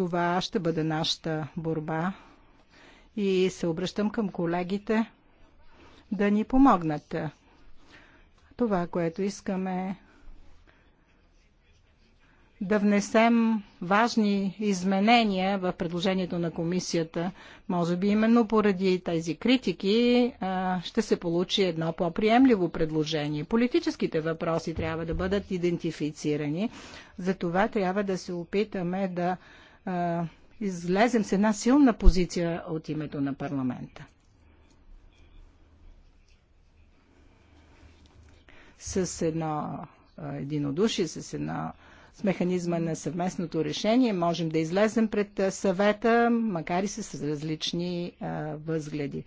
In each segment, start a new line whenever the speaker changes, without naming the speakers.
Това ще бъде нашата борба и се обръщам към колегите да ни помогнат. Това, което искаме да внесем важни изменения в предложението на комисията. Може би именно поради тези критики ще се получи едно по-приемливо предложение. Политическите въпроси трябва да бъдат идентифицирани. За това трябва да се опитаме да а, излезем с една силна позиция от името на парламента. С едно единодушие, с едно с механизма на съвместното решение можем да излезем пред съвета, макар и с различни а, възгледи.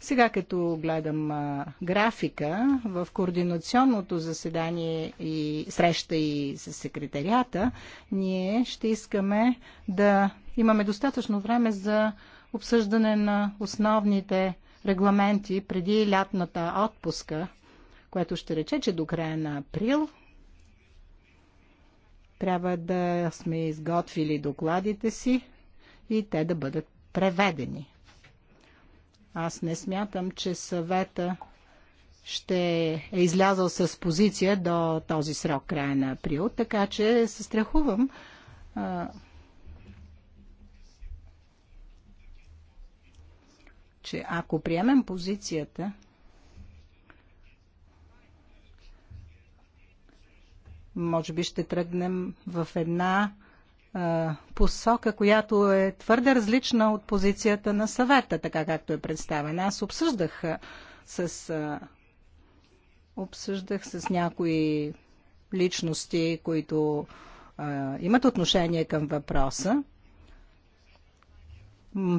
Сега като гледам а, графика, в координационното заседание и среща и с секретарията, ние ще искаме да имаме достатъчно време за обсъждане на основните регламенти преди лятната отпуска, което ще рече, че до края на април трябва да сме изготвили докладите си и те да бъдат преведени. Аз не смятам, че съвета ще е излязъл с позиция до този срок, края на април, така че се страхувам. че ако приемем позицията, може би ще тръгнем в една посока, която е твърде различна от позицията на съвета, така както е представена. Аз обсъждах с, обсъждах с някои личности, които имат отношение към въпроса.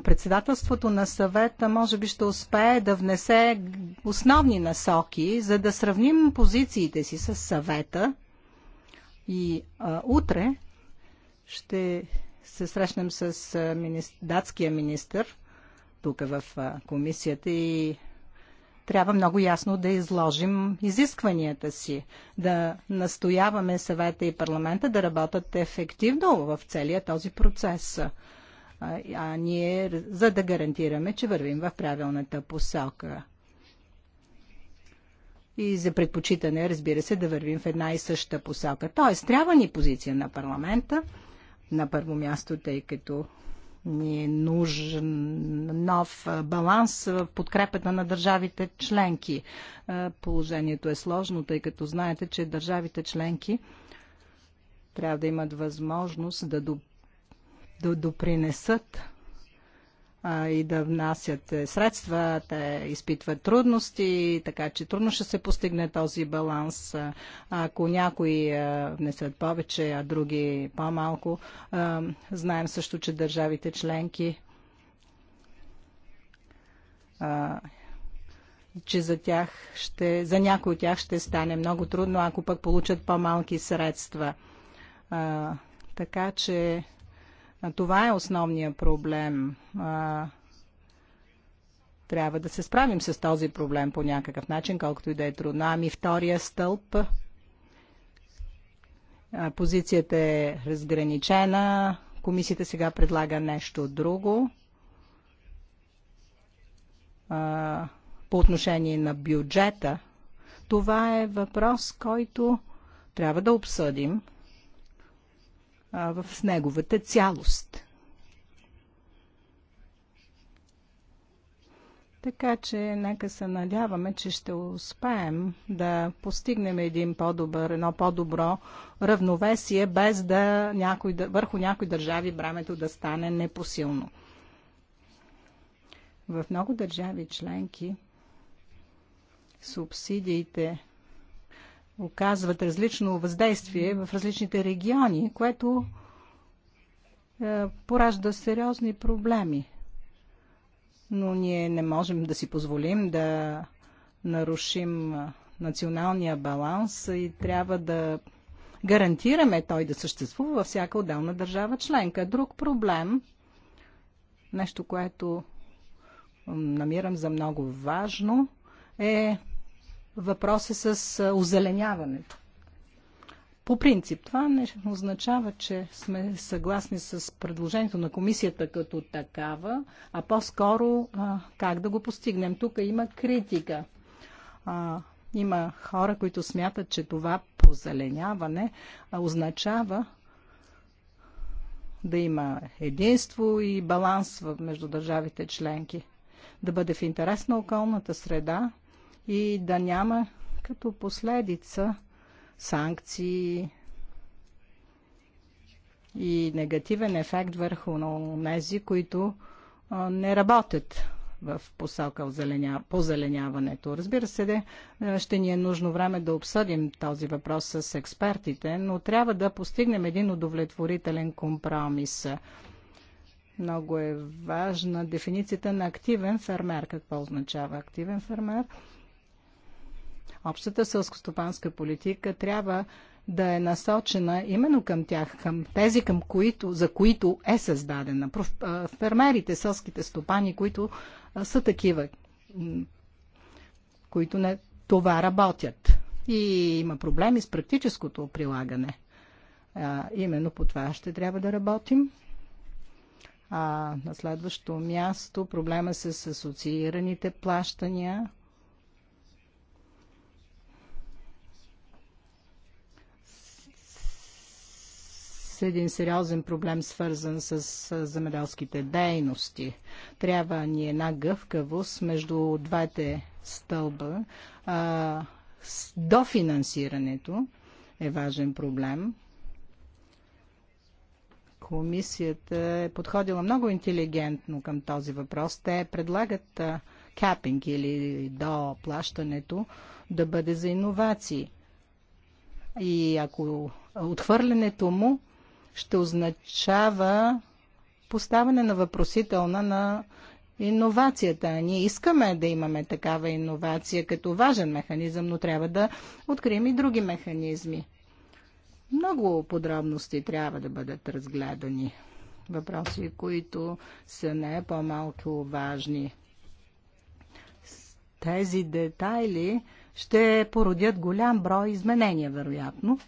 Председателството на съвета може би ще успее да внесе основни насоки, за да сравним позициите си с съвета. И а, утре ще се срещнем с датския министр тук в комисията и трябва много ясно да изложим изискванията си, да настояваме съвета и парламента да работят ефективно в целия този процес, а ние, за да гарантираме, че вървим в правилната посока. И за предпочитане, разбира се, да вървим в една и съща посока. Тоест, трябва ни позиция на парламента, на първо място, тъй като ни е нужен нов баланс в подкрепата на държавите членки. Положението е сложно, тъй като знаете, че държавите членки трябва да имат възможност да, допринесат и да внасят е, средства, те изпитват трудности, така че трудно ще се постигне този баланс. Ако някои внесат повече, а други по-малко, знаем също, че държавите членки че за, тях ще, за някои от тях ще стане много трудно, ако пък получат по-малки средства. така че това е основният проблем. Трябва да се справим с този проблем по някакъв начин, колкото и да е трудно. Ами втория стълб. Позицията е разграничена. Комисията сега предлага нещо друго по отношение на бюджета. Това е въпрос, който трябва да обсъдим в неговата цялост. Така че нека се надяваме, че ще успеем да постигнем един по-добър, едно по-добро равновесие, без да някой, върху някои държави бремето да стане непосилно. В много държави членки субсидиите оказват различно въздействие в различните региони, което е, поражда сериозни проблеми. Но ние не можем да си позволим да нарушим е, националния баланс и трябва да гарантираме той да съществува във всяка отделна държава членка. Друг проблем, нещо, което намирам за много важно, е въпроса с озеленяването. По принцип, това не означава, че сме съгласни с предложението на комисията като такава, а по-скоро как да го постигнем. Тук има критика. А, има хора, които смятат, че това позеленяване означава да има единство и баланс между държавите членки, да бъде в интерес на околната среда, и да няма като последица санкции и негативен ефект върху тези, които не работят в посока позеленяването. Разбира се, де, ще ни е нужно време да обсъдим този въпрос с експертите, но трябва да постигнем един удовлетворителен компромис. Много е важна дефиницията на активен фермер. Какво означава активен фермер? Общата сълскостопанска политика трябва да е насочена именно към тях, към тези, към които, за които е създадена. Фермерите, сълските стопани, които са такива, които не това работят. И има проблеми с практическото прилагане. А, именно по това ще трябва да работим. А на следващо място проблема с асоциираните плащания един сериозен проблем, свързан с земеделските дейности. Трябва ни една гъвкавост между двете стълба. А, дофинансирането е важен проблем. Комисията е подходила много интелигентно към този въпрос. Те предлагат капинг или до плащането да бъде за иновации. И ако отхвърлянето му ще означава поставяне на въпросителна на иновацията. Ние искаме да имаме такава иновация като важен механизъм, но трябва да открием и други механизми. Много подробности трябва да бъдат разгледани. Въпроси, които са не по-малко важни. Тези детайли ще породят голям брой изменения, вероятно.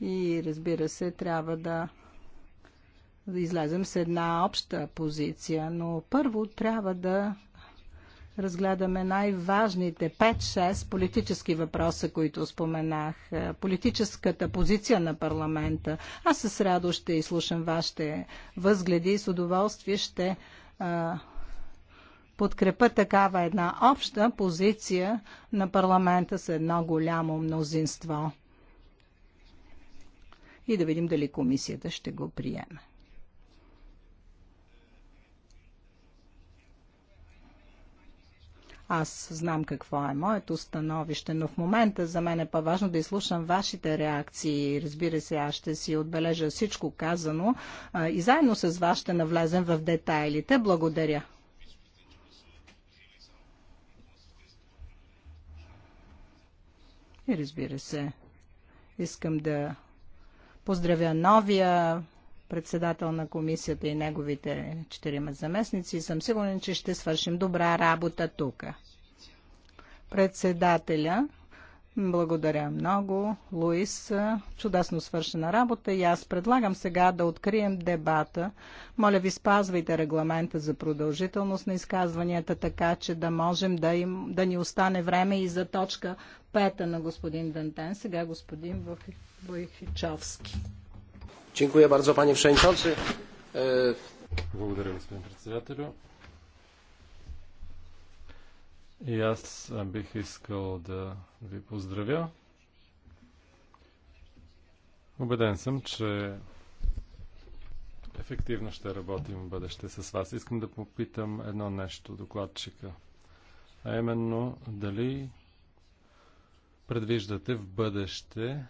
И разбира се, трябва да излезем с една обща позиция, но първо трябва да разгледаме най-важните 5-6 политически въпроса, които споменах, е, политическата позиция на парламента. Аз с радост ще изслушам вашите възгледи и с удоволствие ще а, е, подкрепа такава една обща позиция на парламента с едно голямо мнозинство и да видим дали комисията ще го приеме. Аз знам какво е моето становище, но в момента за мен е по-важно да изслушам вашите реакции. Разбира се, аз ще си отбележа всичко казано и заедно с вас ще навлезем в детайлите. Благодаря. И разбира се, искам да Поздравя новия председател на комисията и неговите четирима заместници и съм сигурен, че ще свършим добра работа тук. Председателя благодаря много, Луис. Чудесно свършена работа и аз предлагам сега да открием дебата. Моля ви, спазвайте регламента за продължителност на изказванията, така че да можем да, им, да ни остане време и за точка пета на господин Дантен. Сега господин Войхичовски.
Е, Благодаря, господин председателю. И аз бих искал да ви поздравя. Обеден съм, че ефективно ще работим в бъдеще с вас. Искам да попитам едно нещо, докладчика. А именно, дали предвиждате в бъдеще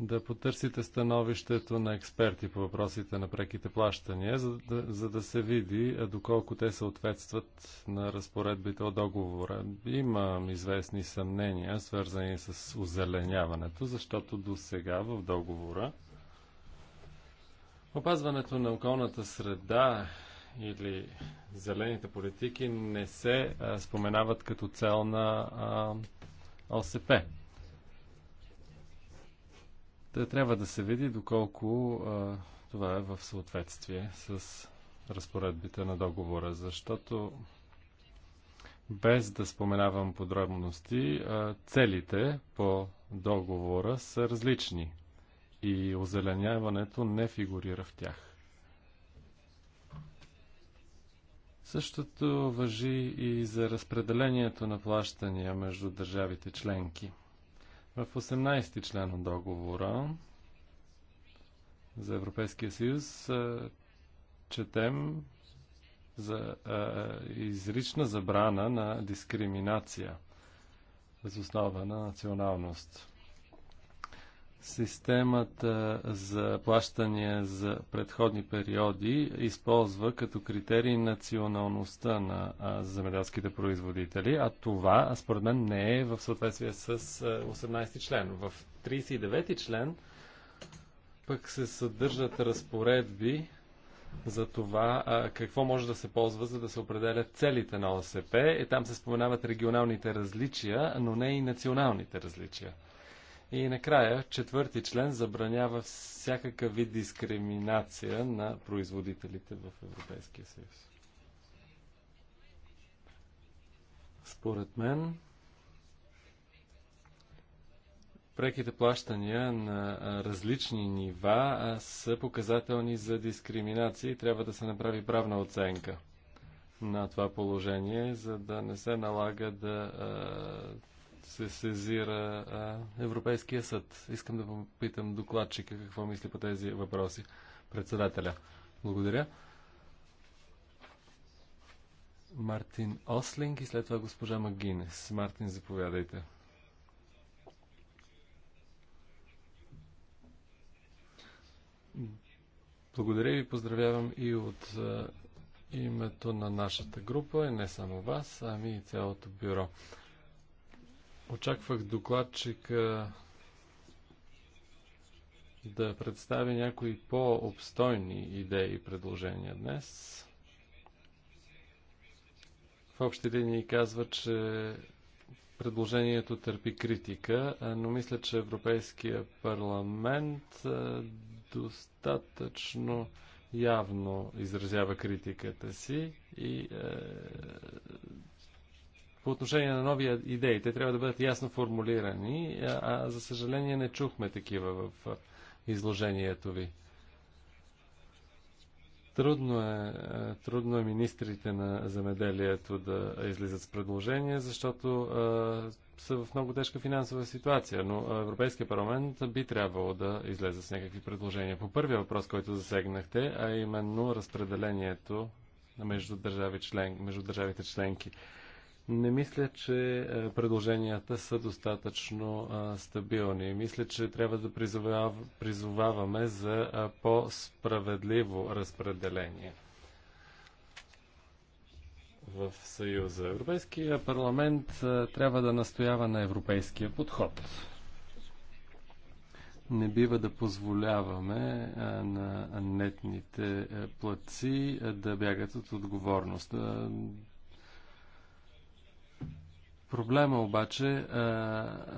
да потърсите становището на експерти по въпросите на преките плащания, за да, за да се види доколко те съответстват на разпоредбите от договора. Имам известни съмнения, свързани с озеленяването, защото до сега в договора опазването на околната среда или зелените политики не се а, споменават като цел на а, ОСП. Та трябва да се види доколко а, това е в съответствие с разпоредбите на договора, защото без да споменавам подробности, целите по договора са различни и озеленяването не фигурира в тях. Същото въжи и за разпределението на плащания между държавите членки – в 18 ти член от договора за Европейския съюз е, четем за е, изрична забрана на дискриминация за основа на националност. Системата за плащания за предходни периоди използва като критерий националността на земеделските производители, а това, според мен, не е в съответствие с 18 ти член. В 39 ти член пък се съдържат разпоредби за това а, какво може да се ползва, за да се определят целите на ОСП. И е, там се споменават регионалните различия, но не и националните различия. И накрая, четвърти член забранява всякакъв вид дискриминация на производителите в Европейския съюз. Според мен, преките плащания на различни нива са показателни за дискриминация и трябва да се направи правна оценка на това положение, за да не се налага да се сезира а, Европейския съд. Искам да попитам докладчика какво мисли по тези въпроси. Председателя. Благодаря. Мартин Ослинг и след това госпожа Магинес. Мартин, заповядайте. Благодаря ви, поздравявам и от а, името на нашата група, и не само вас, ами и цялото бюро. Очаквах докладчика да представи някои по-обстойни идеи и предложения днес. В общи линии казва, че предложението търпи критика, но мисля, че Европейския парламент достатъчно явно изразява критиката си и е, по отношение на нови идеи. Те трябва да бъдат ясно формулирани, а, а за съжаление не чухме такива в изложението ви. Трудно е, трудно е министрите на замеделието да излизат с предложения, защото а, са в много тежка финансова ситуация, но Европейския парламент би трябвало да излезе с някакви предложения. По първия въпрос, който засегнахте, а именно разпределението между, държави член, между държавите членки. Не мисля, че е, предложенията са достатъчно е, стабилни. Мисля, че трябва да призоваваме за е, по-справедливо разпределение в Съюза. Европейския парламент трябва да настоява на европейския подход. Не бива да позволяваме на нетните платци да бягат от отговорност. Проблема обаче а,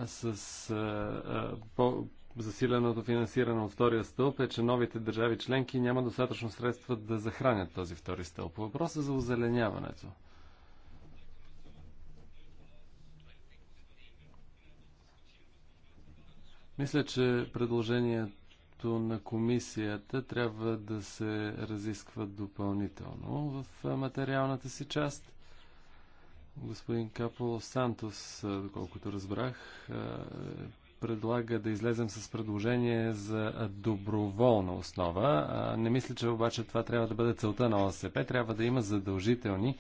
е, с а, е, е, по, засиленото финансиране от втория стълб е, че новите държави членки няма достатъчно средства да захранят този втори стълб. Въпросът е за озеленяването. Мисля, че предложението на комисията трябва да се разисква допълнително в материалната си част. Господин Капо Сантос, доколкото разбрах, предлага да излезем с предложение за доброволна основа. Не мисля, че обаче това трябва да бъде целта на ОСП. Трябва да има задължителни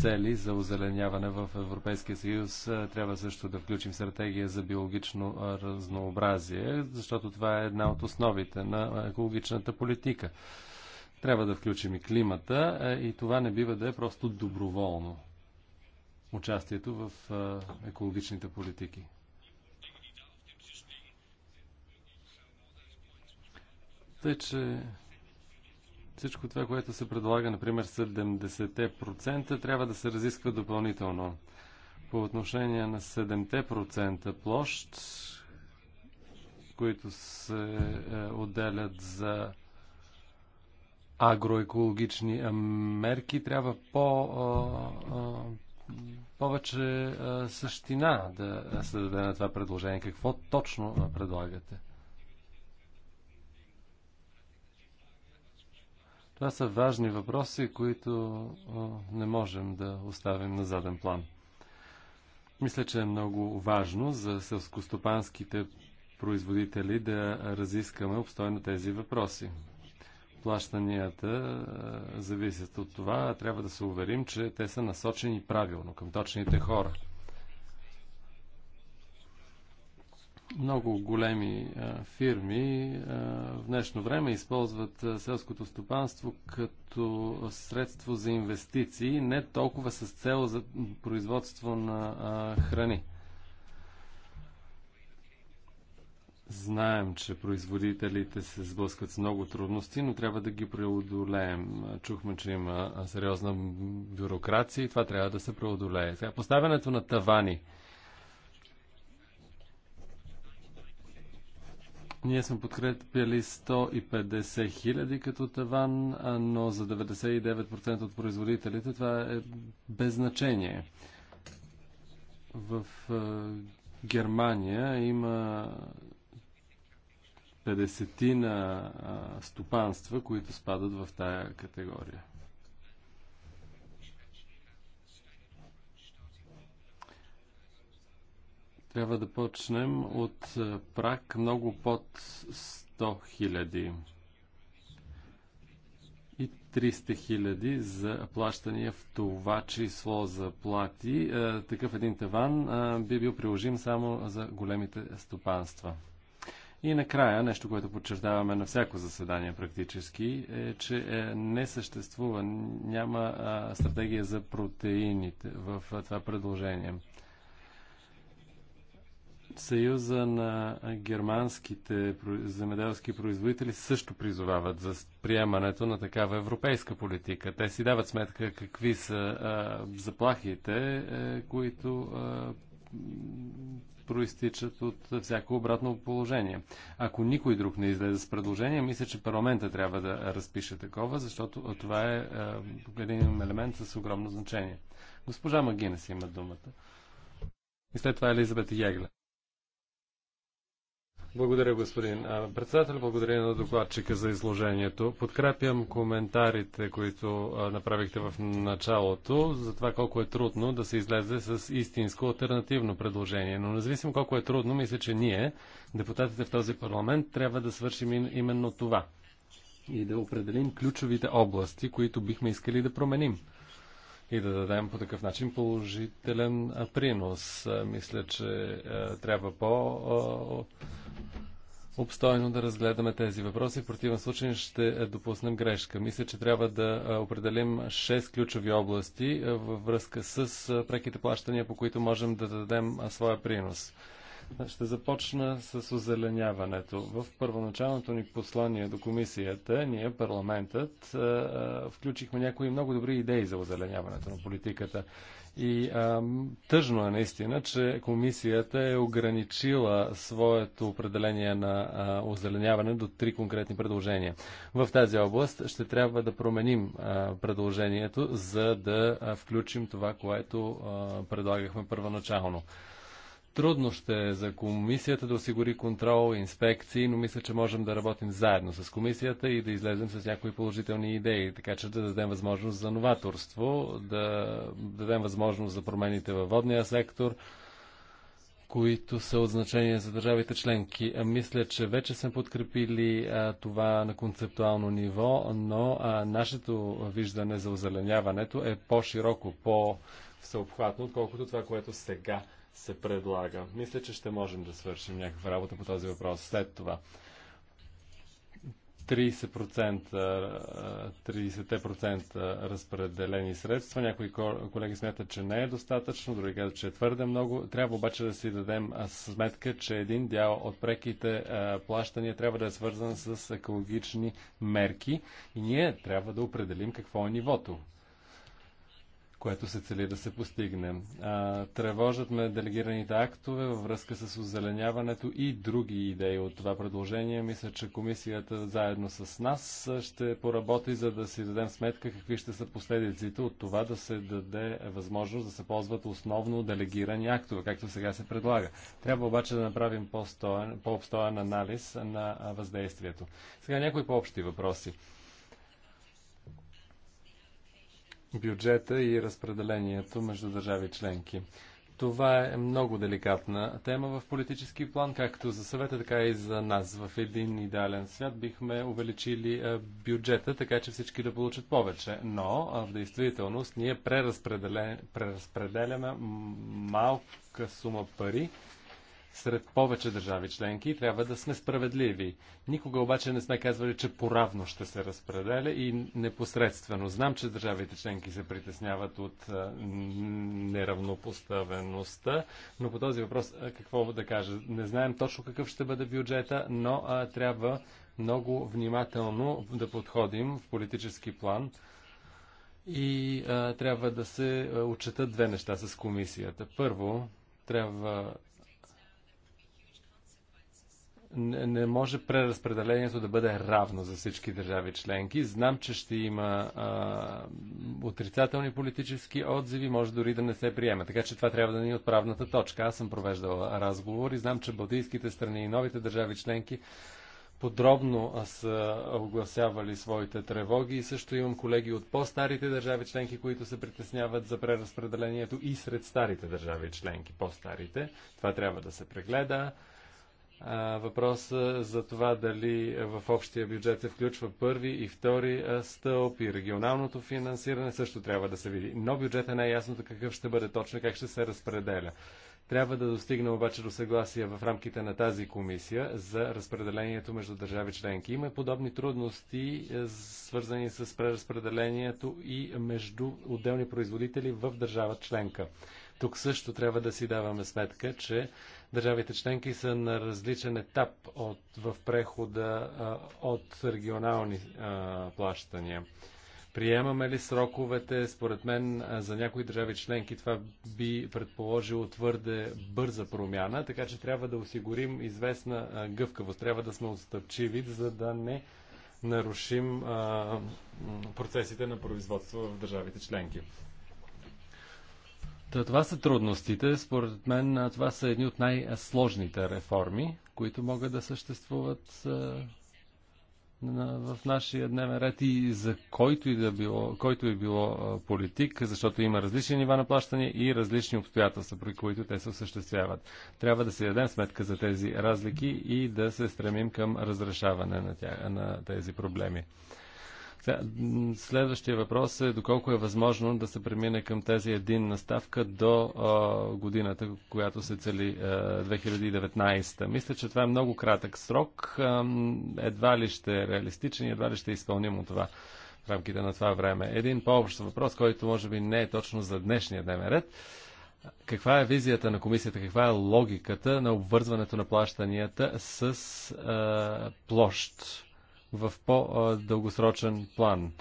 цели за озеленяване в Европейския съюз. Трябва също да включим стратегия за биологично разнообразие, защото това е една от основите на екологичната политика. Трябва да включим и климата и това не бива да е просто доброволно участието в екологичните политики. Тъй, че всичко това, което се предлага, например 70%, трябва да се разисква допълнително. По отношение на 7% площ, които се е, отделят за агроекологични мерки, трябва по, повече а, същина да се даде на това предложение. Какво точно предлагате? Това са важни въпроси, които а, не можем да оставим на заден план. Мисля, че е много важно за селскостопанските производители да разискаме обстойно тези въпроси плащанията зависят от това. Трябва да се уверим, че те са насочени правилно към точните хора. Много големи фирми в днешно време използват селското стопанство като средство за инвестиции, не толкова с цел за производство на храни. Знаем, че производителите се сблъскват с много трудности, но трябва да ги преодолеем. Чухме, че има сериозна бюрокрация и това трябва да се преодолее. Сега, поставянето на тавани. Ние сме подкрепили 150 хиляди като таван, но за 99% от производителите това е без значение. В Германия има 50 на стопанства, които спадат в тая категория. Трябва да почнем от прак много под 100 000 и 300 хиляди за плащания в това число за плати. Е, такъв един таван би бил приложим само за големите стопанства. И накрая, нещо, което подчертаваме на всяко заседание практически, е, че е, не съществува, няма а, стратегия за протеините в а, това предложение. Съюза на германските земеделски производители също призовават за приемането на такава европейска политика. Те си дават сметка какви са а, заплахите, е, които проистичат от всяко обратно положение. Ако никой друг не излезе с предложение, мисля, че парламента трябва да разпише такова, защото това е, е един елемент с огромно значение. Госпожа Магинес има думата. И след това Елизабет Ягле. Благодаря, господин председател. Благодаря на докладчика за изложението. Подкрепям коментарите, които направихте в началото, за това колко е трудно да се излезе с истинско альтернативно предложение. Но независимо колко е трудно, мисля, че ние, депутатите в този парламент, трябва да свършим именно това и да определим ключовите области, които бихме искали да променим и да дадем по такъв начин положителен принос. Мисля, че трябва по обстойно да разгледаме тези въпроси. В противен случай ще е, допуснем грешка. Мисля, че трябва да е, определим 6 ключови области е, във връзка с преките плащания, по които можем да дадем своя принос. Ще започна с озеленяването. В първоначалното ни послание до комисията, ние, парламентът, включихме някои много добри идеи за озеленяването на политиката. И а, тъжно е наистина, че комисията е ограничила своето определение на а, озеленяване до три конкретни предложения. В тази област ще трябва да променим а, предложението, за да а, включим това, което а, предлагахме първоначално. Трудно ще е за комисията да осигури контрол, инспекции, но мисля, че можем да работим заедно с комисията и да излезем с някои положителни идеи, така че да дадем възможност за новаторство, да дадем възможност за промените във водния сектор, които са от значение за държавите членки. Мисля, че вече сме подкрепили а, това на концептуално ниво, но а, нашето виждане за озеленяването е по-широко, по-всеобхватно, отколкото това, което сега се предлага. Мисля, че ще можем да свършим някаква работа по този въпрос след това. 30%, 30% разпределени средства. Някои колеги смятат, че не е достатъчно, други казват, че е твърде много. Трябва обаче да си дадем сметка, че един дял от преките плащания трябва да е свързан с екологични мерки и ние трябва да определим какво е нивото което се цели да се постигне. А, тревожат ме делегираните актове във връзка с озеленяването и други идеи от това предложение. Мисля, че комисията заедно с нас ще поработи, за да си дадем сметка какви ще са последиците от това да се даде възможност да се ползват основно делегирани актове, както сега се предлага. Трябва обаче да направим по-обстоен по анализ на въздействието. Сега някои по-общи въпроси. бюджета и разпределението между държави членки. Това е много деликатна тема в политически план, както за съвета, така и за нас. В един идеален свят бихме увеличили е, бюджета, така че всички да получат повече. Но в действителност ние преразпределяме малка сума пари сред повече държави членки. и Трябва да сме справедливи. Никога обаче не сме казвали, че поравно ще се разпределя и непосредствено. Знам, че държавите членки се притесняват от неравнопоставеността, но по този въпрос какво да кажа? Не знаем точно какъв ще бъде бюджета, но а, трябва много внимателно да подходим в политически план. И а, трябва да се отчетат две неща с комисията. Първо, трябва не, не може преразпределението да бъде равно за всички държави членки. Знам, че ще има а, отрицателни политически отзиви, може дори да не се приеме. Така че това трябва да ни е отправната точка. Аз съм провеждал разговор и знам, че Балтийските страни и новите държави членки подробно са огласявали своите тревоги и също имам колеги от по-старите държави членки, които се притесняват за преразпределението и сред старите държави членки, по-старите. Това трябва да се прегледа въпроса за това дали в общия бюджет се включва първи и втори стълб и регионалното финансиране също трябва да се види. Но бюджета не е ясното какъв ще бъде точно, как ще се разпределя. Трябва да достигне обаче до съгласие в рамките на тази комисия за разпределението между държави членки. Има подобни трудности, свързани с преразпределението и между отделни производители в държава членка. Тук също трябва да си даваме сметка, че държавите членки са на различен етап от, в прехода а, от регионални а, плащания. Приемаме ли сроковете? Според мен за някои държави членки това би предположило твърде бърза промяна, така че трябва да осигурим известна гъвкавост. Трябва да сме отстъпчиви, за да не нарушим а, процесите на производство в държавите членки. Та, това са трудностите. Според мен това са едни от най-сложните реформи, които могат да съществуват в нашия дневен ред и за който и да било, който е било политик, защото има различни нива на плащане и различни обстоятелства, при които те се осъществяват. Трябва да се дадем сметка за тези разлики и да се стремим към разрешаване на, тя, на тези проблеми. Следващия въпрос е доколко е възможно да се премине към тази единна ставка до а, годината, която се цели а, 2019. Мисля, че това е много кратък срок. А, едва ли ще е реалистичен и едва ли ще е изпълнимо това в рамките на това време. Един по-общ въпрос, който може би не е точно за днешния дневен ред. Каква е визията на комисията, каква е логиката на обвързването на плащанията с а, площ? в по-дългосрочен план.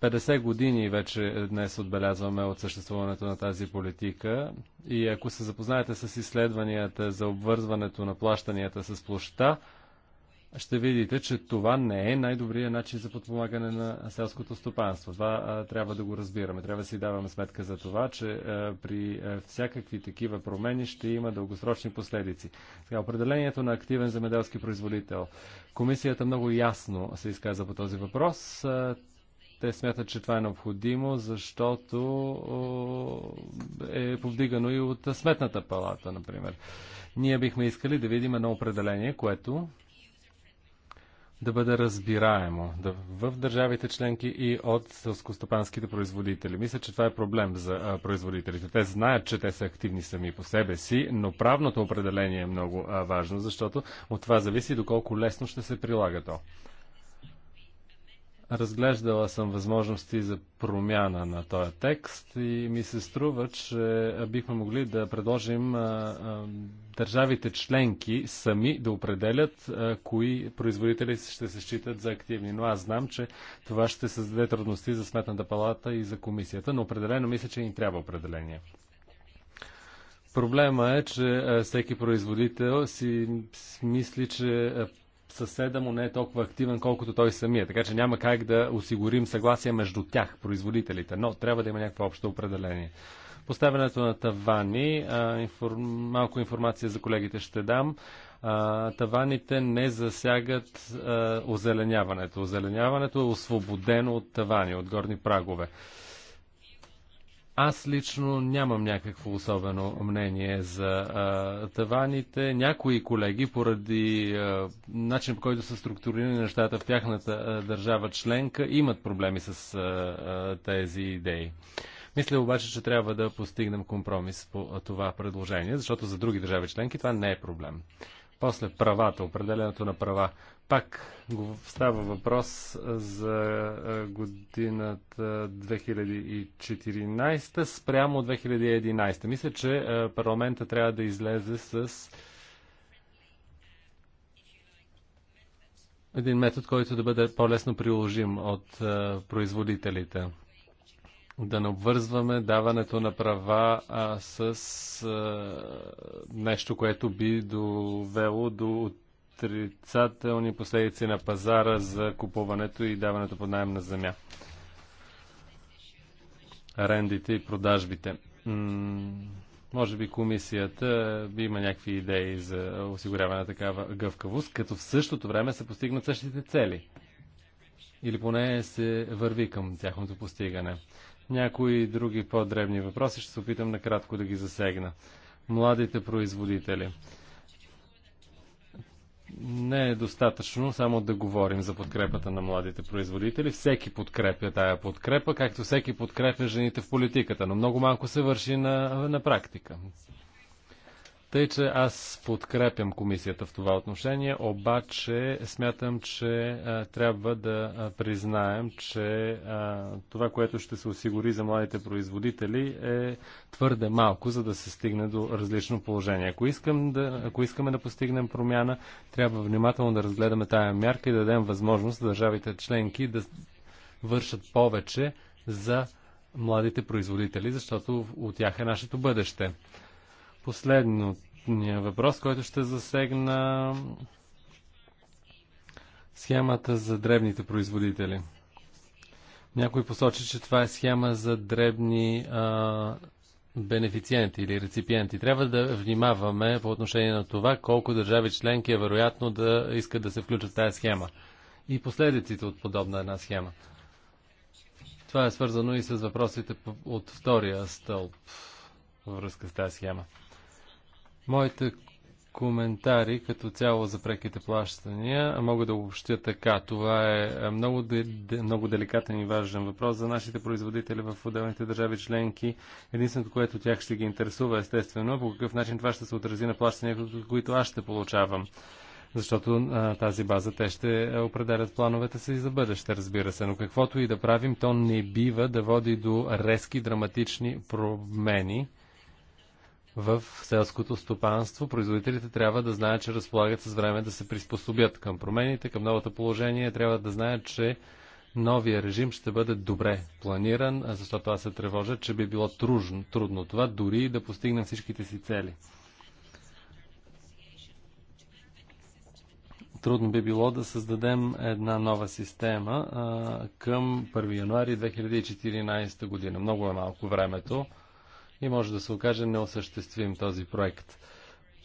50 години вече днес отбелязваме от съществуването на тази политика и ако се запознаете с изследванията за обвързването на плащанията с площта, ще видите, че това не е най-добрият начин за подпомагане на селското стопанство. Това а, трябва да го разбираме. Трябва да си даваме сметка за това, че а, при а, всякакви такива промени ще има дългосрочни последици. Сега, определението на активен земеделски производител. Комисията много ясно се изказа по този въпрос. А, те смятат, че това е необходимо, защото е повдигано и от Сметната палата, например. Ние бихме искали да видим едно определение, което да бъде разбираемо да, в държавите членки и от сълскостопанските производители. Мисля, че това е проблем за а, производителите. Те знаят, че те са активни сами по себе си, но правното определение е много а, важно, защото от това зависи доколко лесно ще се прилага то. Разглеждала съм възможности за промяна на този текст и ми се струва, че бихме могли да предложим а, а, държавите членки сами да определят а, кои производители ще се считат за активни. Но аз знам, че това ще създаде трудности за Сметната палата и за комисията, но определено мисля, че им трябва определение. Проблема е, че всеки производител си мисли, че съседа му не е толкова активен, колкото той самия. Така че няма как да осигурим съгласие между тях, производителите. Но трябва да има някакво общо определение. Поставянето на тавани, а, информ... малко информация за колегите ще дам. А, таваните не засягат а, озеленяването. Озеленяването е освободено от тавани, от горни прагове. Аз лично нямам някакво особено мнение за а, таваните. Някои колеги, поради а, начин по който са структурирани нещата в тяхната а, държава членка, имат проблеми с а, а, тези идеи. Мисля обаче, че трябва да постигнем компромис по това предложение, защото за други държави членки това не е проблем. После правата, определенето на права. Пак става въпрос за годината 2014 спрямо 2011. Мисля, че парламента трябва да излезе с един метод, който да бъде по-лесно приложим от производителите да не обвързваме даването на права а, с а, нещо, което би довело до отрицателни последици на пазара за купуването и даването под найем на земя. Арендите и продажбите. М- може би комисията би има някакви идеи за осигуряване на такава гъвкавост, като в същото време се постигнат същите цели. Или поне се върви към тяхното постигане някои други по-дребни въпроси. Ще се опитам накратко да ги засегна. Младите производители. Не е достатъчно само да говорим за подкрепата на младите производители. Всеки подкрепя тая подкрепа, както всеки подкрепя жените в политиката, но много малко се върши на, на практика. Тъй, че аз подкрепям комисията в това отношение, обаче смятам, че а, трябва да а, признаем, че а, това, което ще се осигури за младите производители е твърде малко, за да се стигне до различно положение. Ако, искам да, ако искаме да постигнем промяна, трябва внимателно да разгледаме тая мярка и да дадем възможност държавите членки да вършат повече за младите производители, защото от тях е нашето бъдеще последния въпрос, който ще засегна схемата за дребните производители. Някой посочи, че това е схема за дребни а, бенефициенти или реципиенти. Трябва да внимаваме по отношение на това колко държави членки е вероятно да искат да се включат в тази схема и последиците от подобна една схема. Това е свързано и с въпросите от втория стълб във връзка с тази схема. Моите коментари като цяло за преките плащания мога да обобщя така. Това е много, много деликатен и важен въпрос за нашите производители в отделните държави членки. Единственото, което тях ще ги интересува естествено, по какъв начин това ще се отрази на плащания, които аз ще получавам защото а, тази база те ще определят плановете си за бъдеще, разбира се. Но каквото и да правим, то не бива да води до резки, драматични промени в селското стопанство. Производителите трябва да знаят, че разполагат с време да се приспособят към промените, към новото положение. Трябва да знаят, че новия режим ще бъде добре планиран, защото аз се тревожа, че би било трудно, трудно това, дори да постигнем всичките си цели. Трудно би било да създадем една нова система а, към 1 януари 2014 година. Много е малко времето и може да се окаже неосъществим този проект.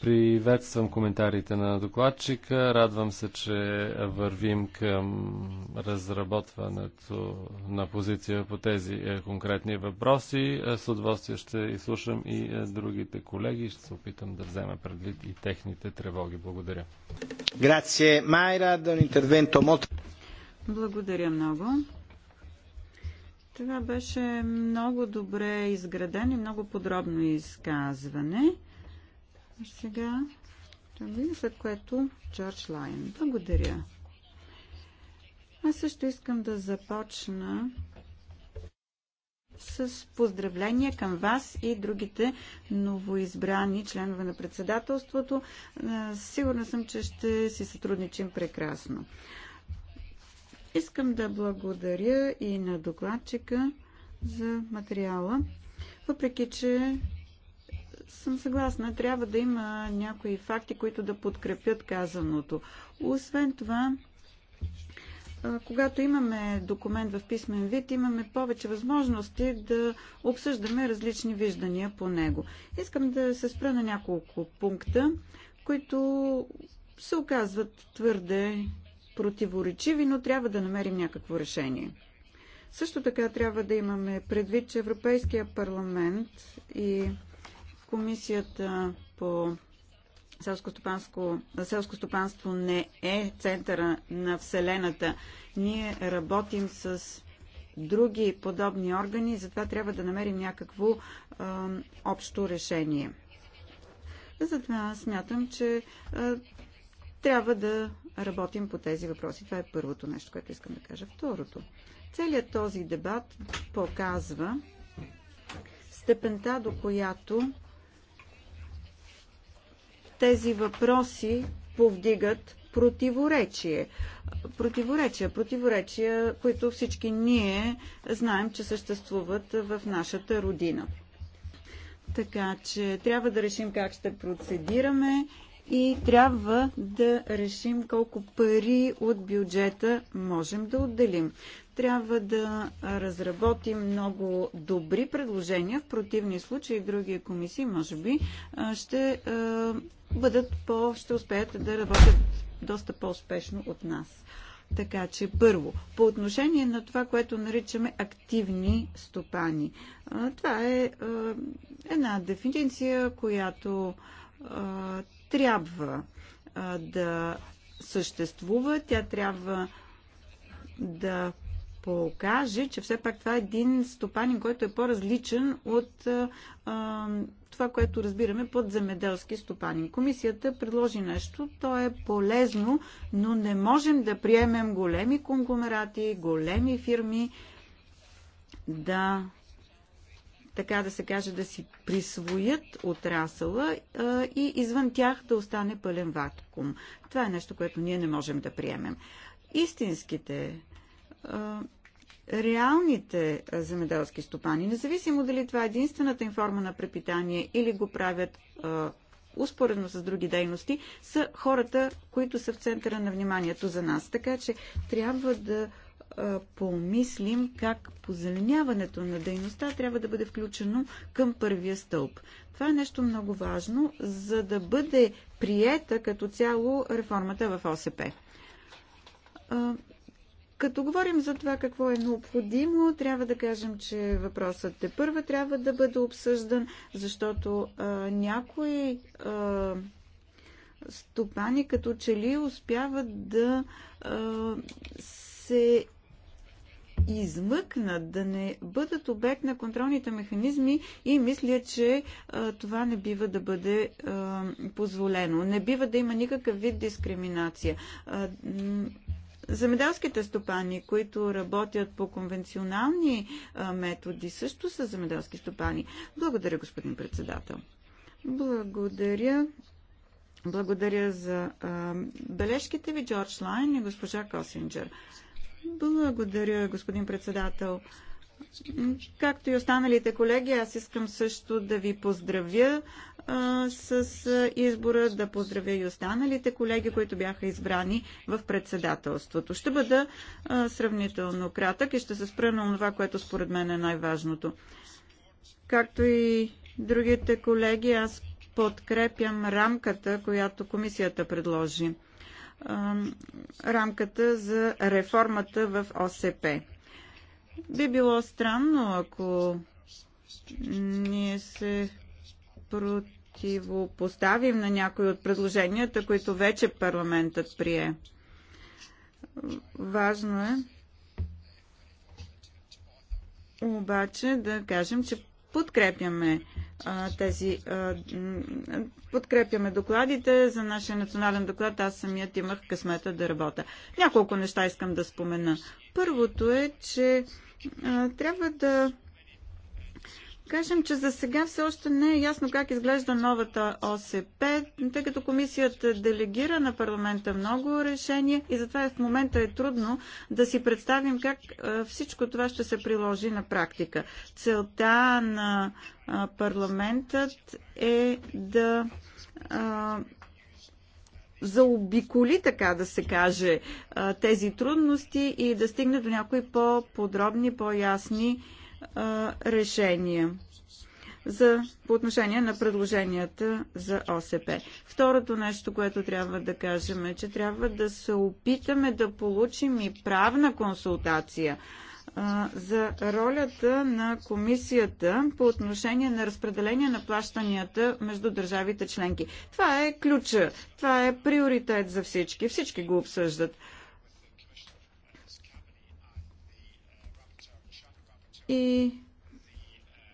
Приветствам коментарите на докладчика. Радвам се, че вървим към разработването на позиция по тези е, конкретни въпроси. Е, с удоволствие ще изслушам и е, другите колеги. Ще се опитам да взема предвид и техните тревоги. Благодаря.
Благодаря много. Това беше много добре изграден и много подробно изказване. А сега, за което Джордж Лайн. Благодаря. Аз също искам да започна с поздравления към вас и другите новоизбрани членове на председателството. Сигурна съм, че ще си сътрудничим прекрасно. Искам да благодаря и на докладчика за материала, въпреки че съм съгласна, трябва да има някои факти, които да подкрепят казаното. Освен това, когато имаме документ в писмен вид, имаме повече възможности да обсъждаме различни виждания по него. Искам да се спра на няколко пункта, които се оказват твърде противоречиви, но трябва да намерим някакво решение. Също така трябва да имаме предвид, че Европейския парламент и Комисията по селско-стопанство не е центъра на Вселената. Ние работим с други подобни органи, затова трябва да намерим някакво е, общо решение. Затова смятам, че е, трябва да работим по тези въпроси. Това е първото нещо, което искам да кажа. Второто. Целият този дебат показва степента, до която тези въпроси повдигат противоречие. Противоречия, противоречия, които всички ние знаем, че съществуват в нашата родина. Така че трябва да решим как ще процедираме и трябва да решим колко пари от бюджета можем да отделим. Трябва да разработим много добри предложения. В противни случаи други комисии, може би, ще бъдат по, ще успеят да работят доста по-успешно от нас. Така че първо, по отношение на това, което наричаме активни стопани. Това е една дефиниция, която трябва а, да съществува, тя трябва да покаже, че все пак това е един стопанин, който е по-различен от а, това, което разбираме под земеделски стопанин. Комисията предложи нещо, то е полезно, но не можем да приемем големи конгломерати, големи фирми да така да се каже, да си присвоят отрасъла и извън тях да остане пълен вакуум. Това е нещо, което ние не можем да приемем. Истинските реалните земеделски стопани, независимо дали това е единствената им форма на препитание или го правят а, успоредно с други дейности, са хората, които са в центъра на вниманието за нас. Така че трябва да помислим как позеленяването на дейността трябва да бъде включено към първия стълб. Това е нещо много важно, за да бъде приета като цяло реформата в ОСП. Като говорим за това какво е необходимо, трябва да кажем, че въпросът е първа трябва да бъде обсъждан, защото а, някои а, стопани като чели, успяват да а, се измъкнат, да не бъдат обект на контролните механизми и мисля, че а, това не бива да бъде а, позволено. Не бива да има никакъв вид дискриминация. А, Земеделските стопани, които работят по конвенционални методи, също са земеделски стопани. Благодаря, господин председател. Благодаря. Благодаря за а, бележките ви, Джордж Лайн и госпожа Косинджер. Благодаря, господин председател. Както и останалите колеги, аз искам също да ви поздравя а, с избора, да поздравя и останалите колеги, които бяха избрани в председателството. Ще бъда а, сравнително кратък и ще се спра на това, което според мен е най-важното. Както и другите колеги, аз подкрепям рамката, която комисията предложи рамката за реформата в ОСП. Би било странно, ако ние се противопоставим на някои от предложенията, които вече парламентът прие. Важно е обаче да кажем, че подкрепяме тези, подкрепяме докладите за нашия национален доклад. Аз самият имах късмета да работя. Няколко неща искам да спомена. Първото е, че трябва да кажем, че за сега все още не е ясно как изглежда новата ОСП, тъй като комисията делегира на парламента много решения и затова в момента е трудно да си представим как всичко това ще се приложи на практика. Целта на парламентът е да заобиколи, така да се каже, тези трудности и да стигне до някои по-подробни, по-ясни решения за, по отношение на предложенията за ОСП. Второто нещо, което трябва да кажем е, че трябва да се опитаме да получим и правна консултация за ролята на комисията по отношение на разпределение на плащанията между държавите членки. Това е ключа, това е приоритет за всички. Всички го обсъждат. и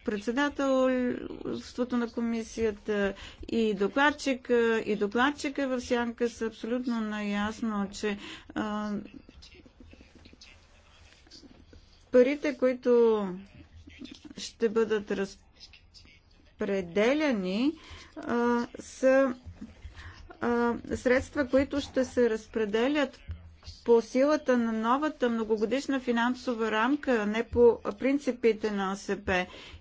председателството на комисията и докладчика, и докладчика в сянка са абсолютно наясно, че а, парите, които ще бъдат разпределяни, а, са а, средства, които ще се разпределят по силата на новата многогодишна финансова рамка, не по принципите на ОСП.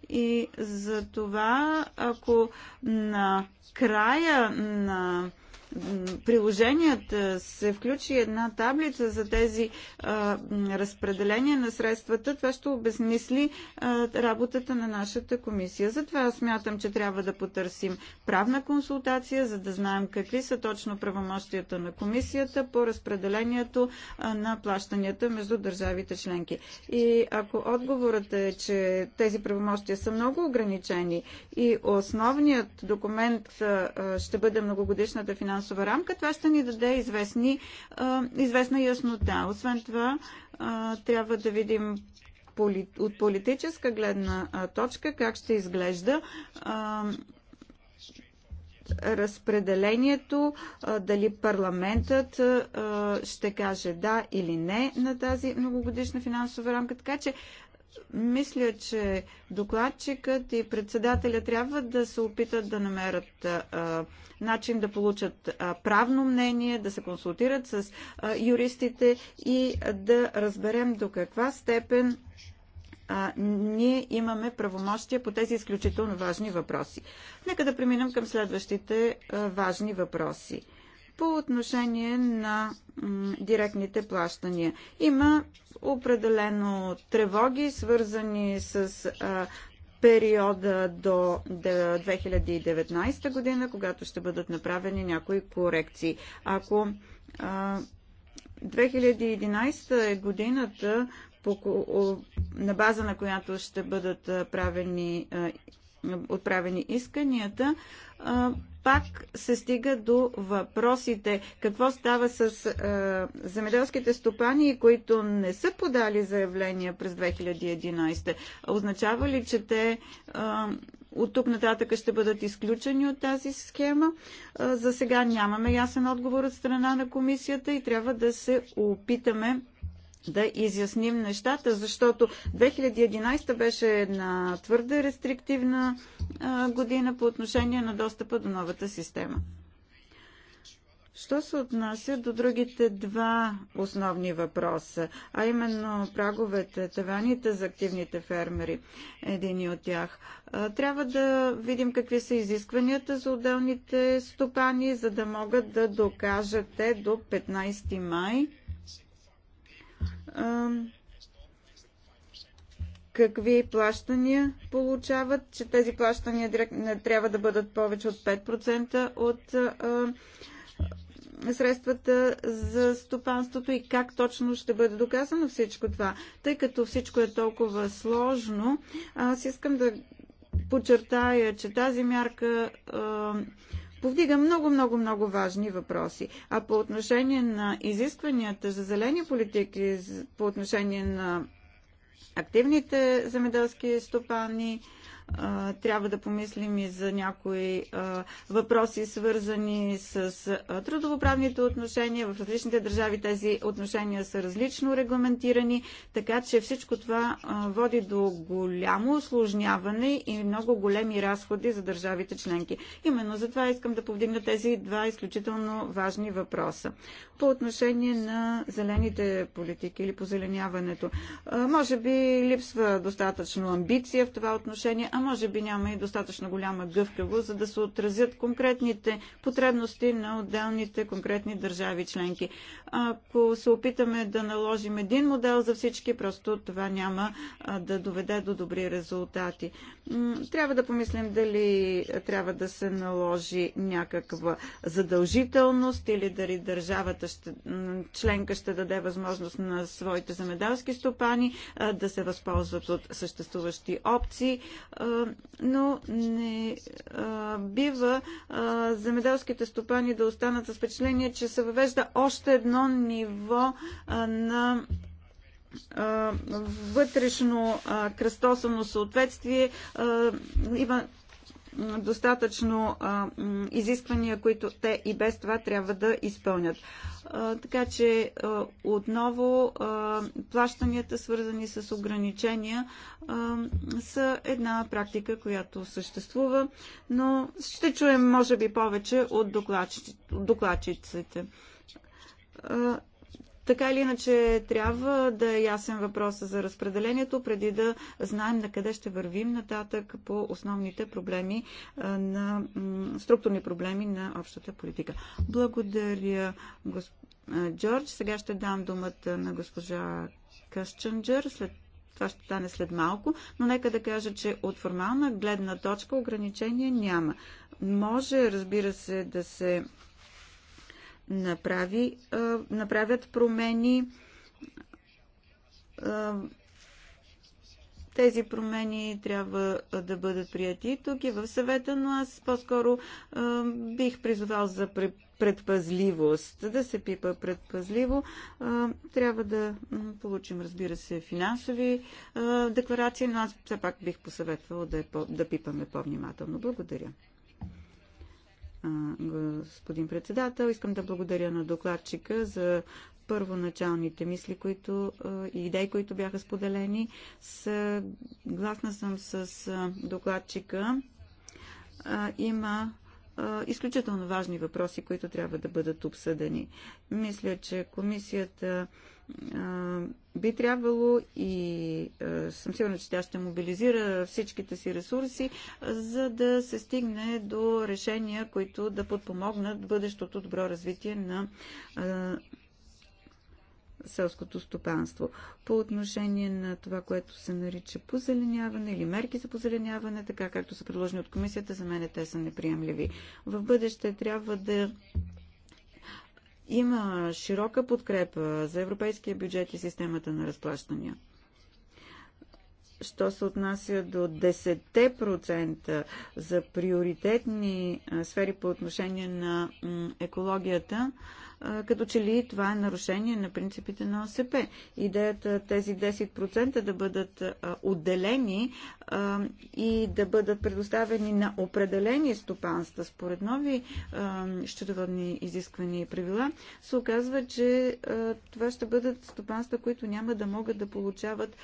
И за това, ако на края на приложенията се включи една таблица за тези а, разпределения на средствата, това ще обезмисли а, работата на нашата комисия. Затова смятам, че трябва да потърсим правна консултация, за да знаем какви са точно правомощията на комисията по разпределението а, на плащанията между държавите членки. И ако отговорът е, че тези правомощия са много ограничени и основният документ ще бъде многогодишната финансова финансова рамка, това ще ни даде известни, известна яснота. Освен това, трябва да видим от политическа гледна точка как ще изглежда разпределението, дали парламентът ще каже да или не на тази многогодишна финансова рамка. Така че мисля, че докладчикът и председателя трябва да се опитат да намерят а, начин да получат а, правно мнение, да се консултират с а, юристите и да разберем до каква степен а, ние имаме правомощия по тези изключително важни въпроси. Нека да преминем към следващите а, важни въпроси по отношение на директните плащания. Има определено тревоги, свързани с периода до 2019 година, когато ще бъдат направени някои корекции. Ако 2011 е годината, на база на която ще бъдат правени, отправени исканията, пак се стига до въпросите. Какво става с а, земеделските стопани, които не са подали заявления през 2011? Означава ли, че те а, от тук нататък ще бъдат изключени от тази схема? А, за сега нямаме ясен отговор от страна на комисията и трябва да се опитаме да изясним нещата, защото 2011 беше една твърде рестриктивна година по отношение на достъпа до новата система. Що се отнася до другите два основни въпроса, а именно праговете, таваните за активните фермери, един от тях, трябва да видим какви са изискванията за отделните стопани, за да могат да докажат те до 15 май какви плащания получават, че тези плащания не трябва да бъдат повече от 5% от а, средствата за стопанството и как точно ще бъде доказано всичко това. Тъй като всичко е толкова сложно, аз искам да подчертая, че тази мярка а, повдига много, много, много важни въпроси. А по отношение на изискванията за зелени политики, по отношение на активните земеделски стопани, трябва да помислим и за някои въпроси, свързани с трудовоправните отношения. В различните държави тези отношения са различно регламентирани, така че всичко това води до голямо осложняване и много големи разходи за държавите членки. Именно за това искам да повдигна тези два изключително важни въпроса. По отношение на зелените политики или позеленяването, може би липсва достатъчно амбиция в това отношение, може би няма и достатъчно голяма гъвкавост за да се отразят конкретните потребности на отделните конкретни държави членки. Ако се опитаме да наложим един модел за всички, просто това няма да доведе до добри резултати. Трябва да помислим дали трябва да се наложи някаква задължителност или дали държавата ще, членка ще даде възможност на своите земеделски стопани да се възползват от съществуващи опции. Е, но не е, бива е, земеделските стопани да останат с впечатление, че се въвежда още едно ниво на вътрешно кръстосано съответствие. Има достатъчно изисквания, които те и без това трябва да изпълнят. Така че отново плащанията, свързани с ограничения, са една практика, която съществува, но ще чуем, може би, повече от докладчиците така или иначе трябва да е ясен въпроса за разпределението, преди да знаем на къде ще вървим нататък по основните проблеми на структурни проблеми на общата политика. Благодаря, госп... Джордж. Сега ще дам думата на госпожа Къщенджер. След това ще стане след малко, но нека да кажа, че от формална гледна точка ограничения няма. Може, разбира се, да се направи, направят промени. Тези промени трябва да бъдат прияти тук и в съвета, но аз по-скоро бих призовал за предпазливост, да се пипа предпазливо. Трябва да получим, разбира се, финансови декларации, но аз все пак бих посъветвала да, е по, да пипаме по-внимателно. Благодаря господин председател. Искам да благодаря на докладчика за първоначалните мисли които, и идеи, които бяха споделени. Гласна съм с докладчика. Има изключително важни въпроси, които трябва да бъдат обсъдени. Мисля, че комисията би трябвало и съм сигурна, че тя ще мобилизира всичките си ресурси, за да се стигне до решения, които да подпомогнат бъдещото добро развитие на селското стопанство. По отношение на това, което се нарича позеленяване или мерки за позеленяване, така както са предложени от комисията, за мен те са неприемливи. В бъдеще трябва да има широка подкрепа за европейския бюджет и системата на разплащания. Що се отнася до 10% за приоритетни сфери по отношение на екологията, като че ли това е нарушение на принципите на ОСП. Идеята тези 10% да бъдат отделени и да бъдат предоставени на определени стопанства според нови щедоводни изисквания и правила, се оказва, че това ще бъдат стопанства, които няма да могат да получават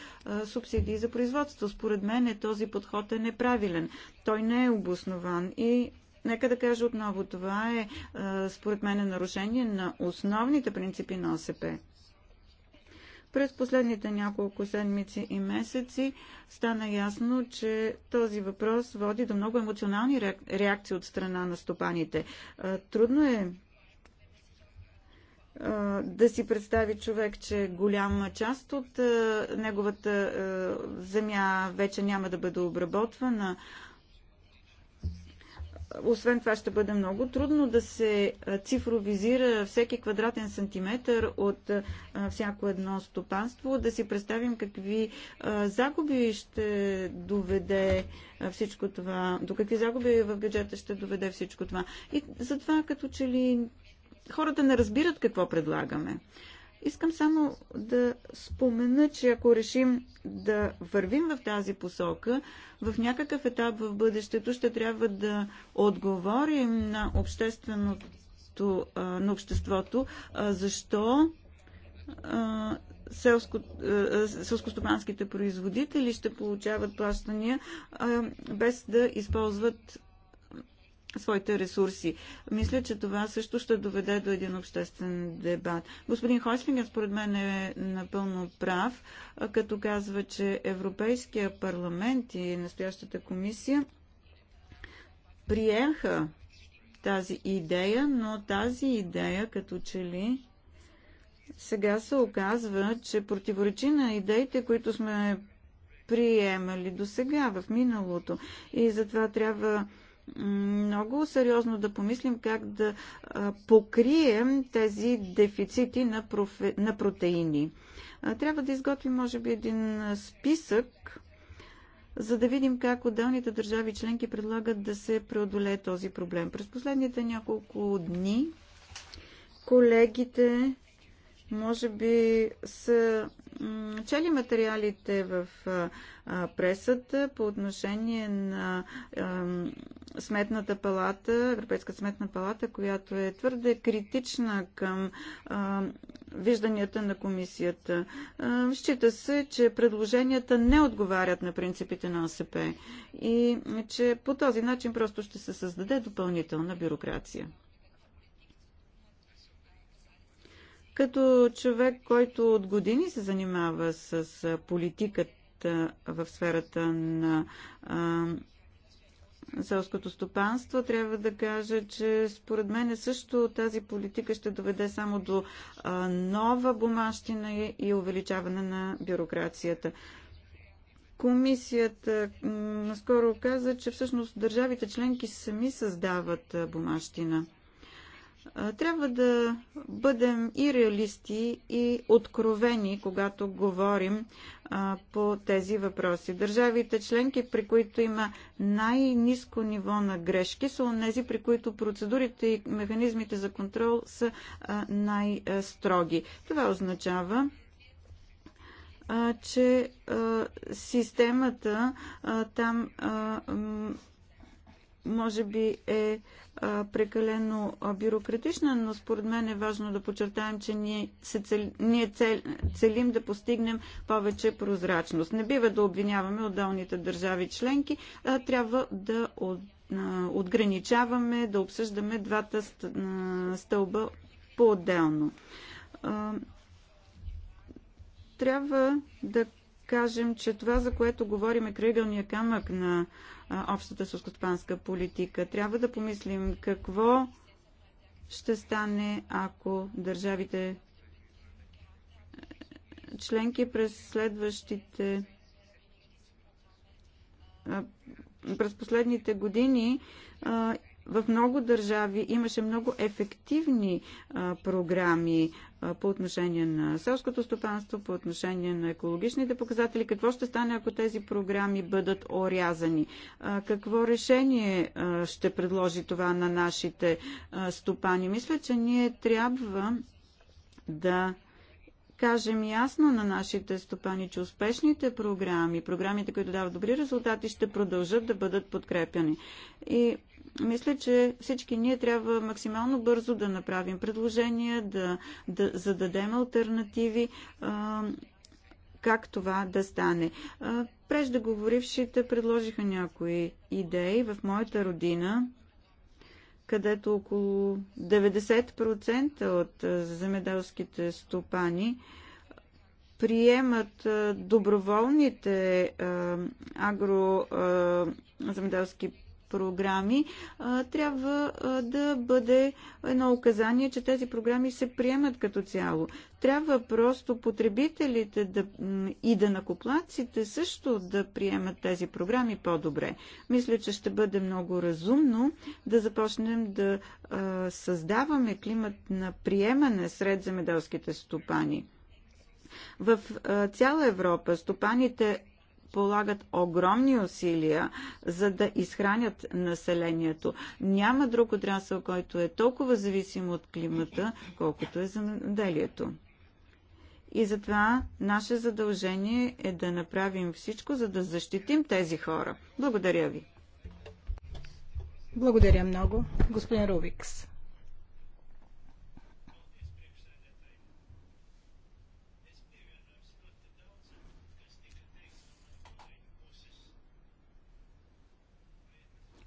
субсидии за производство. Според мен е този подход е неправилен. Той не е обоснован и Нека да кажа отново, това е според мен е нарушение на основните принципи на ОСП. През последните няколко седмици и месеци стана ясно, че този въпрос води до много емоционални реакции от страна на стопаните. Трудно е да си представи човек, че голяма част от неговата земя вече няма да бъде обработвана, освен това ще бъде много трудно да се цифровизира всеки квадратен сантиметр от всяко едно стопанство, да си представим какви загуби ще доведе всичко това, до какви загуби в бюджета ще доведе всичко това. И затова като че ли хората не разбират какво предлагаме. Искам само да спомена, че ако решим да вървим в тази посока, в някакъв етап в бъдещето ще трябва да отговорим на общественото, на обществото, защо селско, селскостопанските производители ще получават плащания без да използват своите ресурси. Мисля, че това също ще доведе до един обществен дебат. Господин Хойслингер според мен е напълно прав, като казва, че Европейския парламент и настоящата комисия приеха тази идея, но тази идея като че ли сега се оказва, че противоречи на идеите, които сме приемали до сега, в миналото. И затова трябва много сериозно да помислим как да покрием тези дефицити на, профе... на протеини. Трябва да изготвим, може би, един списък, за да видим как отделните държави членки предлагат да се преодолее този проблем. През последните няколко дни колегите може би са чели материалите в пресата по отношение на Сметната палата, Европейска сметна палата, която е твърде критична към вижданията на комисията. Счита се, че предложенията не отговарят на принципите на ОСП и че по този начин просто ще се създаде допълнителна бюрокрация. Като човек, който от години се занимава с политиката в сферата на селското стопанство, трябва да кажа, че според мен също тази политика ще доведе само до нова бумащина и увеличаване на бюрокрацията. Комисията наскоро каза, че всъщност държавите членки сами създават бумащина. Трябва да бъдем и реалисти, и откровени, когато говорим а, по тези въпроси. Държавите членки, при които има най-низко ниво на грешки, са онези, при които процедурите и механизмите за контрол са най-строги. Това означава, а, че а, системата а, там. А, може би е прекалено бюрократична, но според мен е важно да подчертаем, че ние, се цел, ние цел, целим да постигнем повече прозрачност. Не бива да обвиняваме отдалните държави членки, а трябва да от, отграничаваме, да обсъждаме двата стълба по-отделно. Трябва да кажем, че това, за което говорим е кръгълния камък на а, общата сускотпанска политика. Трябва да помислим какво ще стане, ако държавите е, членки през следващите през последните години в много държави имаше много ефективни а, програми по отношение на селското стопанство, по отношение на екологичните показатели. Какво ще стане, ако тези програми бъдат орязани? Какво решение ще предложи това на нашите стопани? Мисля, че ние трябва да кажем ясно на нашите стопани, че успешните програми, програмите, които дават добри резултати, ще продължат да бъдат подкрепяни. И мисля, че всички ние трябва максимално бързо да направим предложения, да, да зададем альтернативи. А, как това да стане. Преждеговорившите предложиха някои идеи. В моята родина където около 90% от земеделските стопани приемат доброволните агроземеделски програми, трябва да бъде едно указание, че тези програми се приемат като цяло. Трябва просто потребителите да, и да накоплаците също да приемат тези програми по-добре. Мисля, че ще бъде много разумно да започнем да създаваме климат на приемане сред земеделските стопани. В цяла Европа стопаните полагат огромни усилия, за да изхранят населението. Няма друг отрасъл, който е толкова зависим от климата, колкото е земеделието. И затова наше задължение е да направим всичко, за да защитим тези хора. Благодаря ви.
Благодаря много, господин Рубикс.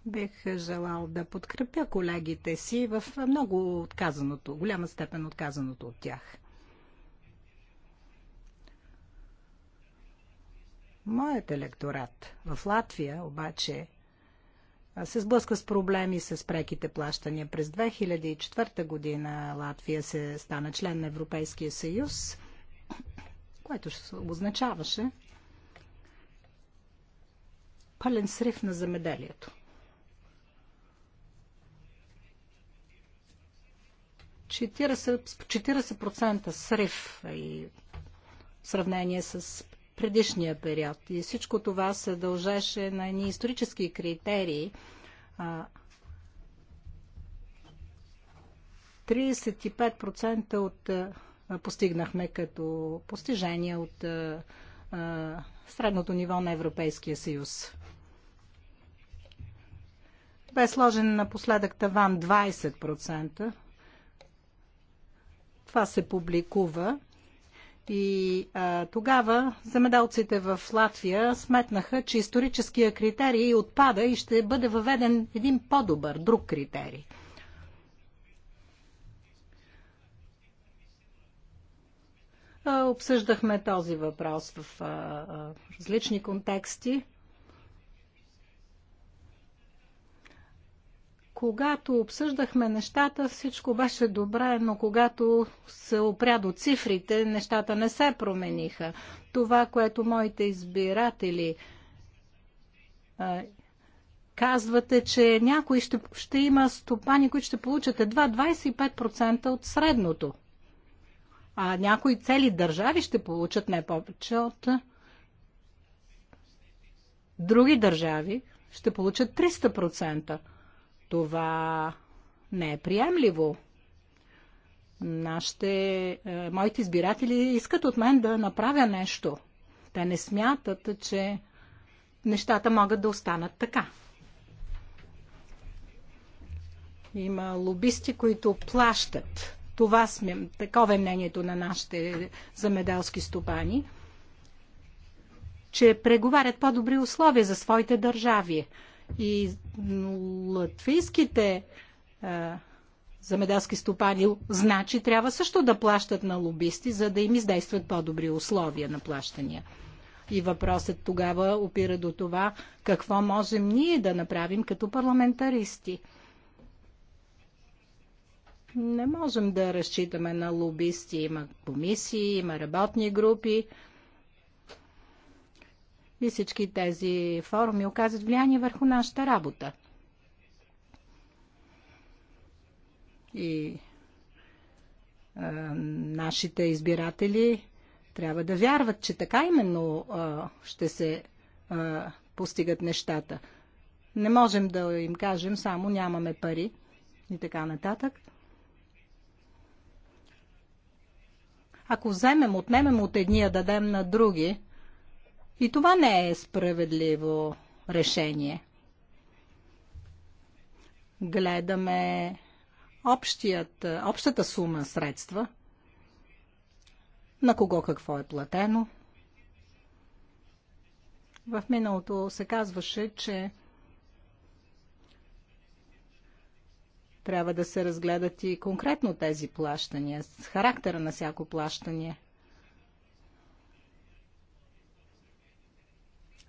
Бих желал да подкрепя колегите си в много отказаното, голяма степен отказаното от тях. Моят електорат в Латвия обаче се сблъска с проблеми с преките плащания. През 2004 година Латвия се стана член на Европейския съюз, което означаваше пълен срив на замеделието. 40%, срив и в сравнение с предишния период. И всичко това се дължеше на едни исторически критерии. 35% от постигнахме като постижение от средното ниво на Европейския съюз. Бе сложен напоследък таван 20%. Това се публикува и а, тогава земеделците в Латвия сметнаха, че историческия критерий отпада и ще бъде въведен един по-добър, друг критерий. А, обсъждахме този въпрос в а, а, различни контексти. Когато обсъждахме нещата, всичко беше добре, но когато се опря до цифрите, нещата не се промениха. Това, което моите избиратели казвате, че някои ще, ще има стопани, които ще получат едва 25% от средното. А някои цели държави ще получат не повече от други държави ще получат 300%. Това не е приемливо. Нашите, е, моите избиратели искат от мен да направя нещо. Те не смятат, че нещата могат да останат така. Има лобисти, които плащат. Това сме, такова е мнението на нашите замедалски стопани, че преговарят по-добри условия за своите държави и латвийските а, замеделски стопани, значи трябва също да плащат на лобисти, за да им издействат по-добри условия на плащания. И въпросът тогава опира до това какво можем ние да направим като парламентаристи. Не можем да разчитаме на лобисти. Има комисии, има работни групи, и всички тези форуми оказват влияние върху нашата работа. И а, нашите избиратели трябва да вярват, че така именно а, ще се а, постигат нещата. Не можем да им кажем само нямаме пари и така нататък. Ако вземем, отнемем от едния, дадем на други, и това не е справедливо решение. Гледаме общият, общата сума средства, на кого какво е платено. В миналото се казваше, че трябва да се разгледат и конкретно тези плащания, с характера на всяко плащане –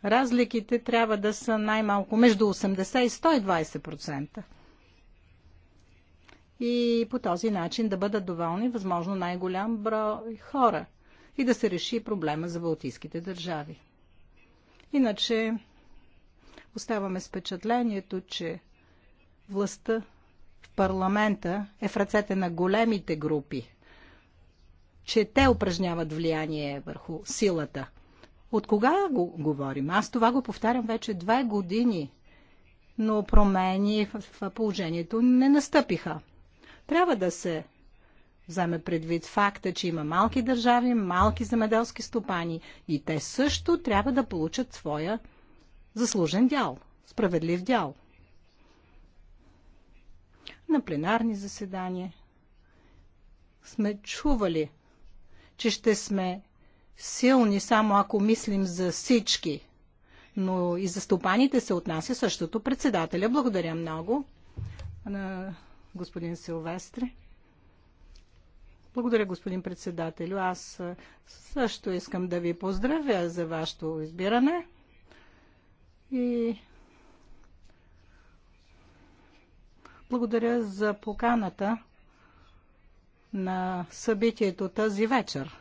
разликите трябва да са най-малко между 80 и 120%. И по този начин да бъдат доволни възможно най-голям брой хора и да се реши проблема за балтийските държави. Иначе оставаме с впечатлението, че властта в парламента е в ръцете на големите групи, че те упражняват влияние върху силата – от кога го говорим? Аз това го повтарям вече две години, но промени в положението не настъпиха. Трябва да се вземе предвид факта, че има малки държави, малки земеделски стопани и те също трябва да получат своя заслужен дял, справедлив дял. На пленарни заседания сме чували, че ще сме силни само ако мислим за всички. Но и за стопаните се отнася същото председателя. Благодаря много на господин Силвестре. Благодаря, господин председателю. Аз също искам да ви поздравя за вашето избиране. И благодаря за поканата на събитието тази вечер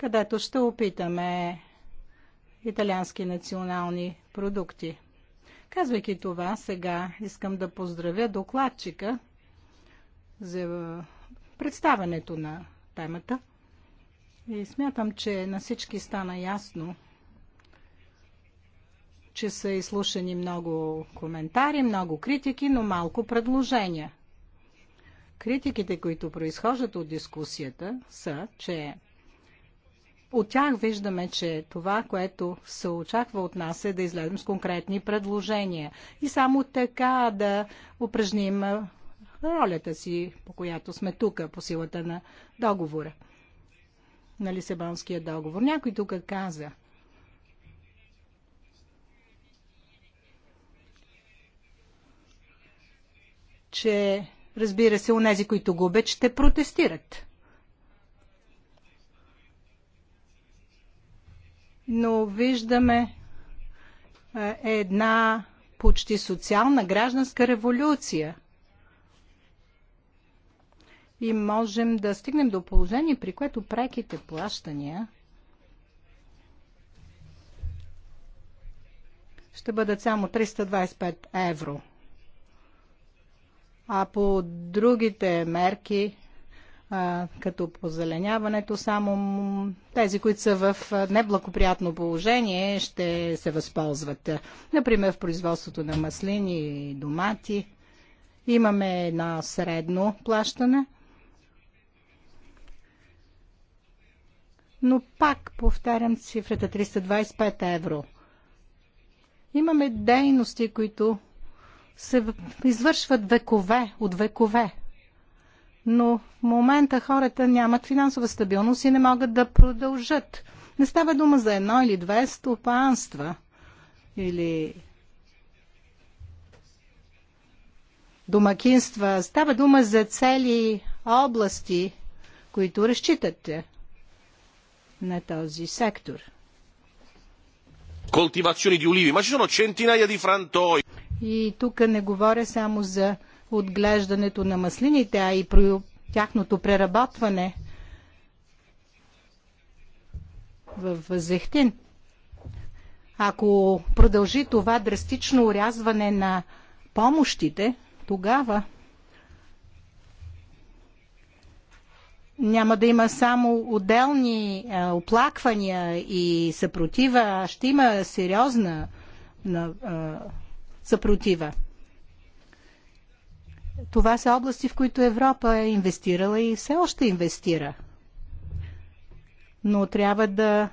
където ще опитаме италиански национални продукти. Казвайки това, сега искам да поздравя докладчика за представането на темата. И смятам, че на всички стана ясно, че са изслушани много коментари, много критики, но малко предложения. Критиките, които произхождат от дискусията, са, че от тях виждаме, че това, което се очаква от нас е да излезем с конкретни предложения и само така да упражним ролята си, по която сме тук, по силата на договора, на Лисабонския договор. Някой тук каза, че, разбира се, у нези, които губят, ще протестират. но виждаме е, една почти социална гражданска революция. И можем да стигнем до положение, при което преките плащания ще бъдат само 325 евро. А по другите мерки а, като позеленяването, само тези, които са в неблагоприятно положение, ще се възползват. Например, в производството на маслини и домати имаме едно средно плащане, но пак повтарям цифрата 325 евро. Имаме дейности, които се извършват векове, от векове но в момента хората нямат финансова стабилност и не могат да продължат. Не става дума за едно или две стопанства или домакинства. Става дума за цели области, които разчитате на този сектор.
Coltivazioni di ulivi, ma ci sono centinaia
И тук не говоря само за отглеждането на маслините, а и при тяхното преработване в зехтин. Ако продължи това драстично урязване на помощите, тогава няма да има само отделни а, оплаквания и съпротива, а ще има сериозна а, съпротива. Това са области, в които Европа е инвестирала и все още инвестира. Но трябва да,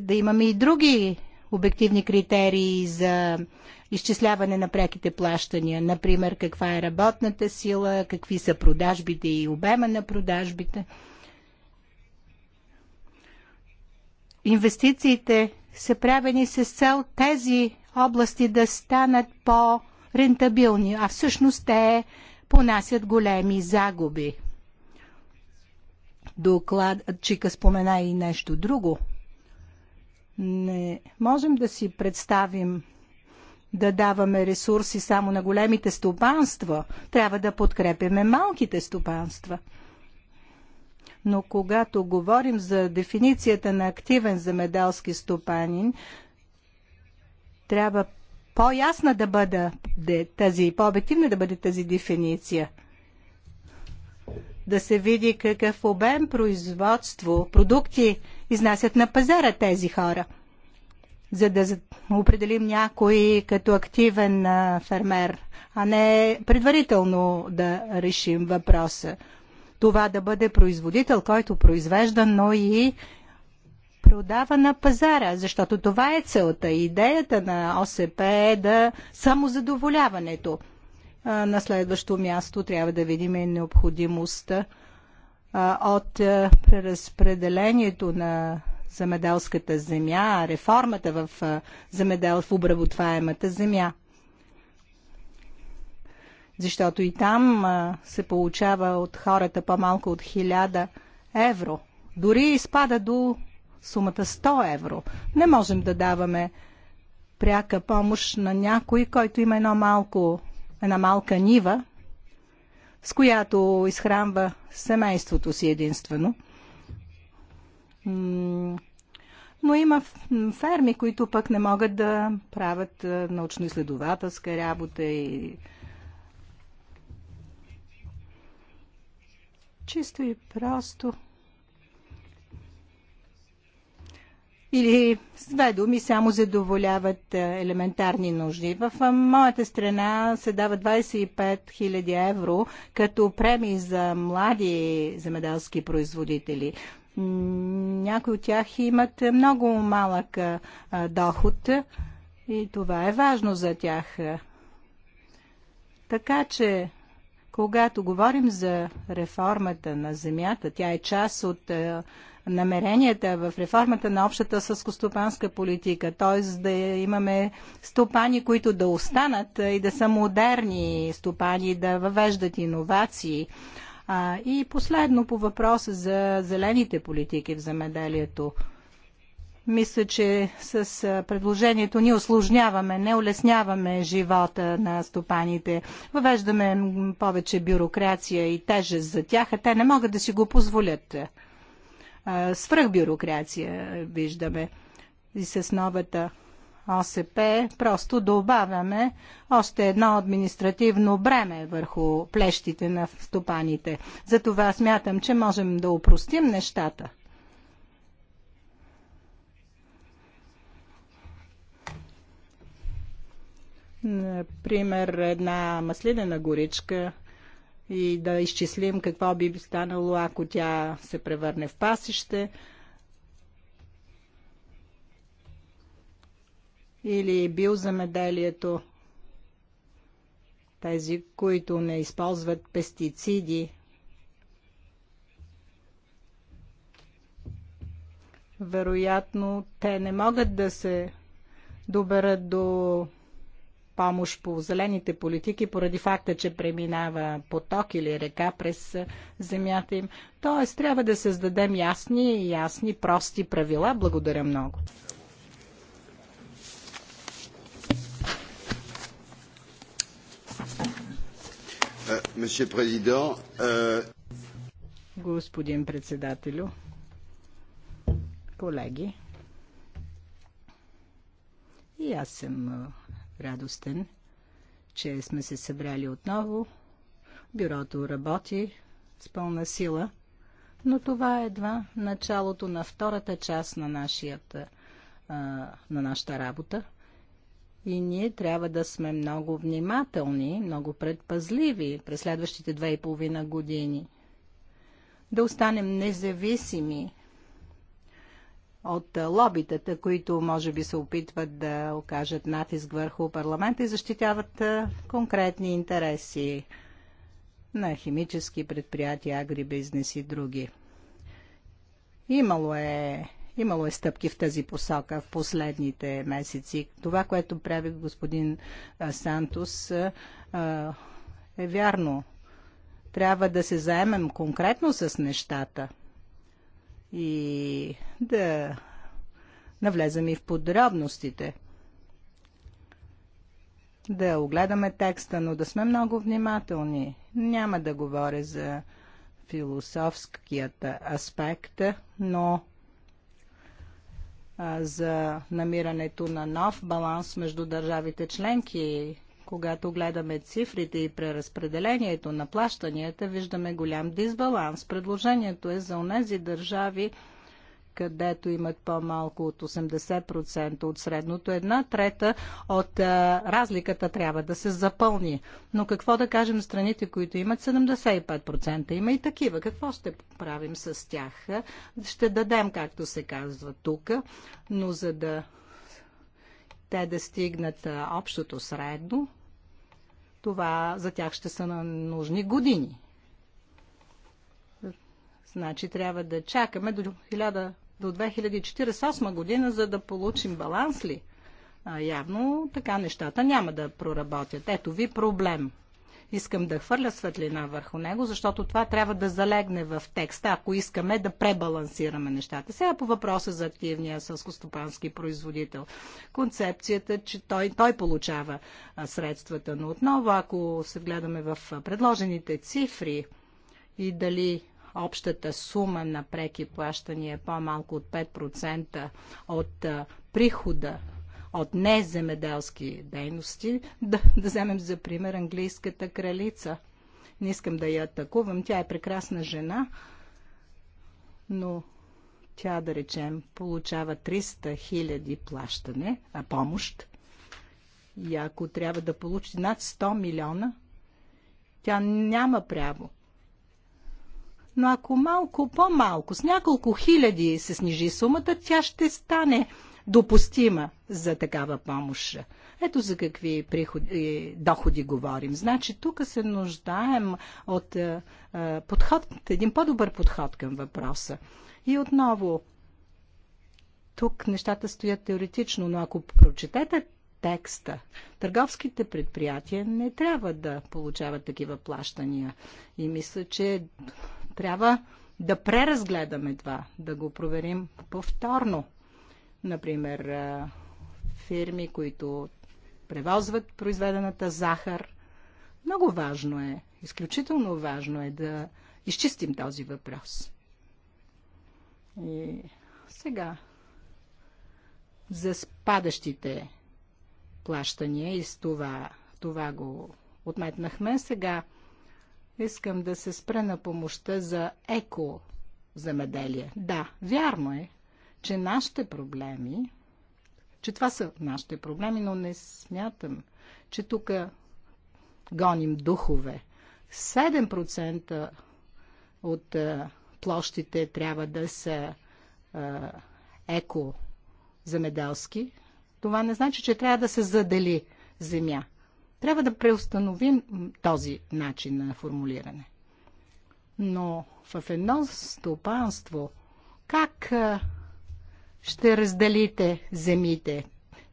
да имаме и други обективни критерии за изчисляване на преките плащания. Например, каква е работната сила, какви са продажбите и обема на продажбите. Инвестициите са правени с цел тези области да станат по- рентабилни, а всъщност те понасят големи загуби. чика спомена и нещо друго. Не можем да си представим да даваме ресурси само на големите стопанства. Трябва да подкрепяме малките стопанства. Но когато говорим за дефиницията на активен замеделски стопанин, трябва по-ясна да бъде тази, по-обективна да бъде тази дефиниция. Да се види какъв обем производство, продукти изнасят на пазара тези хора. За да определим някой като активен фермер, а не предварително да решим въпроса. Това да бъде производител, който произвежда, но и продава на пазара, защото това е целта. Идеята на ОСП е да само задоволяването. На следващо място трябва да видим и необходимостта от преразпределението на земеделската земя, реформата в, земедел, в обработваемата земя. Защото и там се получава от хората по-малко от 1000 евро. Дори изпада до сумата 100 евро. Не можем да даваме пряка помощ на някой, който има едно малко, една малка нива, с която изхранва семейството си единствено. Но има ферми, които пък не могат да правят научно-изследователска работа и чисто и просто или с две думи само задоволяват е, елементарни нужди. В е, моята страна се дава 25 000 евро като премии за млади земеделски производители. Някои от тях имат много малък е, доход и това е важно за тях. Така че когато говорим за реформата на земята, тя е част от е, намеренията в реформата на общата съскостопанска политика, т.е. да имаме стопани, които да останат е, и да са модерни стопани, да въвеждат иновации. и последно по въпроса за зелените политики в замеделието. Мисля, че с предложението ние осложняваме, не улесняваме живота на стопаните. Въвеждаме повече бюрокрация и тежест за тях, а те не могат да си го позволят. Свръхбюрокрация виждаме и с новата ОСП просто добавяме още едно административно бреме върху плещите на стопаните. Затова смятам, че можем да упростим нещата – например, една маслинена горичка и да изчислим какво би станало, ако тя се превърне в пасище. Или бил биоземеделието, тези, които не използват пестициди. Вероятно, те не могат да се доберат до помощ по зелените политики поради факта, че преминава поток или река през земята им. Тоест, трябва да създадем ясни, ясни, прости правила. Благодаря много.
Е, е,
Господин председателю, колеги, и аз съм е, радостен, че сме се събрали отново. Бюрото работи с пълна сила, но това е едва началото на втората част на, нашията, на нашата работа. И ние трябва да сме много внимателни, много предпазливи през следващите две и половина години. Да останем независими от лобитата, които може би се опитват да окажат натиск върху парламента и защитяват конкретни интереси на химически предприятия, агрибизнес и други. Имало е, имало е стъпки в тази посока в последните месеци. Това, което прави господин Сантос, е вярно. Трябва да се заемем конкретно с нещата – и да навлезем и в подробностите. Да огледаме текста, но да сме много внимателни. Няма да говоря за философският аспект, но за намирането на нов баланс между държавите членки когато гледаме цифрите и преразпределението на плащанията, виждаме голям дисбаланс. Предложението е за онези държави, където имат по-малко от 80% от средното. Една трета от а, разликата трябва да се запълни. Но какво да кажем страните, които имат 75%? Има и такива. Какво ще правим с тях? Ще дадем, както се казва тук, но за да те да стигнат общото средно, това за тях ще са на нужни години. Значи трябва да чакаме до, 1000, до 2048 година, за да получим баланс ли? А, явно така нещата няма да проработят. Ето ви проблем. Искам да хвърля светлина върху него, защото това трябва да залегне в текста, ако искаме да пребалансираме нещата. Сега по въпроса за активния сълскостопански производител. Концепцията, че той, той получава средствата, но отново, ако се гледаме в предложените цифри и дали общата сума на преки плащания е по-малко от 5% от прихода от неземеделски дейности. Да, да вземем за пример английската кралица. Не искам да я атакувам. Тя е прекрасна жена, но тя, да речем, получава 300 хиляди плащане, а помощ. И ако трябва да получи над 100 милиона, тя няма право. Но ако малко по-малко, с няколко хиляди се снижи сумата, тя ще стане допустима за такава помощ. Ето за какви приходи, доходи говорим. Значи тук се нуждаем от е, е, подход, един по-добър подход към въпроса. И отново, тук нещата стоят теоретично, но ако прочетете текста. Търговските предприятия не трябва да получават такива плащания. И мисля, че трябва да преразгледаме това, да го проверим повторно. Например, фирми, които превозват произведената захар. Много важно е, изключително важно е да изчистим този въпрос. И сега за спадащите плащания и с това, това го отметнахме. Сега искам да се спра на помощта за еко замеделие. Да, вярно е, че нашите проблеми, че това са нашите проблеми, но не смятам, че тук гоним духове. 7% от е, площите трябва да са е, еко земеделски. Това не значи, че трябва да се задели земя. Трябва да преустановим този начин на формулиране. Но в едно стопанство как е, ще разделите земите.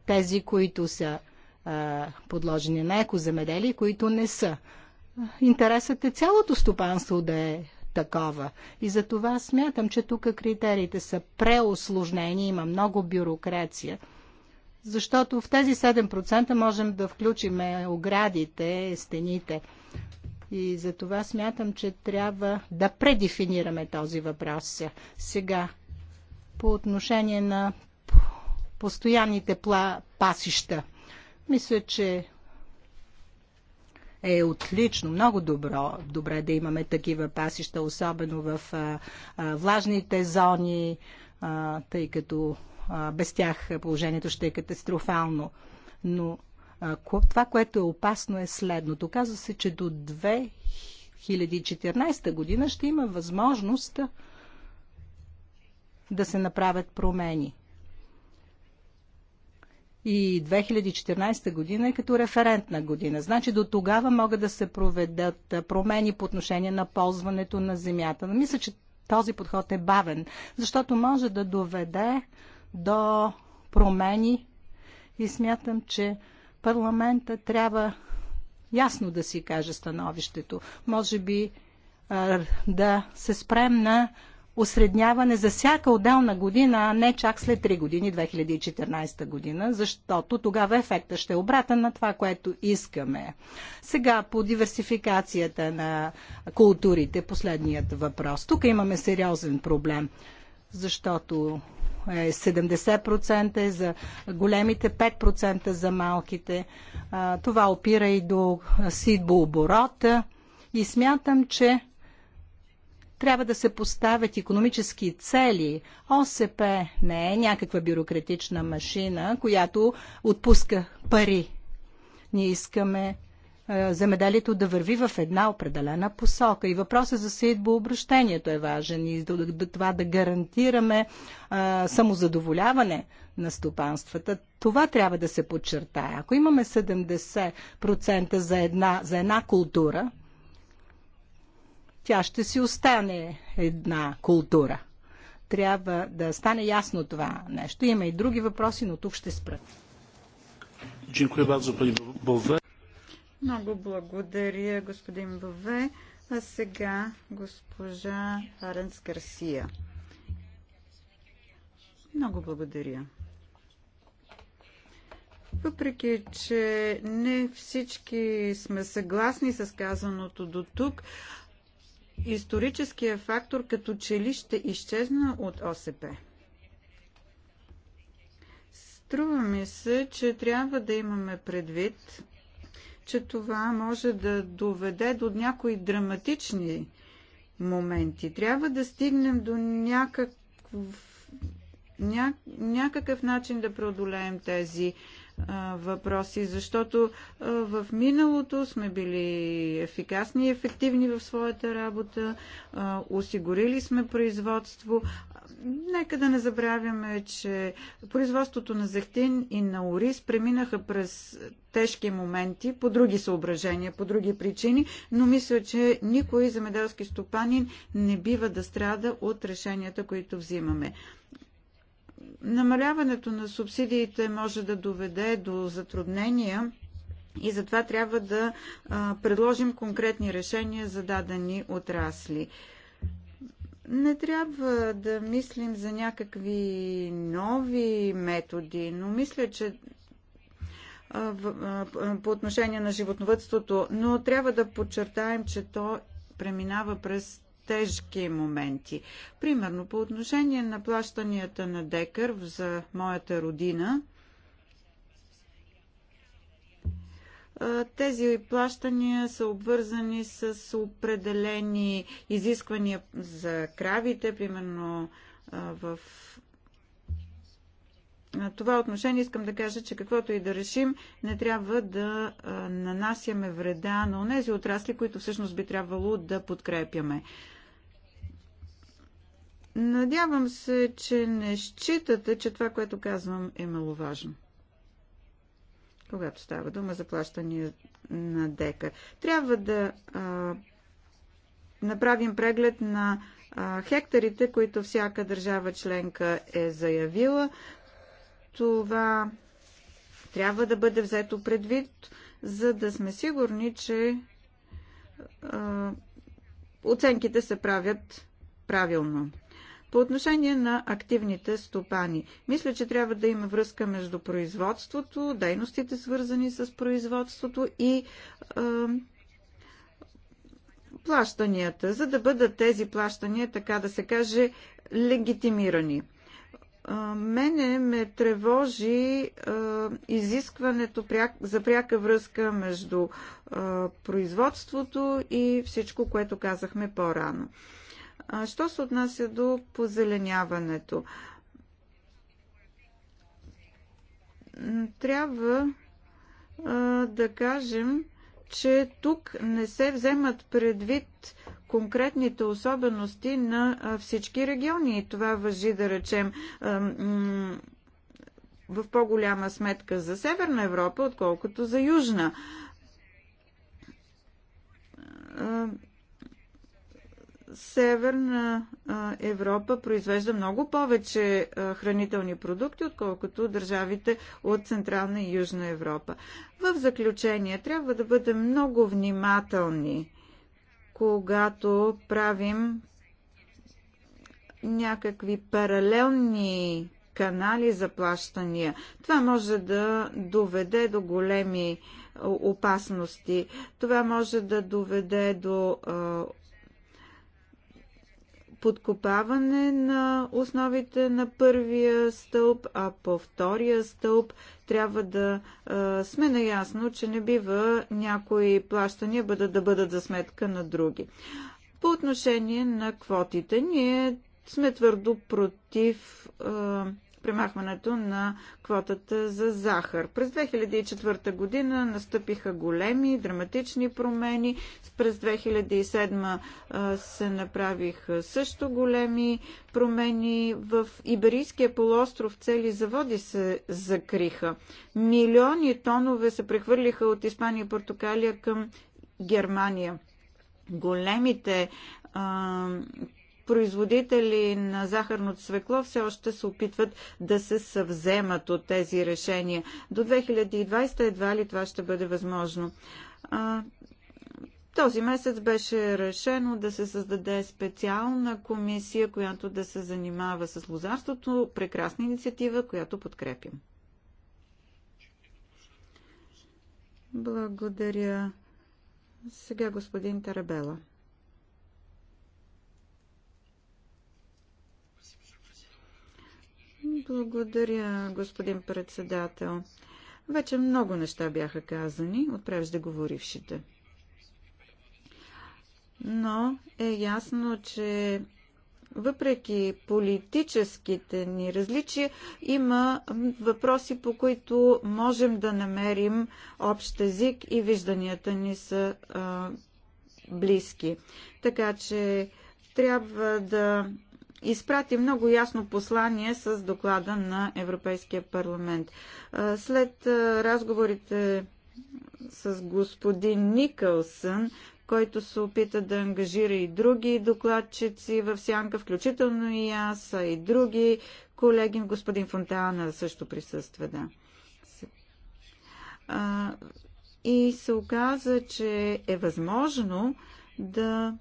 Тези, които са а, подложени на екоземеделие, които не са. Интересът е цялото стопанство да е такова. И за това смятам, че тук критериите са преосложнени, има много бюрокрация. Защото в тези 7% можем да включим оградите, стените. И за това смятам, че трябва да предефинираме този въпрос. Сега по отношение на постоянните пла, пасища. Мисля, че е отлично, много добро, добре да имаме такива пасища, особено в а, а, влажните зони, а, тъй като а, без тях положението ще е катастрофално. Но а, това, което е опасно е следното. Казва се, че до 2014 година ще има възможност да се направят промени. И 2014 година е като референтна година. Значи до тогава могат да се проведат промени по отношение на ползването на земята. Но мисля, че този подход е бавен, защото може да доведе до промени и смятам, че парламента трябва ясно да си каже становището. Може би да се спрем на осредняване за всяка отделна година, а не чак след 3 години, 2014 година, защото тогава ефекта ще е обратен на това, което искаме. Сега по диверсификацията на културите, последният въпрос. Тук имаме сериозен проблем, защото 70% е, е за големите, 5% за малките. Това опира и до сидбооборота. И смятам, че трябва да се поставят економически цели. ОСП не е някаква бюрократична машина, която отпуска пари. Ние искаме земеделието да върви в една определена посока. И въпросът за съидбообращението е важен и до, това да гарантираме а, самозадоволяване на стопанствата. Това трябва да се подчертая. Ако имаме 70% за една, за една култура, тя ще си остане една култура. Трябва да стане ясно това нещо. Има и други въпроси,
но тук ще спра. Много благодаря, господин Бове. А сега госпожа Аренс Гарсия. Много благодаря. Въпреки, че не всички сме съгласни с казаното до тук, историческия фактор като че ли ще изчезна от ОСП. Струва ми се, че трябва да имаме предвид, че това може да доведе до някои драматични моменти. Трябва да стигнем до някакъв, ня, някакъв начин да преодолеем тези въпроси, защото в миналото сме били ефикасни и ефективни в своята работа, осигурили сме производство. Нека да не забравяме, че производството на зехтин и на ориз преминаха през тежки моменти, по други съображения, по други причини, но мисля, че никой земеделски стопанин не бива да страда от решенията, които взимаме. Намаляването на субсидиите може да доведе до затруднения и затова трябва да предложим конкретни решения за дадени отрасли. Не трябва да мислим за някакви нови методи, но мисля, че по отношение на животновътството, но трябва да подчертаем, че то преминава през тежки моменти. Примерно, по отношение на плащанията на Декър за моята родина, тези плащания са обвързани с определени изисквания за кравите, примерно в това отношение искам да кажа, че каквото и да решим, не трябва да нанасяме вреда на тези отрасли, които всъщност би трябвало да подкрепяме. Надявам се, че не считате, че това, което казвам, е маловажно. Когато става дума за плащания на дека. Трябва да а, направим преглед на а, хектарите, които всяка държава членка е заявила. Това трябва да бъде взето предвид, за да сме сигурни, че а, оценките се правят правилно. По отношение на активните стопани, мисля, че трябва да има връзка между производството, дейностите свързани с производството и е, плащанията, за да бъдат тези плащания, така да се каже, легитимирани мене ме тревожи е, изискването пряк, за пряка връзка между е, производството и всичко, което казахме по-рано. Що се отнася до позеленяването? Трябва да кажем, че тук не се вземат предвид конкретните особености на всички региони. И това въжи, да речем, в по-голяма сметка за Северна Европа, отколкото за Южна. Северна Европа произвежда много повече хранителни продукти, отколкото държавите от Централна и Южна Европа. В заключение, трябва да бъдем много внимателни, когато правим някакви паралелни канали за плащания. Това може да доведе до големи опасности. Това може да доведе до подкопаване на основите на първия стълб, а по втория стълб трябва да а, сме наясно, че не бива някои плащания бъда, да бъдат за сметка на други. По отношение на квотите, ние сме твърдо против а, премахването на квотата за захар. През 2004 година настъпиха големи, драматични промени. През 2007 се направиха също големи промени. В Иберийския полуостров цели заводи се закриха. Милиони тонове се прехвърлиха от Испания и Португалия към Германия. Големите производители на захарното свекло все още се опитват да се съвземат от тези решения. До 2020 едва ли това ще бъде възможно. Този месец беше решено да се създаде специална комисия, която да се занимава с лозарството. Прекрасна инициатива, която подкрепим. Благодаря. Сега господин Тарабела. Благодаря, господин председател. Вече много неща бяха казани от преждеговорившите. Но е ясно, че въпреки политическите ни различия, има въпроси, по които можем да намерим общ език и вижданията ни са а, близки. Така че трябва да изпрати много ясно послание с доклада на Европейския парламент. След разговорите с господин Никълсън, който се опита да ангажира и други докладчици в сянка, включително и аз, а и други колеги. Господин Фонтана също присъства, да. И се оказа, че е възможно да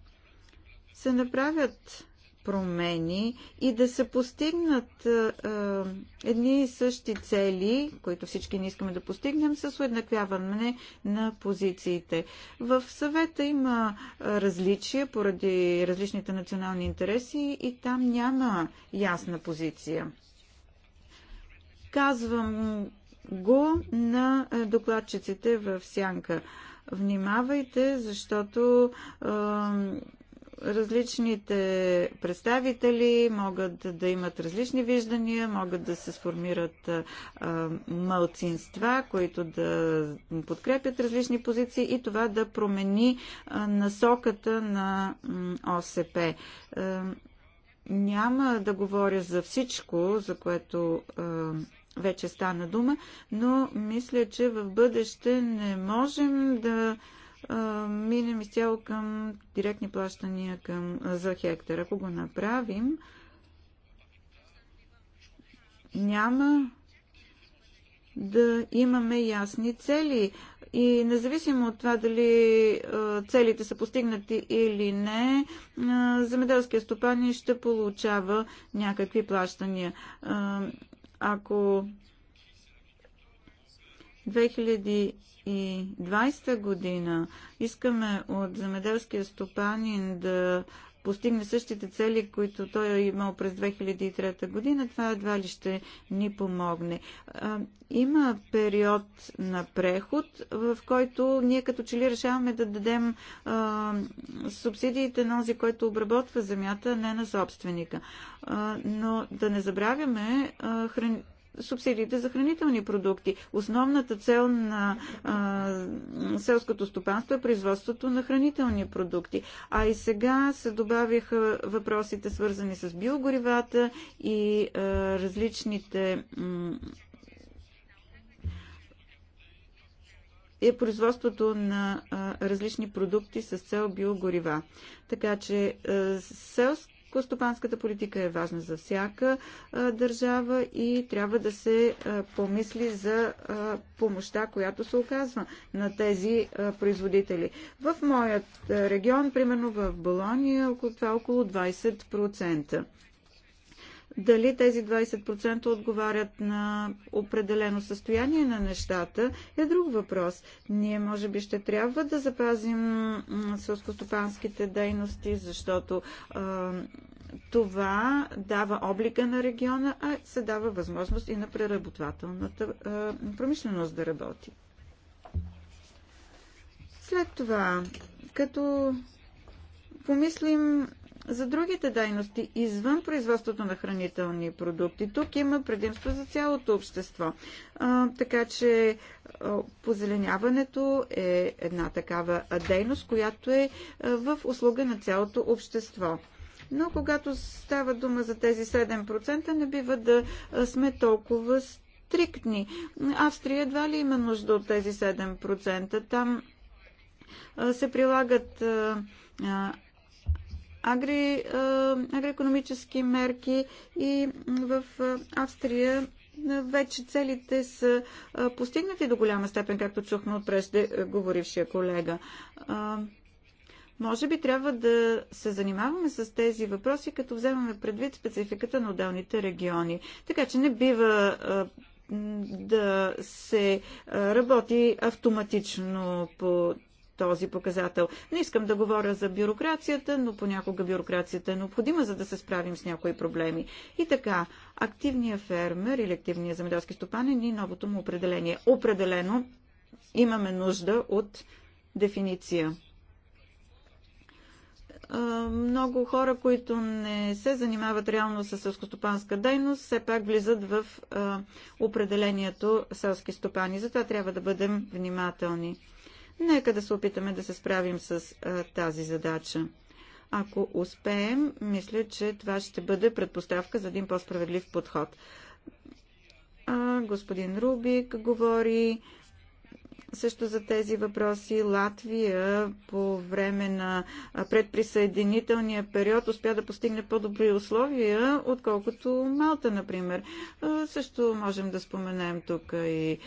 се направят промени и да се постигнат а, едни и същи цели, които всички не искаме да постигнем, с уеднаквяване на позициите. В съвета има различия поради различните национални интереси и там няма ясна позиция. Казвам го на докладчиците в Сянка. Внимавайте, защото различните представители могат да имат различни виждания, могат да се сформират мълцинства, които да подкрепят различни позиции и това да промени насоката на ОСП. Няма да говоря за всичко, за което вече стана дума, но мисля, че в бъдеще не можем да минем изцяло към директни плащания към, за хектар. Ако го направим, няма да имаме ясни цели. И независимо от това дали целите са постигнати или не, земеделския стопанин ще получава някакви плащания. Ако 2020 година искаме от земеделския стопанин да постигне същите цели, които той е имал през 2003 година, това едва ли ще ни помогне. Има период на преход, в който ние като че ли решаваме да дадем а, субсидиите на този, който обработва земята, не на собственика. А, но да не забравяме а, храните субсидиите за хранителни продукти. Основната цел на а, селското стопанство е производството на хранителни продукти. А и сега се добавиха въпросите свързани с биогоривата и а, различните е производството на а, различни продукти с цел биогорива. Така че а, селско Костопанската политика е важна за всяка държава и трябва да се помисли за помощта, която се оказва на тези производители. В моят регион, примерно в Болония, това е около 20% дали тези 20% отговарят на определено състояние на нещата, е друг въпрос. Ние може би ще трябва да запазим сълскостопанските дейности, защото а, това дава облика на региона, а се дава възможност и на преработвателната а, промишленост да работи. След това, като помислим за другите дейности извън производството на хранителни продукти, тук има предимство за цялото общество. А, така че а, позеленяването е една такава дейност, която е а, в услуга на цялото общество. Но когато става дума за тези 7%, не бива да сме толкова стриктни. Австрия едва ли има нужда от тези 7%. Там се прилагат агри, агроекономически мерки и в Австрия вече целите са постигнати до голяма степен, както чухме от преждеговорившия колега. Може би трябва да се занимаваме с тези въпроси, като вземаме предвид спецификата на отделните региони. Така че не бива да се работи автоматично по този показател. Не искам да говоря за бюрокрацията, но понякога бюрокрацията е необходима, за да се справим с някои проблеми. И така, активният фермер или активният земеделски стопанин и новото му определение. Определено имаме нужда от дефиниция много хора, които не се занимават реално с селскостопанска дейност, все пак влизат в определението селски стопани. Затова трябва да бъдем внимателни. Нека да се опитаме да се справим с а, тази задача. Ако успеем, мисля, че това ще бъде предпоставка за един по-справедлив подход. А, господин Рубик говори също за тези въпроси. Латвия по време на предприсъединителния период успя да постигне по-добри условия, отколкото Малта, например. Също можем да споменем тук и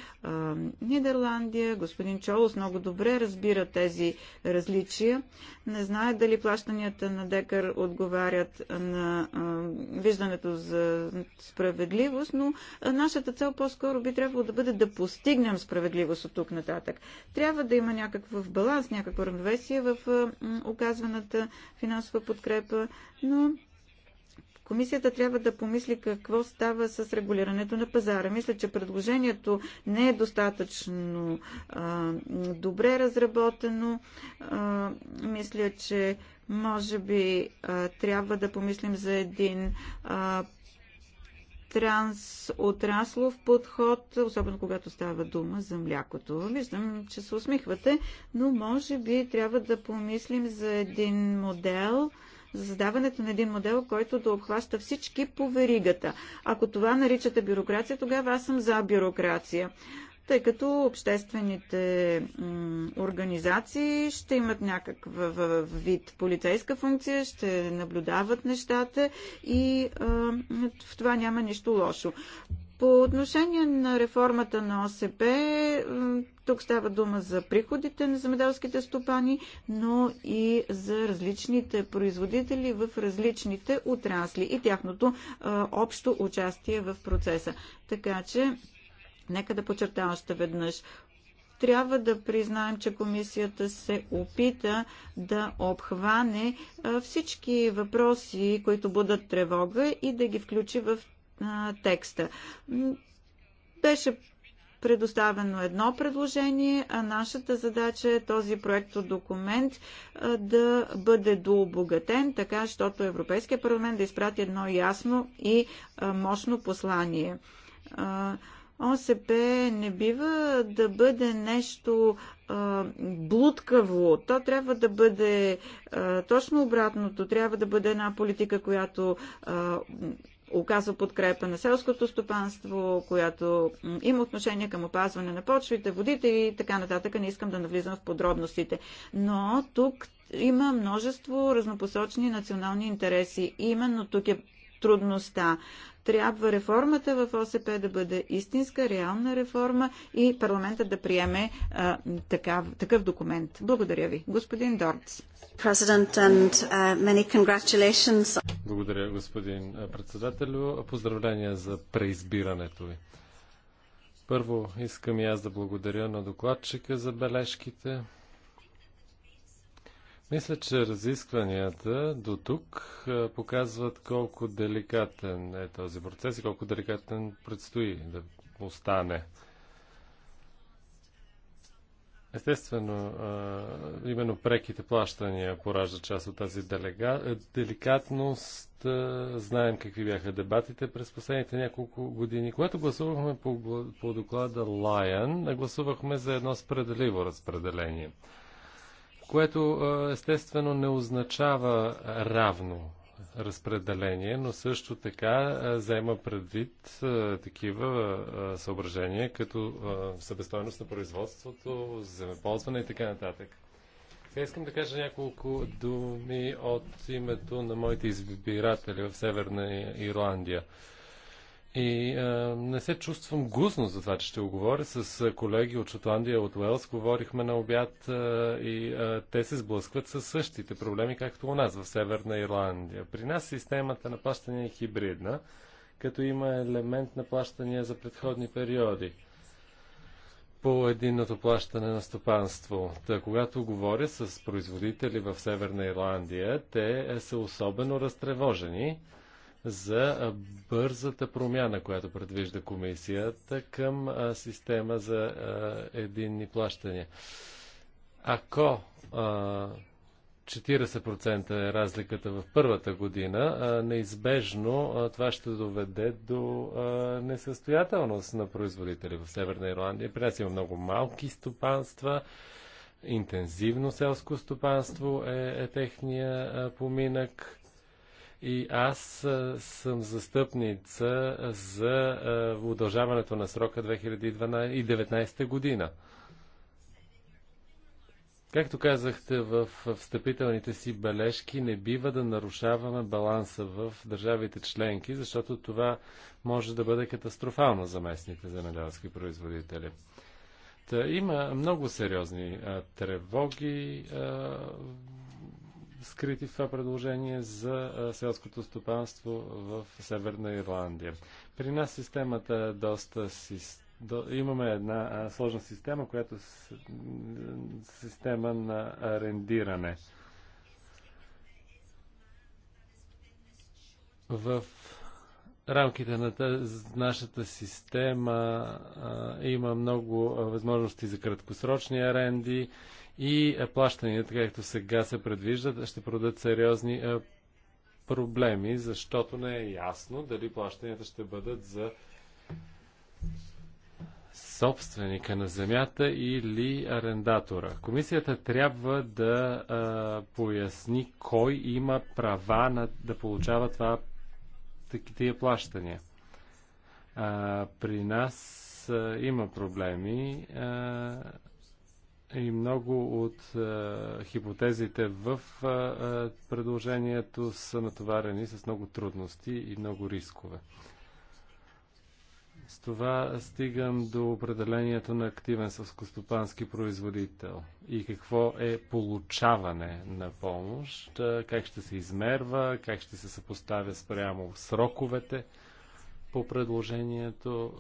Нидерландия. Господин Чолос много добре разбира тези различия. Не знае дали плащанията на Декар отговарят на виждането за справедливост, но нашата цел по-скоро би трябвало да бъде да постигнем справедливост от тук на нататък. Трябва да има някакъв баланс, някакво равновесие в оказваната финансова подкрепа, но Комисията трябва да помисли какво става с регулирането на пазара. Мисля, че предложението не е достатъчно а, добре разработено. А, мисля, че може би а, трябва да помислим за един а, трансотраслов подход, особено когато става дума за млякото. Виждам, че се усмихвате, но може би трябва да помислим за един модел, за създаването на един модел, който да обхваща всички по веригата. Ако това наричате бюрокрация, тогава аз съм за бюрокрация тъй като обществените организации ще имат някаква вид полицейска функция, ще наблюдават нещата и в това няма нищо лошо. По отношение на реформата на ОСП, тук става дума за приходите на земеделските стопани, но и за различните производители в различните отрасли и тяхното общо участие в процеса. Така че Нека да подчертая още веднъж трябва да признаем, че комисията се опита да обхване всички въпроси, които будат тревога и да ги включи в текста. Беше предоставено едно предложение, а нашата задача е този от документ да бъде дообогатен, така, защото Европейския парламент да изпрати едно ясно и мощно послание. ОСП не бива да бъде нещо а, блудкаво. То трябва да бъде а, точно обратното. Трябва да бъде една политика, която а, оказва подкрепа на селското стопанство, която има отношение към опазване на почвите, водите и така нататък. Не искам да навлизам в подробностите. Но тук има множество разнопосочни национални интереси. И именно тук е трудността. Трябва реформата в ОСП да бъде истинска, реална реформа и парламентът да приеме а, такав, такъв документ. Благодаря ви. Господин Дорц. Uh,
благодаря, господин председателю. Поздравления за преизбирането ви. Първо искам и аз да благодаря на докладчика за бележките. Мисля, че разискванията до тук показват колко деликатен е този процес и колко деликатен предстои да остане. Естествено, именно преките плащания поражда част от тази делега... Е, деликатност. Знаем какви бяха дебатите през последните няколко години. Когато гласувахме по, по доклада Lion, гласувахме за едно справедливо разпределение – което естествено не означава равно разпределение, но също така взема предвид такива съображения, като събестойност на производството, земеползване и така нататък. Сега искам да кажа няколко думи от името на моите избиратели в Северна Ирландия. И а, е, не се чувствам гусно, за това, че ще го говоря. С е, колеги от Шотландия, от Уелс говорихме на обяд а, е, и а, те се сблъскват с същите проблеми, както у нас в Северна Ирландия. При нас системата на плащане е хибридна, като има елемент на плащания за предходни периоди по единното плащане на стопанство. Та, когато говоря с производители в Северна Ирландия, те са особено разтревожени за бързата промяна, която предвижда комисията към система за единни плащания. Ако 40% е разликата в първата година, неизбежно това ще доведе до несъстоятелност на производители в Северна Ирландия. При нас има много малки стопанства, интензивно селско стопанство е, е техния поминък и аз съм застъпница за удължаването на срока 2019 година. Както казахте в встъпителните си бележки, не бива да нарушаваме баланса в държавите членки, защото това може да бъде катастрофално за местните земеделски производители. Та, има много сериозни а, тревоги а, скрити в това предложение за селското стопанство в Северна Ирландия. При нас системата е доста имаме една сложна система, която е система на арендиране. В рамките на тази, нашата система а, има много възможности за краткосрочни аренди и е, плащанията, както сега се предвиждат, ще продадат сериозни е, проблеми, защото не е ясно дали плащанията ще бъдат за собственика на земята или арендатора. Комисията трябва да а, е, поясни кой има права на, да получава това, такива плащания. А, при нас а, има проблеми. А, и много от а, е, хипотезите в а, е, е, предложението са натоварени с много трудности и много рискове. С това стигам до определението на активен съскостопански производител и какво е получаване на помощ, как ще се измерва, как ще се съпоставя спрямо сроковете по предложението.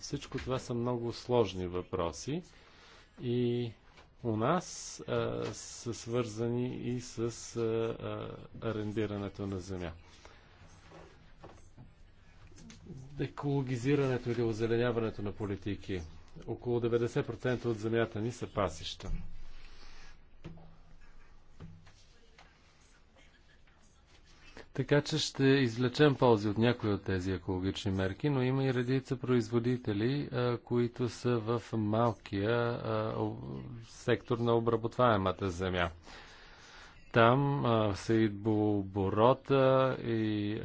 Всичко това са много сложни въпроси и у нас а, са свързани и с а, а, арендирането на земя. Екологизирането или озеленяването на политики. Около 90% от земята ни са пасища. Така че ще извлечем ползи от някои от тези екологични мерки, но има и редица производители, които са в малкия сектор на обработваемата земя. Там оборота и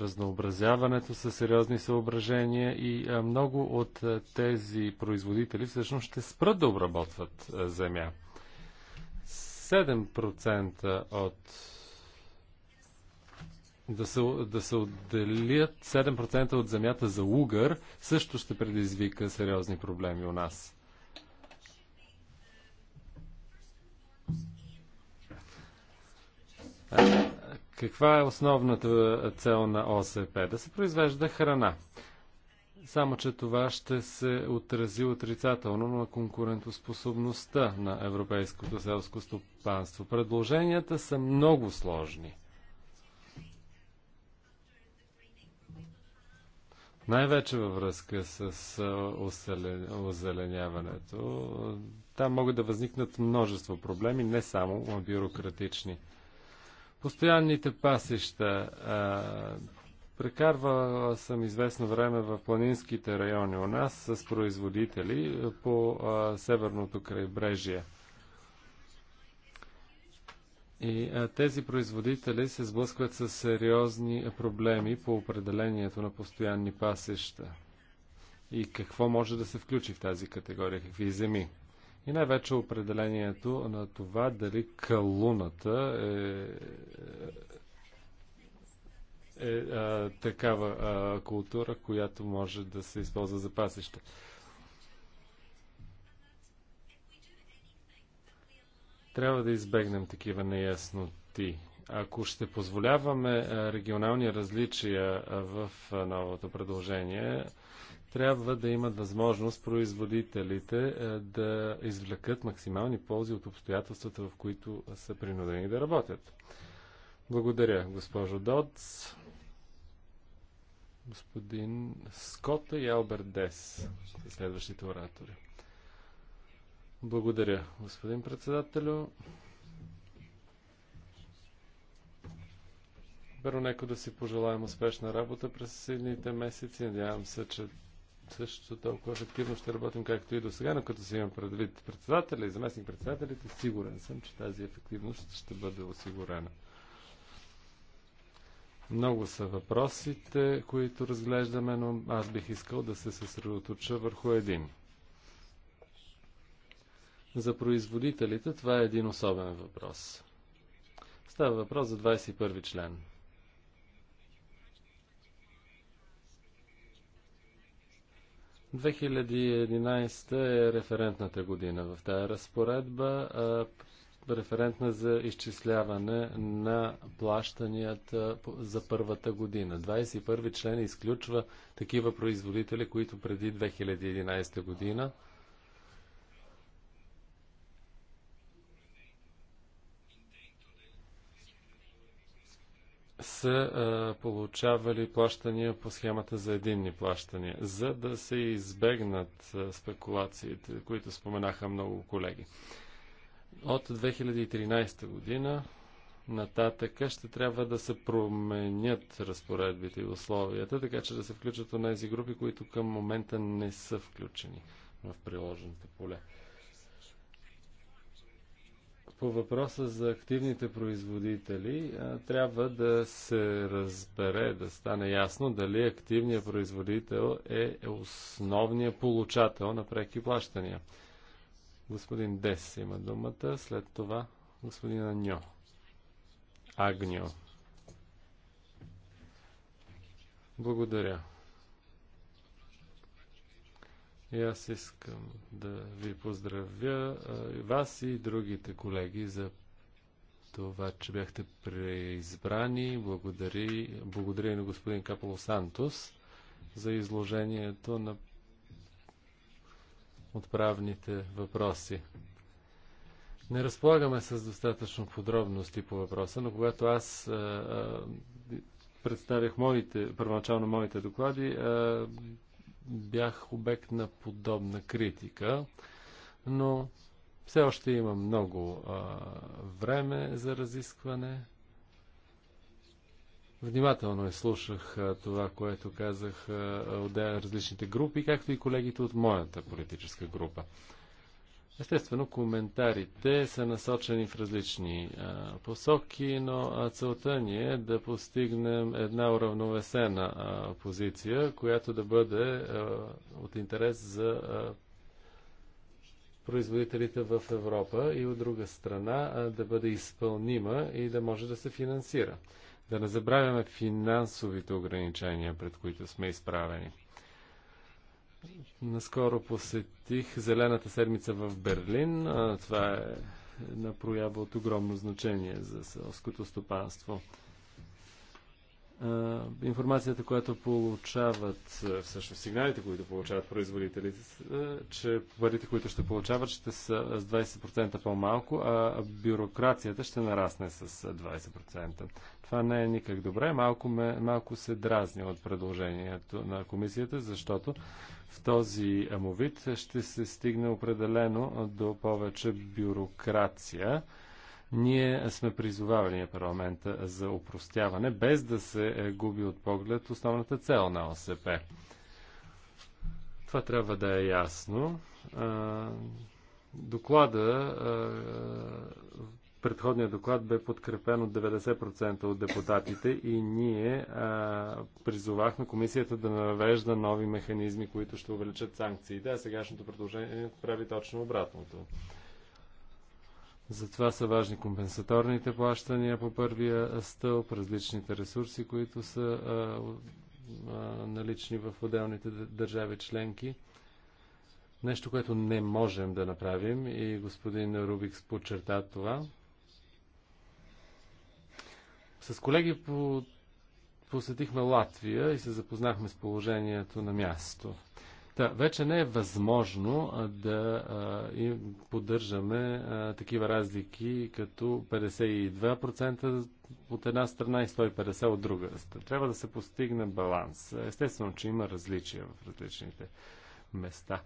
разнообразяването са сериозни съображения и много от тези производители всъщност ще спрат да обработват земя. 7% от да се, да се отделят 7% от земята за угър, също ще предизвика сериозни проблеми у нас. Каква е основната цел на ОСП? Да се произвежда храна. Само, че това ще се отрази отрицателно на конкурентоспособността на европейското селско стопанство. Предложенията са много сложни – Най-вече във връзка с озеленяването. Там могат да възникнат множество проблеми, не само бюрократични. Постоянните пасища. Прекарва съм известно време в планинските райони у нас с производители по северното крайбрежие – и а, тези производители се сблъскват с сериозни проблеми по определението на постоянни пасеща. И какво може да се включи в тази категория, какви земи. И най-вече определението на това дали калуната е, е, е а, такава а, култура, която може да се използва за пасеща. Трябва да избегнем такива неясноти. Ако ще позволяваме регионални различия в новото предложение, трябва да имат възможност производителите да извлекат максимални ползи от обстоятелствата, в които са принудени да работят. Благодаря, госпожо Додс. Господин Скота и Алберт Дес, следващите оратори. Благодаря, господин председателю. Първо нека да си пожелаем успешна работа през следните месеци. Надявам се, че също толкова ефективно ще работим както и до сега, но като си имам предвид председателя и заместник председателите, сигурен съм, че тази ефективност ще бъде осигурена. Много са въпросите, които разглеждаме, но аз бих искал да се съсредоточа върху един. За производителите това е един особен въпрос. Става въпрос за 21 член. – 2011 е референтната година в тази разпоредба, референтна за изчисляване на плащанията за първата година. 21 член изключва такива производители, които преди 2011 година – са получавали плащания по схемата за единни плащания, за да се избегнат спекулациите, които споменаха много колеги. От 2013 година нататък ще трябва да се променят разпоредбите и условията, така че да се включат от тези групи, които към момента не са включени в приложените поле по въпроса за активните производители трябва да се разбере, да стане ясно дали активният производител е основният получател на преки плащания. Господин Дес има думата, след това господин Аньо. Агньо. Благодаря. И аз искам да ви поздравя и вас и другите колеги за това, че бяхте преизбрани. Благодаря, благодаря на господин Капало Сантос за изложението на отправните въпроси. Не разполагаме с достатъчно подробности по въпроса, но когато аз а, а, представях моите, първоначално моите доклади, а, бях обект на подобна критика, но все още има много а, време за разискване. Внимателно е слушах а, това, което казах от различните групи, както и колегите от моята политическа група. Естествено, коментарите са насочени в различни а, посоки, но целта ни е да постигнем една уравновесена а, позиция, която да бъде а, от интерес за а, производителите в Европа и от друга страна а, да бъде изпълнима и да може да се финансира. Да не забравяме финансовите ограничения, пред които сме изправени. Наскоро посетих Зелената седмица в Берлин. Това е една проява от огромно значение за селското стопанство информацията, която получават, всъщност сигналите, които получават производителите, че парите, които ще получават, ще са с 20% по-малко, а бюрокрацията ще нарасне с 20%. Това не е никак добре. Малко, ме, малко се дразни от предложението на комисията, защото в този амовит ще се стигне определено до повече бюрокрация ние сме призовавали на парламента за упростяване, без да се е, губи от поглед основната цел на ОСП. Това трябва да е ясно. Доклада, предходният доклад бе подкрепен от 90% от депутатите и ние призовахме комисията да навежда нови механизми, които ще увеличат санкциите, а сегашното предложение прави точно обратното. Затова са важни компенсаторните плащания по първия стълб, различните ресурси, които са а, а, налични в отделните държави членки. Нещо, което не можем да направим и господин Рубикс подчерта това. С колеги по... посетихме Латвия и се запознахме с положението на място. Та, вече не е възможно а, да а, и поддържаме а, такива разлики като 52% от една страна и 150% от друга. Трябва да се постигне баланс. Естествено, че има различия в различните места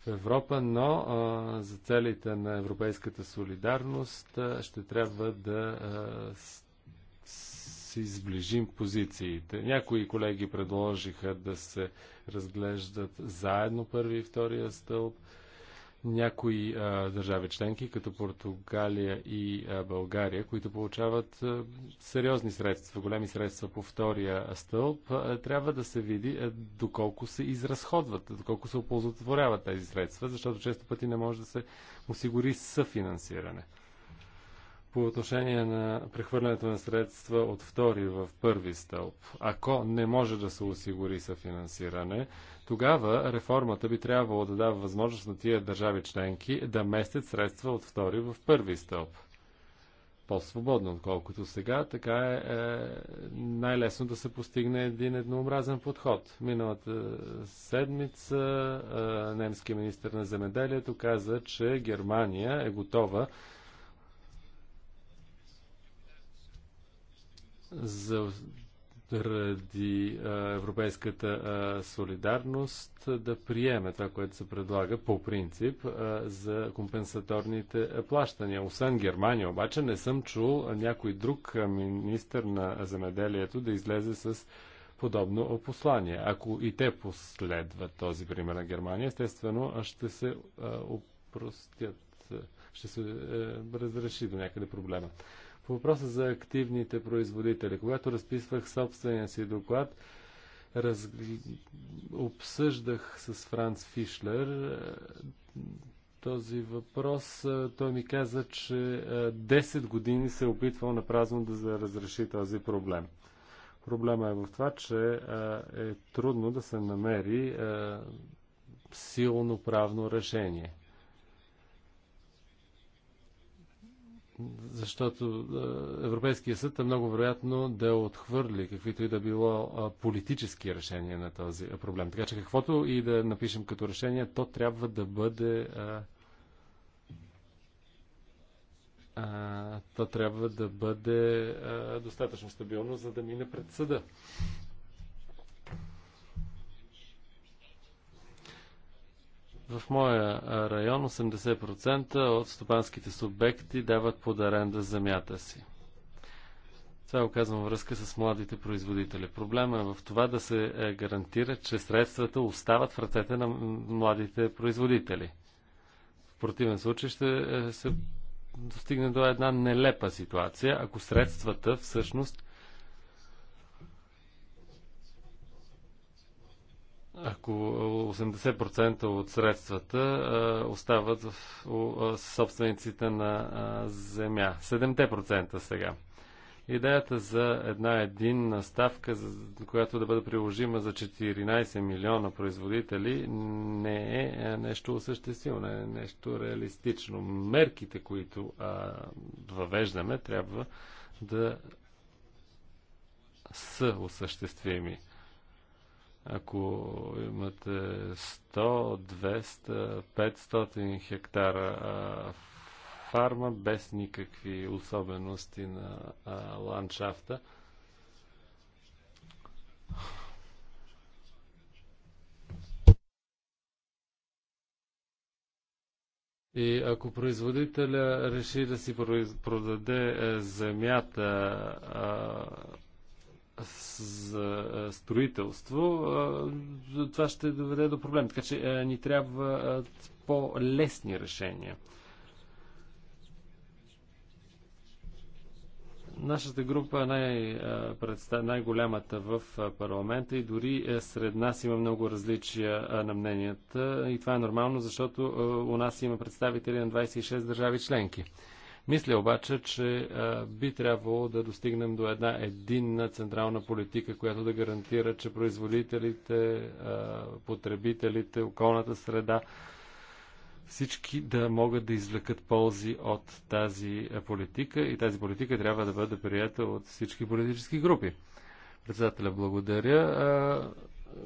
в Европа, но а, за целите на европейската солидарност а, ще трябва да а, си сближим позициите. Някои колеги предложиха да се разглеждат заедно първи и втория стълб. Някои а, държави членки, като Португалия и а, България, които получават а, сериозни средства, големи средства по втория стълб, а, трябва да се види а, доколко се изразходват, доколко се оползотворяват тези средства, защото често пъти не може да се осигури съфинансиране по отношение на прехвърлянето на средства от втори в първи стълб. Ако не може да се осигури съфинансиране, тогава реформата би трябвало да дава възможност на тия държави членки да местят средства от втори в първи стълб. По-свободно, отколкото сега, така е, е най-лесно да се постигне един еднообразен подход. Миналата седмица е, немски министр на земеделието каза, че Германия е готова За заради европейската солидарност да приеме това, което се предлага по принцип за компенсаторните плащания. Освен Германия, обаче не съм чул някой друг министр на земеделието да излезе с подобно послание. Ако и те последват този пример на Германия, естествено ще се опростят, ще се разреши до някъде проблема. По въпроса за активните производители, когато разписвах собствения си доклад, раз... обсъждах с Франц Фишлер е, този въпрос. Е, той ми каза, че 10 е, години се е опитвал на празно да разреши този проблем. Проблема е в това, че е трудно да се намери силно правно решение. защото е, Европейския съд е много вероятно да отхвърли каквито и да било е, политически решения на този проблем. Така че каквото и да напишем като решение, то трябва да бъде. А, е, а, то трябва да бъде а, достатъчно стабилно, за да мине пред съда. В моя район 80% от стопанските субекти дават под аренда земята си. Това е оказано връзка с младите производители. Проблема е в това да се е, гарантира, че средствата остават в ръцете на младите производители. В противен случай ще е, се достигне до една нелепа ситуация, ако средствата всъщност ако 80% от средствата остават в собствениците на земя. 7% сега. Идеята за една единна ставка, която да бъде приложима за 14 милиона производители, не е, е нещо осъществимо, не е нещо реалистично. Мерките, които а, въвеждаме, трябва да са осъществими. Ако имате 100, 200, 500 хектара а, фарма без никакви особености на а, ландшафта, И ако производителя реши да си продаде е, земята а, строителство, това ще доведе до проблем. Така че ни трябва по-лесни решения. Нашата група е най, най-голямата в парламента и дори е, сред нас има много различия на мненията. И това е нормално, защото у нас има представители на 26 държави членки. Мисля обаче, че би трябвало да достигнем до една единна централна политика, която да гарантира, че производителите, потребителите, околната среда, всички да могат да извлекат ползи от тази политика и тази политика трябва да бъде прията от всички политически групи. Председателя, благодаря.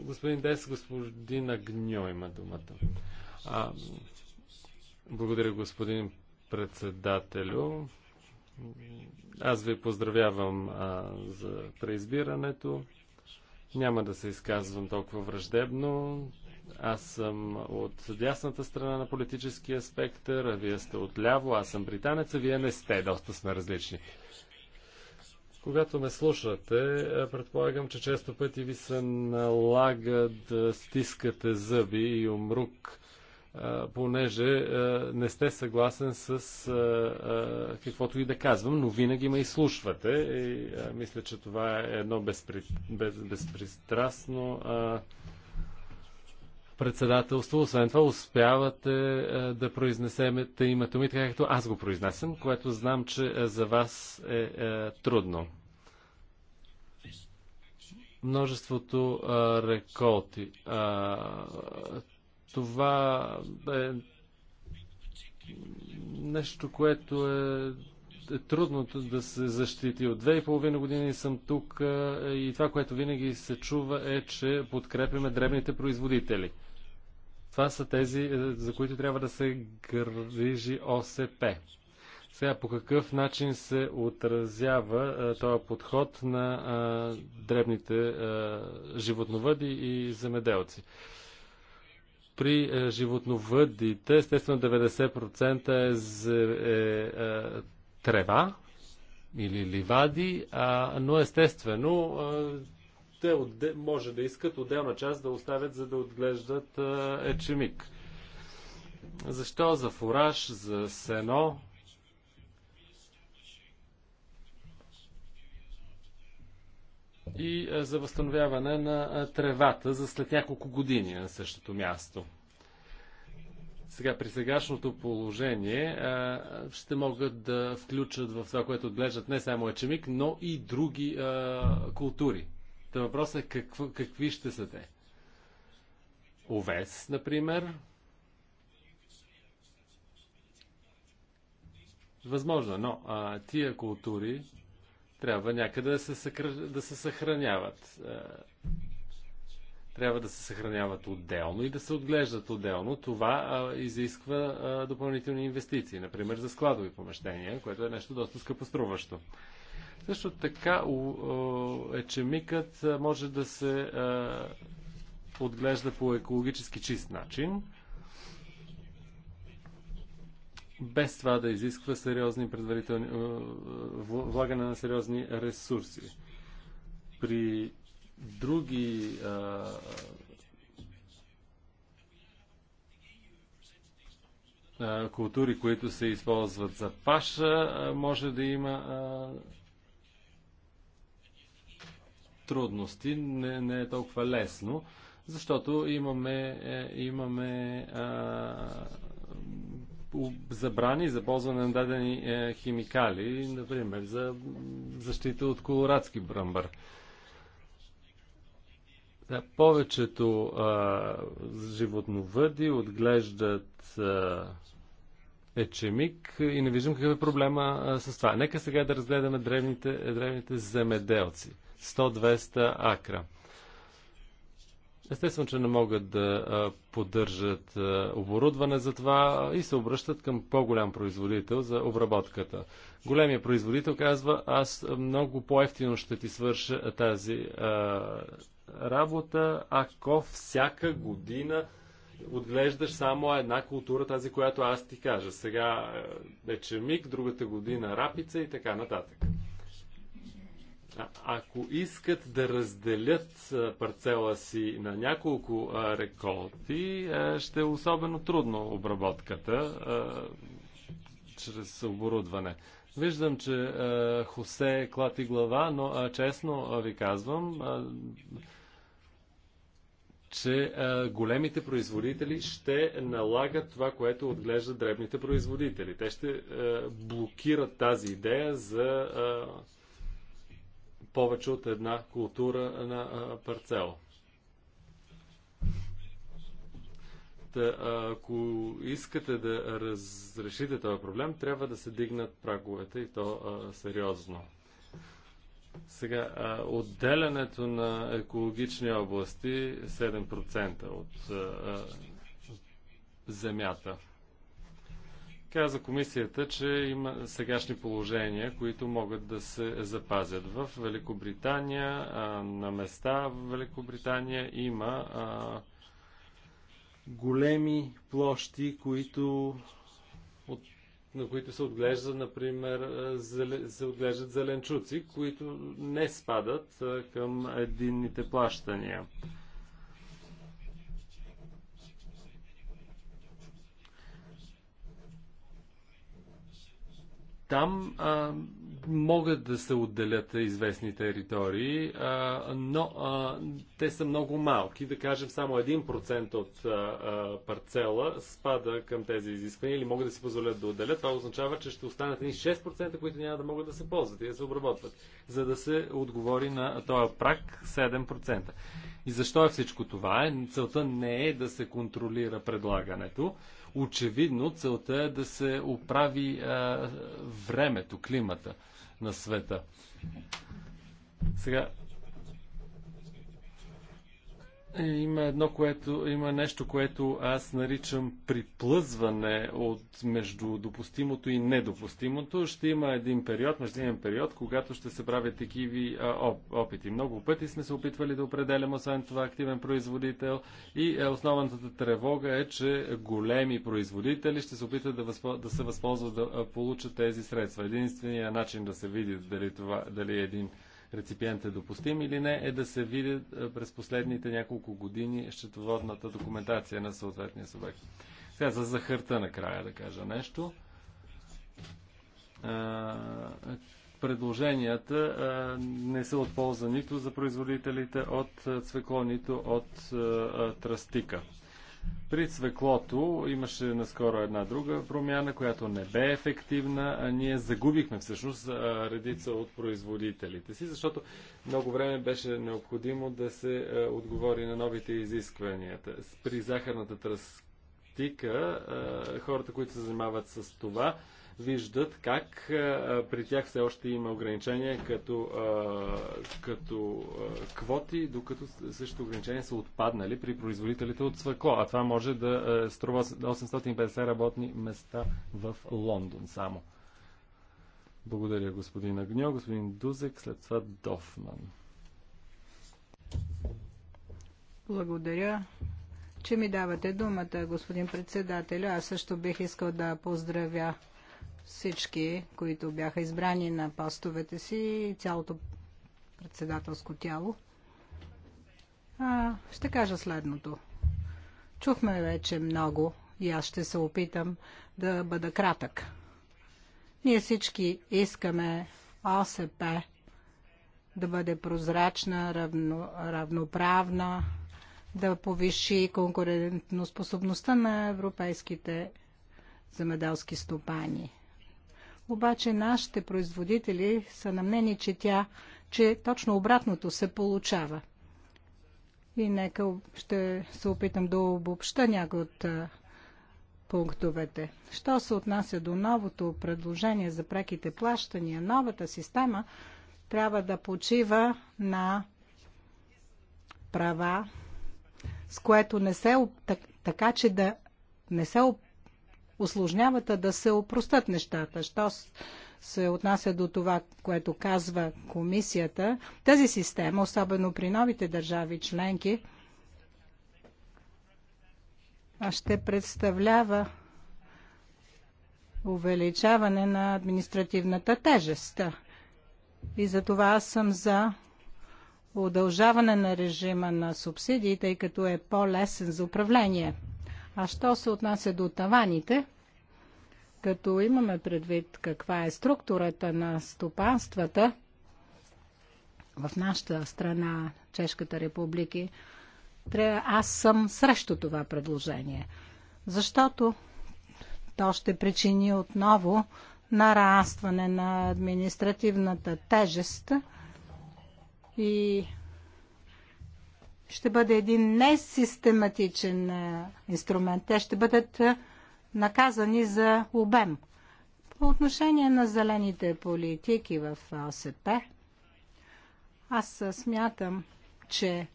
Господин Дес, господин Агньо има думата. благодаря, господин председателю. Аз ви поздравявам а, за преизбирането. Няма да се изказвам толкова враждебно. Аз съм от дясната страна на политическия спектър, а вие сте от ляво, аз съм британец, а вие не сте. Доста сме различни. Когато ме слушате, предполагам, че често пъти ви се налага да стискате зъби и умрук понеже не сте съгласен с каквото и да казвам, но винаги ме изслушвате и мисля, че това е едно безпри... без... безпристрастно председателство. Освен това, успявате а, да произнесемете името ми така, както аз го произнасям, което знам, че а, за вас е а, трудно. Множеството реколти. Това е нещо, което е, е трудно да се защити. От две и половина години съм тук е, и това, което винаги се чува е, че подкрепяме дребните производители. Това са тези, е, за които трябва да се грижи ОСП. Сега по какъв начин се отразява е, този подход на а, дребните а, животновъди и земеделци? При е, животновъдите, естествено 90% е, е, е, е трева или ливади, а, но естествено е, те отде, може да искат отделна част да оставят, за да отглеждат е, ечемик. Защо? За фураж, за сено, и е, за възстановяване на е, тревата за след няколко години на същото място. Сега, при сегашното положение е, ще могат да включат в това, което отглеждат не само ечемик, но и други култури. Та въпросът е какво, какви ще са те. Овес, например. Възможно, но а, тия култури трябва някъде да се, съкр... да се съхраняват. Е, трябва да се съхраняват отделно и да се отглеждат отделно. Това а, изисква а, допълнителни инвестиции, например за складови помещения, което е нещо доста скъпоструващо. Също така ечемикът може да се а, отглежда по екологически чист начин без това да изисква сериозни предварителни, е, е, влагане на сериозни ресурси. При други а, е, а, култури, които се използват за паша, може да има а, трудности, не, не е толкова лесно, защото имаме, имаме а, забрани за ползване на дадени е, химикали, например за защита от колорадски бръмбър. Да, повечето а, животновъди отглеждат а, ечемик и не виждам какъв е проблема а, с това. Нека сега да разгледаме древните, древните земеделци. 100-200 акра. Естествено, че не могат да поддържат оборудване за това и се обръщат към по-голям производител за обработката. Големия производител казва, аз много по-ефтино ще ти свърша тази а, работа, ако всяка година отглеждаш само една култура, тази, която аз ти кажа. Сега е чемик, другата година рапица и така нататък ако искат да разделят парцела си на няколко реколти, ще е особено трудно обработката чрез оборудване. Виждам, че Хосе клати глава, но честно ви казвам, че големите производители ще налагат това, което отглеждат дребните производители. Те ще блокират тази идея за повече от една култура на парцел. Та, ако искате да разрешите този проблем, трябва да се дигнат праговете и то а, сериозно. Сега, а, отделянето на екологични области 7% от а, земята. Каза комисията, че има сегашни положения, които могат да се запазят. В Великобритания, на места в Великобритания има големи площи, които от на които се отглежда, например, се отглеждат зеленчуци, които не спадат към единните плащания. Там а, могат да се отделят известни територии, а, но а, те са много малки. Да кажем, само 1% от а, парцела спада към тези изисквания или могат да си позволят да отделят. Това означава, че ще останат и 6%, които няма да могат да се ползват и да се обработват, за да се отговори на този прак 7%. И защо е всичко това? Целта не е да се контролира предлагането Очевидно целта е да се оправи а, времето, климата на света. Сега, е, има едно, което, има нещо, което аз наричам приплъзване от между допустимото и недопустимото. Ще има един период, междинен период, когато ще се правят такиви оп- опити. Много пъти сме се опитвали да определям, освен това, активен производител и е, основната тревога е, че големи производители ще се опитат да, възпо, да се възползват да получат тези средства. Единственият начин да се види дали, това, дали е един реципиент е допустим или не, е да се види е, през последните няколко години счетоводната документация на съответния субект. Сега за захарта накрая да кажа нещо. Предложенията не са от полза нито за производителите от цвекло, нито от тръстика. При цвеклото имаше наскоро една друга промяна, която не бе ефективна, а ние загубихме всъщност редица от производителите си, защото много време беше необходимо да се отговори на новите изискванията. При захарната тръстика хората, които се занимават с това, виждат как при тях все още има ограничения като, като квоти, докато същото ограничения са отпаднали при производителите от свъкло. А това може да струва 850 работни места в Лондон само. Благодаря, господин Агньо, господин Дузек, след това Дофман.
Благодаря, че ми давате думата, господин председател. Аз също бих искал да поздравя всички, които бяха избрани на постовете си и цялото председателско тяло. А, ще кажа следното. Чухме вече много и аз ще се опитам да бъда кратък. Ние всички искаме ОСП да бъде прозрачна, равно, равноправна, да повиши конкурентоспособността на европейските земеделски стопани. Обаче нашите производители са на мнение, че тя, че точно обратното се получава. И нека ще се опитам да обобща някои от пунктовете. Що се отнася до новото предложение за преките плащания, новата система трябва да почива на права, с което не се, така че да не се осложняват, а да се опростат нещата. Що се отнася до това, което казва комисията, тази система, особено при новите държави членки, ще представлява увеличаване на административната тежест. И за това аз съм за удължаване на режима на субсидии, тъй като е по-лесен за управление. А що се отнася до таваните, като имаме предвид каква е структурата на стопанствата в нашата страна, Чешката република, аз съм срещу това предложение, защото то ще причини отново нарастване на административната тежест и ще бъде един несистематичен инструмент. Те ще бъдат наказани за обем. По отношение на зелените политики в ОСП, аз смятам, че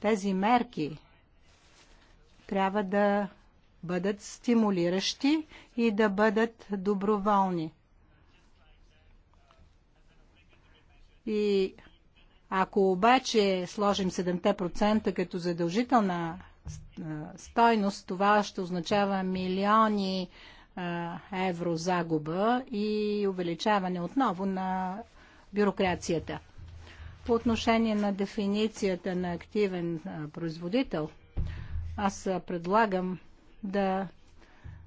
тези мерки трябва да бъдат стимулиращи и да бъдат доброволни. И ако обаче сложим 7% като задължителна стойност, това ще означава милиони евро загуба и увеличаване отново на бюрокрацията. По отношение на дефиницията на активен производител, аз предлагам да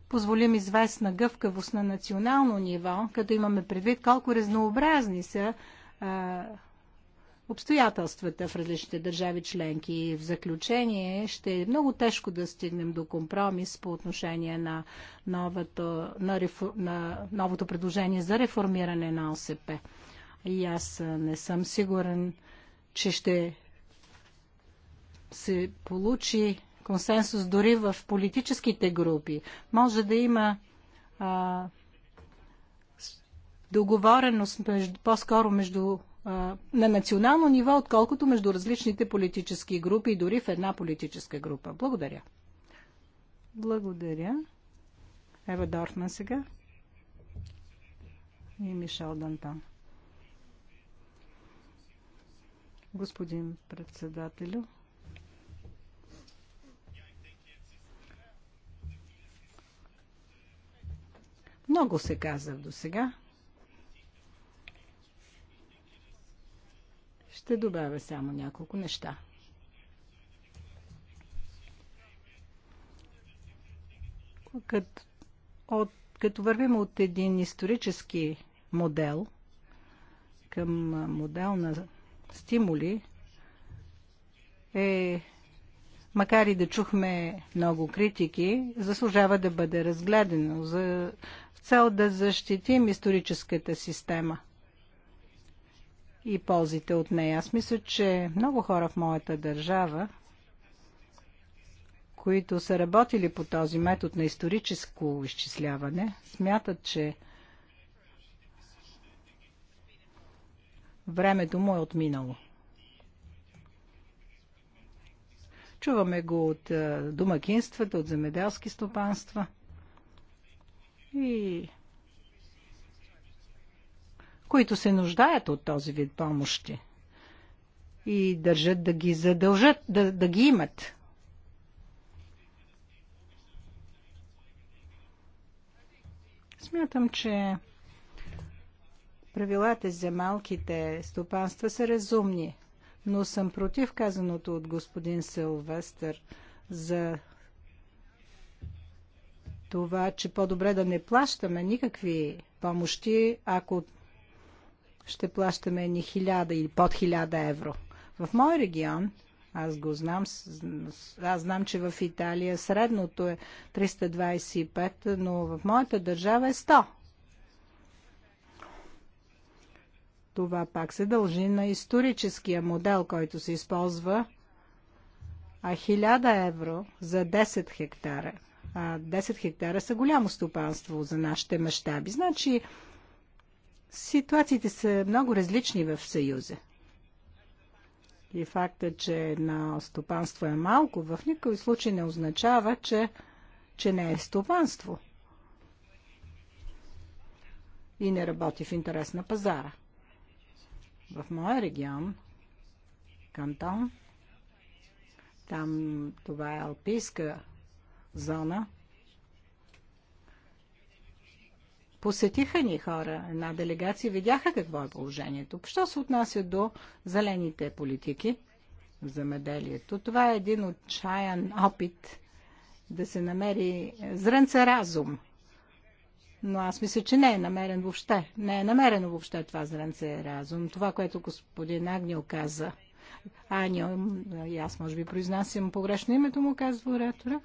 позволим известна гъвкавост на национално ниво, като имаме предвид колко разнообразни са обстоятелствата в различните държави членки. И в заключение ще е много тежко да стигнем до компромис по отношение на новото, на рефор, на новото предложение за реформиране на ОСП. И аз не съм сигурен, че ще се получи консенсус дори в политическите групи. Може да има а, договореност по-скоро между на национално ниво, отколкото между различните политически групи, и дори в една политическа група. Благодаря. Благодаря. Ева Дорфман сега. И Мишел Дантан. Господин председателю. Много се каза до сега. Ще добавя само няколко неща. Като, от, като вървим от един исторически модел към модел на стимули, е, макар и да чухме много критики, заслужава да бъде разгледано за цел да защитим историческата система – и ползите от нея. Аз мисля, че много хора в моята държава, които са работили по този метод на историческо изчисляване, смятат, че времето му е отминало. Чуваме го от е, домакинствата, от земеделски стопанства. И които се нуждаят от този вид помощи и държат да ги задължат, да, да ги имат. Смятам, че правилата за малките стопанства са разумни, но съм против казаното от господин Силвестър за това, че по-добре да не плащаме никакви помощи, ако ще плащаме ни 1000 или под 1000 евро. В мой регион, аз го знам, аз знам, че в Италия средното е 325, но в моята държава е 100. Това пак се дължи на историческия модел, който се използва. А 1000 евро за 10 хектара. А 10 хектара са голямо стопанство за нашите мащаби. Значи Ситуациите са много различни в Съюза. И факта, че едно стопанство е малко, в никой случай не означава, че, че не е стопанство и не работи в интерес на пазара. В моя регион, Кантон, там това е алпийска зона – Посетиха ни хора, една делегация, видяха какво е положението. Що се отнася до зелените политики в замеделието? Това е един отчаян опит да се намери зрънца разум. Но аз мисля, че не е намерен въобще. Не е намерено въобще това зрънце разум. Това, което господин Агнил каза. Аня, и аз може би произнасям погрешно името му, казва оратора.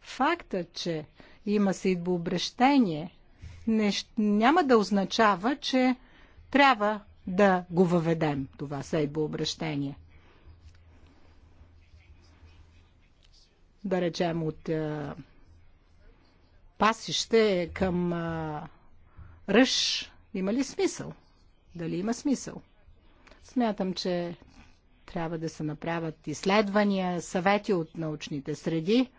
Факта, че има се идбообращение не, няма да означава, че трябва да го въведем това обращение. Да речем от е, пасище към е, ръж. Има ли смисъл? Дали има смисъл? Смятам, че трябва да се направят изследвания, съвети от научните среди,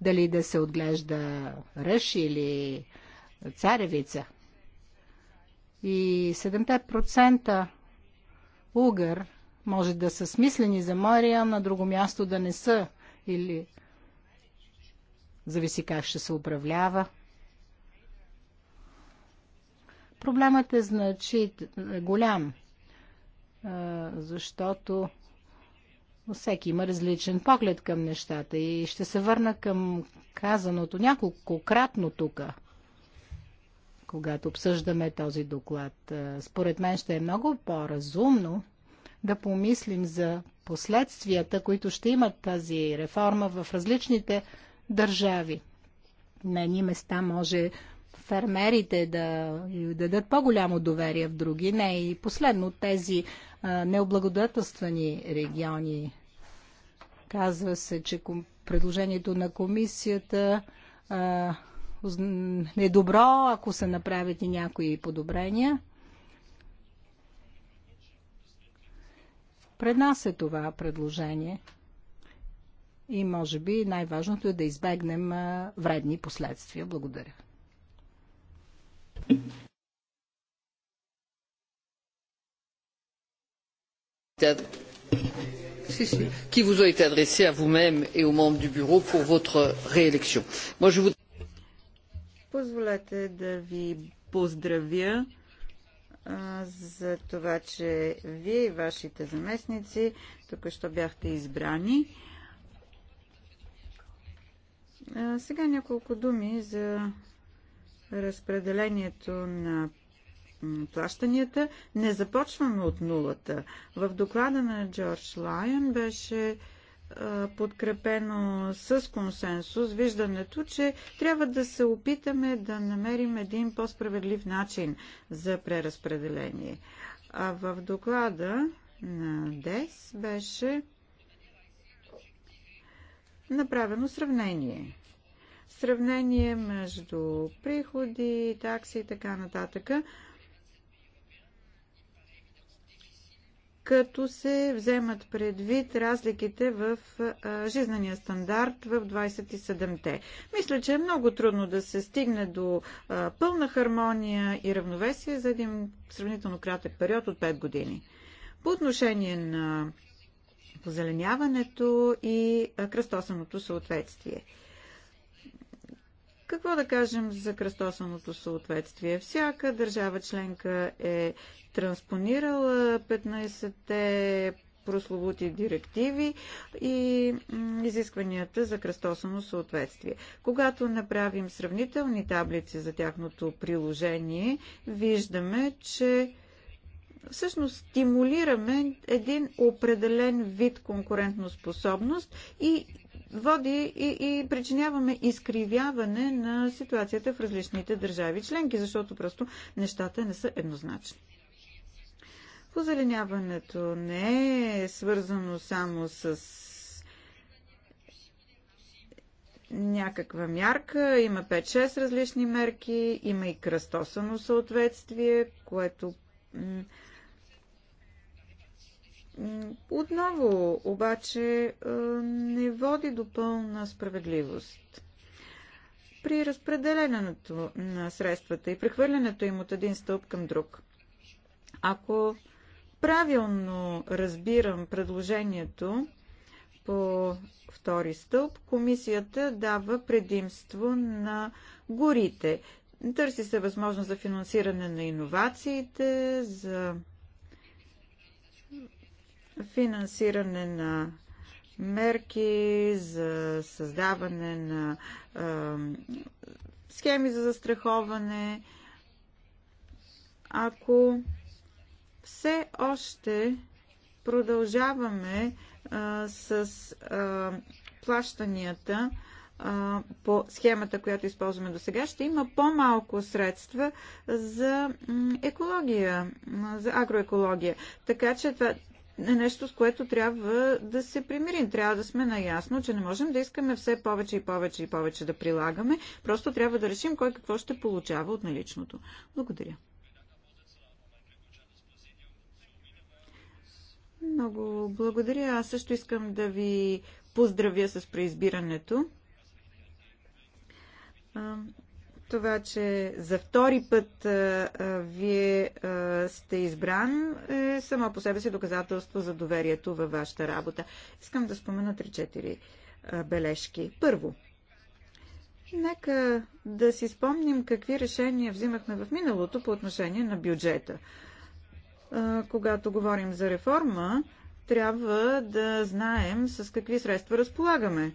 дали да се отглежда ръж или царевица. И 7% угър може да са смислени за Мария, на друго място да не са. Или зависи как ще се управлява. Проблемът е значи голям, защото всеки има различен поглед към нещата и ще се върна към казаното няколко кратно тук – когато обсъждаме този доклад. Е, според мен ще е много по-разумно да помислим за последствията, които ще имат тази реформа в различните държави. На едни места може фермерите да дадат по-голямо доверие в други. Не, и последно тези необлагодателствани региони. Казва се, че предложението на комисията ако е добро, ако се направят и някои подобрения. Пред нас е това предложение. И може би най-важното е да избегнем вредни последствия. Благодаря.
qui vous ont été adressés à vous même et aux membres du bureau pour votre réélection. Moi, je vous... Позволете да ви поздравя а, за това, че вие и вашите заместници тук що бяхте избрани. А, сега няколко думи за разпределението на плащанията. Не започваме от нулата. В доклада на Джордж Лайон беше подкрепено с консенсус виждането, че трябва да се опитаме да намерим един по-справедлив начин за преразпределение. А в доклада на ДЕС беше направено сравнение. Сравнение между приходи, такси и така нататък. като се вземат предвид разликите в жизнения стандарт в 27-те. Мисля, че е много трудно да се стигне до пълна хармония и равновесие за един сравнително кратък период от 5 години. По отношение на позеленяването и кръстосаното съответствие – какво да кажем за кръстосаното съответствие? Всяка държава членка е транспонирала 15-те прословути директиви и изискванията за кръстосано съответствие. Когато направим сравнителни таблици за тяхното приложение, виждаме, че всъщност стимулираме един определен вид конкурентоспособност и води и, и причиняваме изкривяване на ситуацията в различните държави членки, защото просто нещата не са еднозначни. Позеленяването не е свързано само с някаква мярка, има 5-6 различни мерки, има и кръстосано съответствие, което отново обаче не води до пълна справедливост. При разпределенето на средствата и прехвърлянето им от един стълб към друг, ако правилно разбирам предложението по втори стълб, комисията дава предимство на горите. Търси се възможност за финансиране на иновациите, за финансиране на мерки за създаване на е, схеми за застраховане. Ако все още продължаваме е, с е, плащанията е, по схемата, която използваме до сега, ще има по-малко средства за екология, за агроекология. Така че това, е нещо, с което трябва да се примирим. Трябва да сме наясно, че не можем да искаме все повече и повече и повече да прилагаме. Просто трябва да решим кой какво ще получава от наличното. Благодаря. Много благодаря. Аз също искам да ви поздравя с преизбирането това, че за втори път а, а, вие а, сте избран, е само по себе си доказателство за доверието във вашата работа. Искам да спомена 3-4 бележки. Първо, нека да си спомним какви решения взимахме в миналото по отношение на бюджета. А, когато говорим за реформа, трябва да знаем с какви средства разполагаме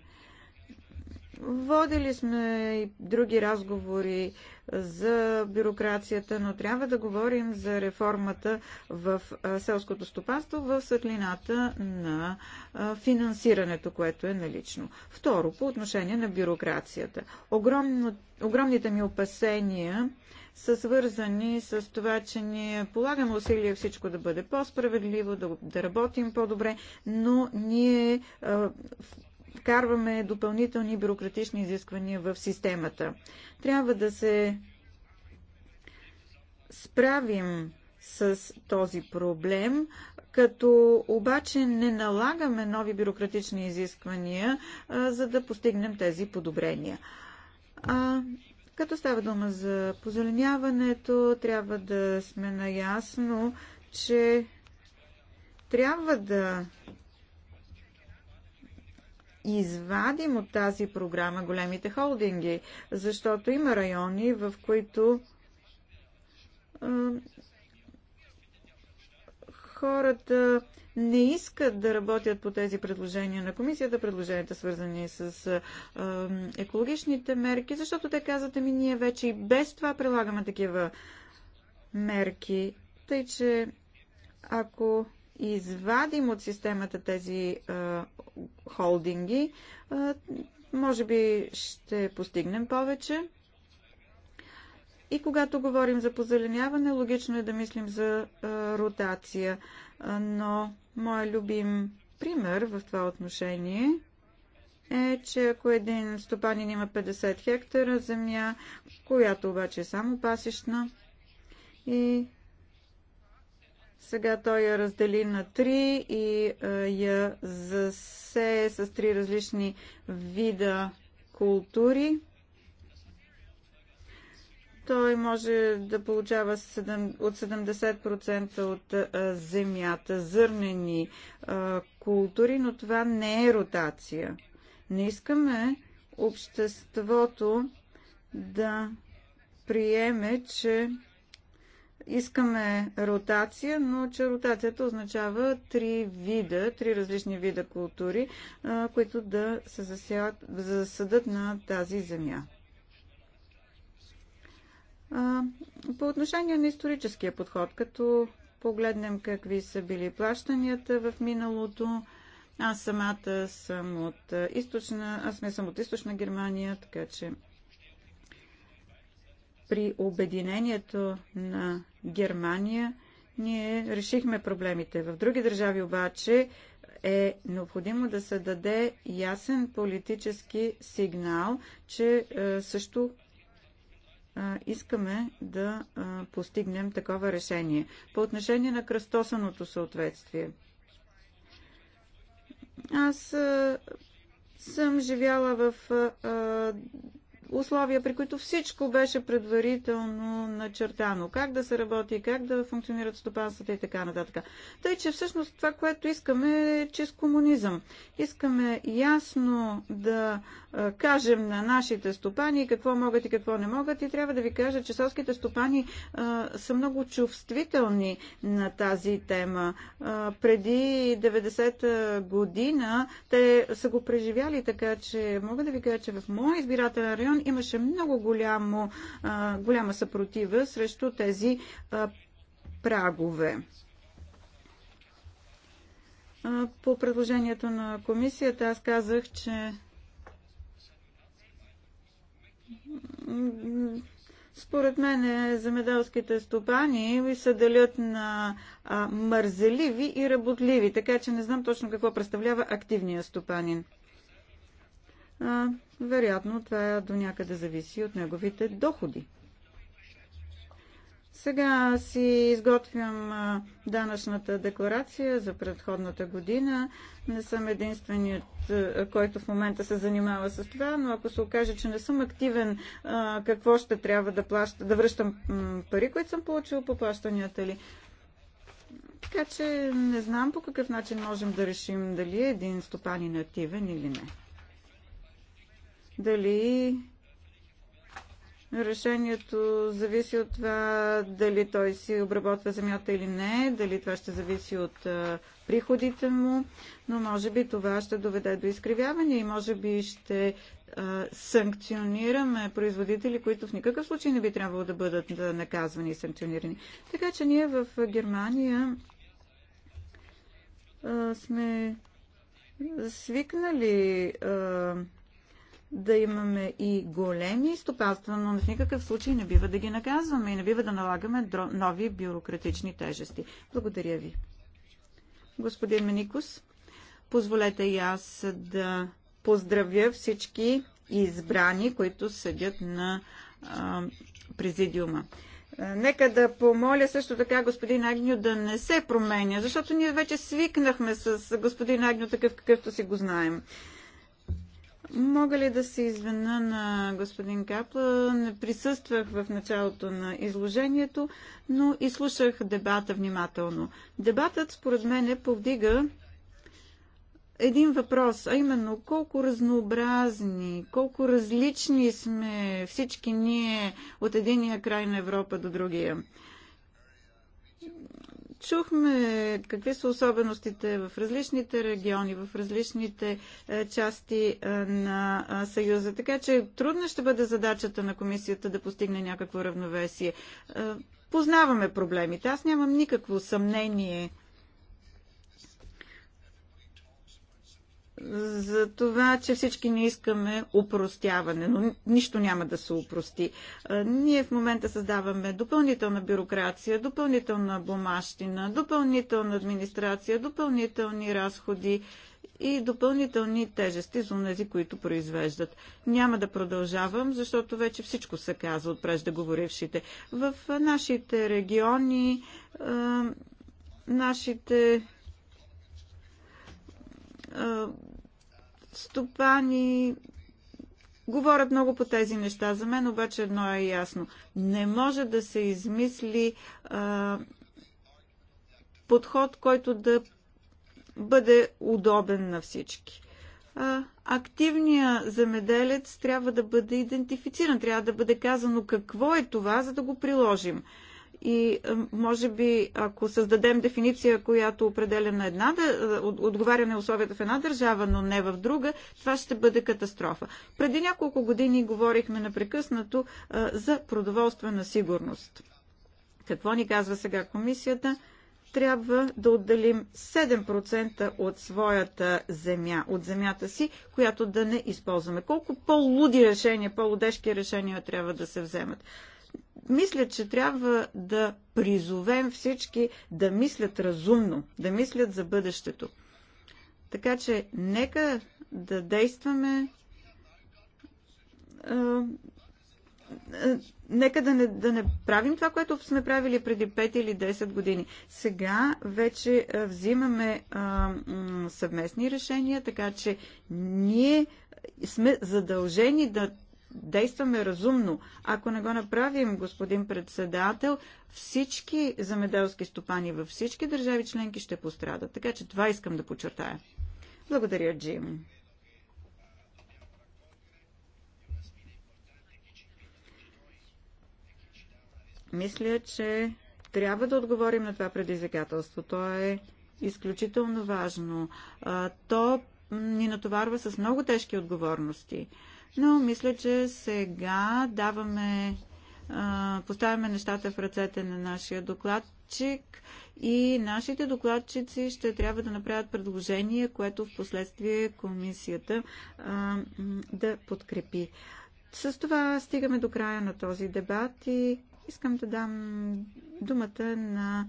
Водили сме и други разговори за бюрокрацията, но трябва да говорим за реформата в селското стопанство в светлината на финансирането, което е налично. Второ, по отношение на бюрокрацията. Огромно, огромните ми опасения са свързани с това, че ние полагаме усилия всичко да бъде по-справедливо, да, да работим по-добре, но ние а, вкарваме допълнителни бюрократични изисквания в системата. Трябва да се справим с този проблем, като обаче не налагаме нови бюрократични изисквания, а, за да постигнем тези подобрения. А, като става дума за позеленяването, трябва да сме наясно, че трябва да извадим от тази програма големите холдинги, защото има райони, в които хората не искат да работят по тези предложения на комисията, предложенията свързани с е, екологичните мерки, защото те казват, ами ние вече и без това прилагаме такива мерки. Тъй, че ако извадим от системата тези а, холдинги, а, може би ще постигнем повече. И когато говорим за позеленяване, логично е да мислим за а, ротация. А, но моят любим пример в това отношение е, че ако един стопанин има 50 хектара земя, която обаче е само пасищна и сега той я раздели на три и я засе с три различни вида култури. Той може да получава от 70% от а, земята, зърнени а, култури, но това не е ротация. Не искаме обществото да приеме, че Искаме ротация, но че ротацията означава три вида, три различни вида култури, които да се засядат, засъдат на тази земя. По отношение на историческия подход, като погледнем какви са били плащанията в миналото, аз самата съм от източна, аз не съм от източна Германия, така че при обединението на Германия ние решихме проблемите. В други държави обаче е необходимо да се даде ясен политически сигнал, че е, също е, искаме да е, постигнем такова решение. По отношение на кръстосаното съответствие. Аз съм живяла в условия, при които всичко беше предварително начертано. Как да се работи, как да функционират стопанствата и така нататък. Тъй, че всъщност това, което искаме е чист комунизъм. Искаме ясно да кажем на нашите стопани какво могат и какво не могат и трябва да ви кажа, че селските стопани а, са много чувствителни на тази тема. А, преди 90-та година те са го преживяли, така че мога да ви кажа, че в моя избирателен район имаше много голямо, голяма съпротива срещу тези прагове. По предложението на комисията аз казах, че според мен земеделските стопани се делят на мързеливи и работливи, така че не знам точно какво представлява активния стопанин а, вероятно това до някъде зависи от неговите доходи. Сега си изготвям данъчната декларация за предходната година. Не съм единственият, който в момента се занимава с това, но ако се окаже, че не съм активен, какво ще трябва да плаща, да връщам пари, които съм получил по плащанията ли. Така че не знам по какъв начин можем да решим дали е един стопанин е активен или не дали решението зависи от това дали той си обработва земята или не, дали това ще зависи от приходите му, но може би това ще доведе до изкривяване и може би ще санкционираме производители, които в никакъв случай не би трябвало да бъдат наказвани и санкционирани. Така че ние в Германия сме свикнали а, да имаме и големи стопанства, но в никакъв случай не бива да ги наказваме и не бива да налагаме нови бюрократични тежести. Благодаря ви. Господин Меникус, позволете и аз да поздравя всички избрани, които съдят на а, президиума. Нека да помоля също така господин Агню да не се променя, защото ние вече свикнахме с господин Агню такъв какъвто си го знаем. Мога ли да се извина на господин Капла? Не присъствах в началото на изложението, но изслушах дебата внимателно. Дебатът, според мен, повдига един въпрос, а именно колко разнообразни, колко различни сме всички ние от единия край на Европа до другия. Чухме какви са особеностите в различните региони, в различните е, части е, на е, Съюза, така че трудна ще бъде задачата на комисията да постигне някакво равновесие. Познаваме проблемите. Аз нямам никакво съмнение за това, че всички не искаме упростяване, но нищо няма да се упрости. Ние в момента създаваме допълнителна бюрокрация, допълнителна бумащина, допълнителна администрация, допълнителни разходи и допълнителни тежести за тези, които произвеждат. Няма да продължавам, защото вече всичко се казва от преждеговорившите. В нашите региони, нашите стопани говорят много по тези неща. За мен обаче едно е ясно. Не може да се измисли а, подход, който да бъде удобен на всички. А, активният земеделец трябва да бъде идентифициран, трябва да бъде казано какво е това, за да го приложим и е, може би ако създадем дефиниция, която определя на една, е, отговаря на условията в една държава, но не в друга, това ще бъде катастрофа. Преди няколко години говорихме напрекъснато е, за продоволствена сигурност. Какво ни казва сега комисията? трябва да отделим 7% от своята земя, от земята си, която да не използваме. Колко по-луди решения, по-лудежки решения трябва да се вземат мисля, че трябва да призовем всички да мислят разумно, да мислят за бъдещето. Така че нека да действаме. Е, е, нека да не, да не правим това, което сме правили преди 5 или 10 години. Сега вече е, взимаме съвместни решения, така че ние сме задължени да действаме разумно. Ако не го направим, господин председател, всички замеделски стопани във всички държави членки ще пострадат. Така че това искам да подчертая. Благодаря, Джим. Мисля, че трябва да отговорим на това предизвикателство. То е изключително важно. То ни натоварва с много тежки отговорности но мисля, че сега даваме, поставяме нещата в ръцете на нашия докладчик и нашите докладчици ще трябва да направят предложение, което в последствие комисията да подкрепи. С това стигаме до края на този дебат и искам да дам думата на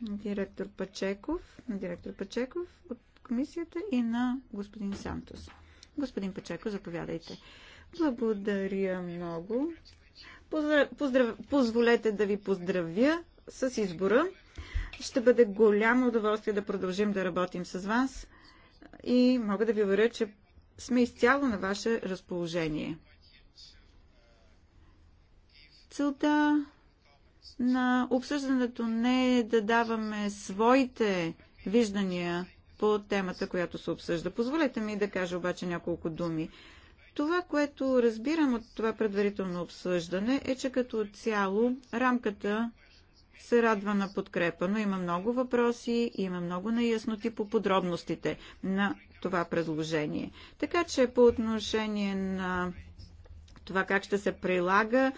директор Пачеков, на директор Пачеков от комисията и на господин Сантос. Господин Печеко, заповядайте. Благодаря много. Поздрав... Поздрав... Позволете да ви поздравя с избора. Ще бъде голямо удоволствие да продължим да работим с вас и мога да ви уверя, че сме изцяло на ваше разположение. Целта на обсъждането не е да даваме своите виждания по темата, която се обсъжда. Позволете ми да кажа обаче няколко думи. Това, което разбирам от това предварително обсъждане е, че като цяло рамката се радва на подкрепа, но има много въпроси, има много наясноти по подробностите на това предложение. Така че по отношение на това как ще се прилага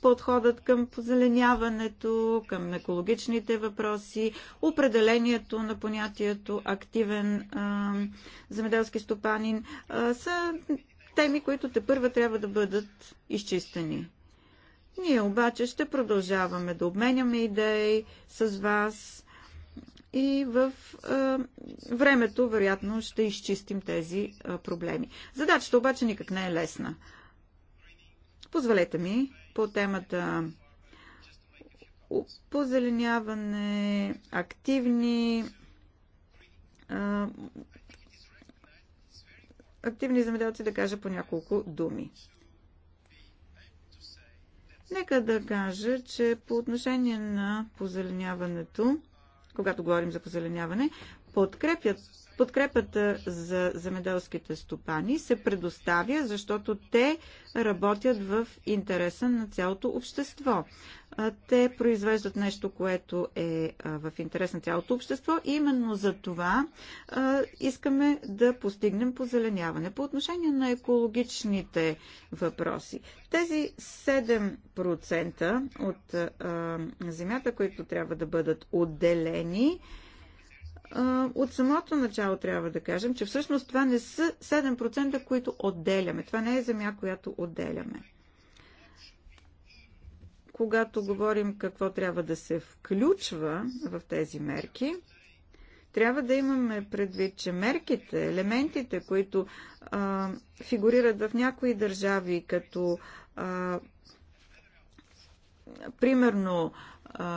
подходът към позеленяването, към екологичните въпроси, определението на понятието активен а, земеделски стопанин а, са теми, които те първа трябва да бъдат изчистени. Ние обаче ще продължаваме да обменяме идеи с вас и в е, времето, вероятно, ще изчистим тези е, проблеми. Задачата обаче никак не е лесна. Позволете ми по темата позеленяване, активни активни земеделци да кажа по няколко думи. Нека да кажа, че по отношение на позеленяването, когато говорим за позеленяване, подкрепят Подкрепата за земеделските стопани се предоставя, защото те работят в интереса на цялото общество. Те произвеждат нещо, което е в интерес на цялото общество и именно за това искаме да постигнем позеленяване. По отношение на екологичните въпроси, тези 7% от земята, които трябва да бъдат отделени, от самото начало трябва да кажем, че всъщност това не са 7%, които отделяме. Това не е земя, която отделяме. Когато говорим какво трябва да се включва в тези мерки, трябва да имаме предвид, че мерките, елементите, които а, фигурират в някои държави, като а, примерно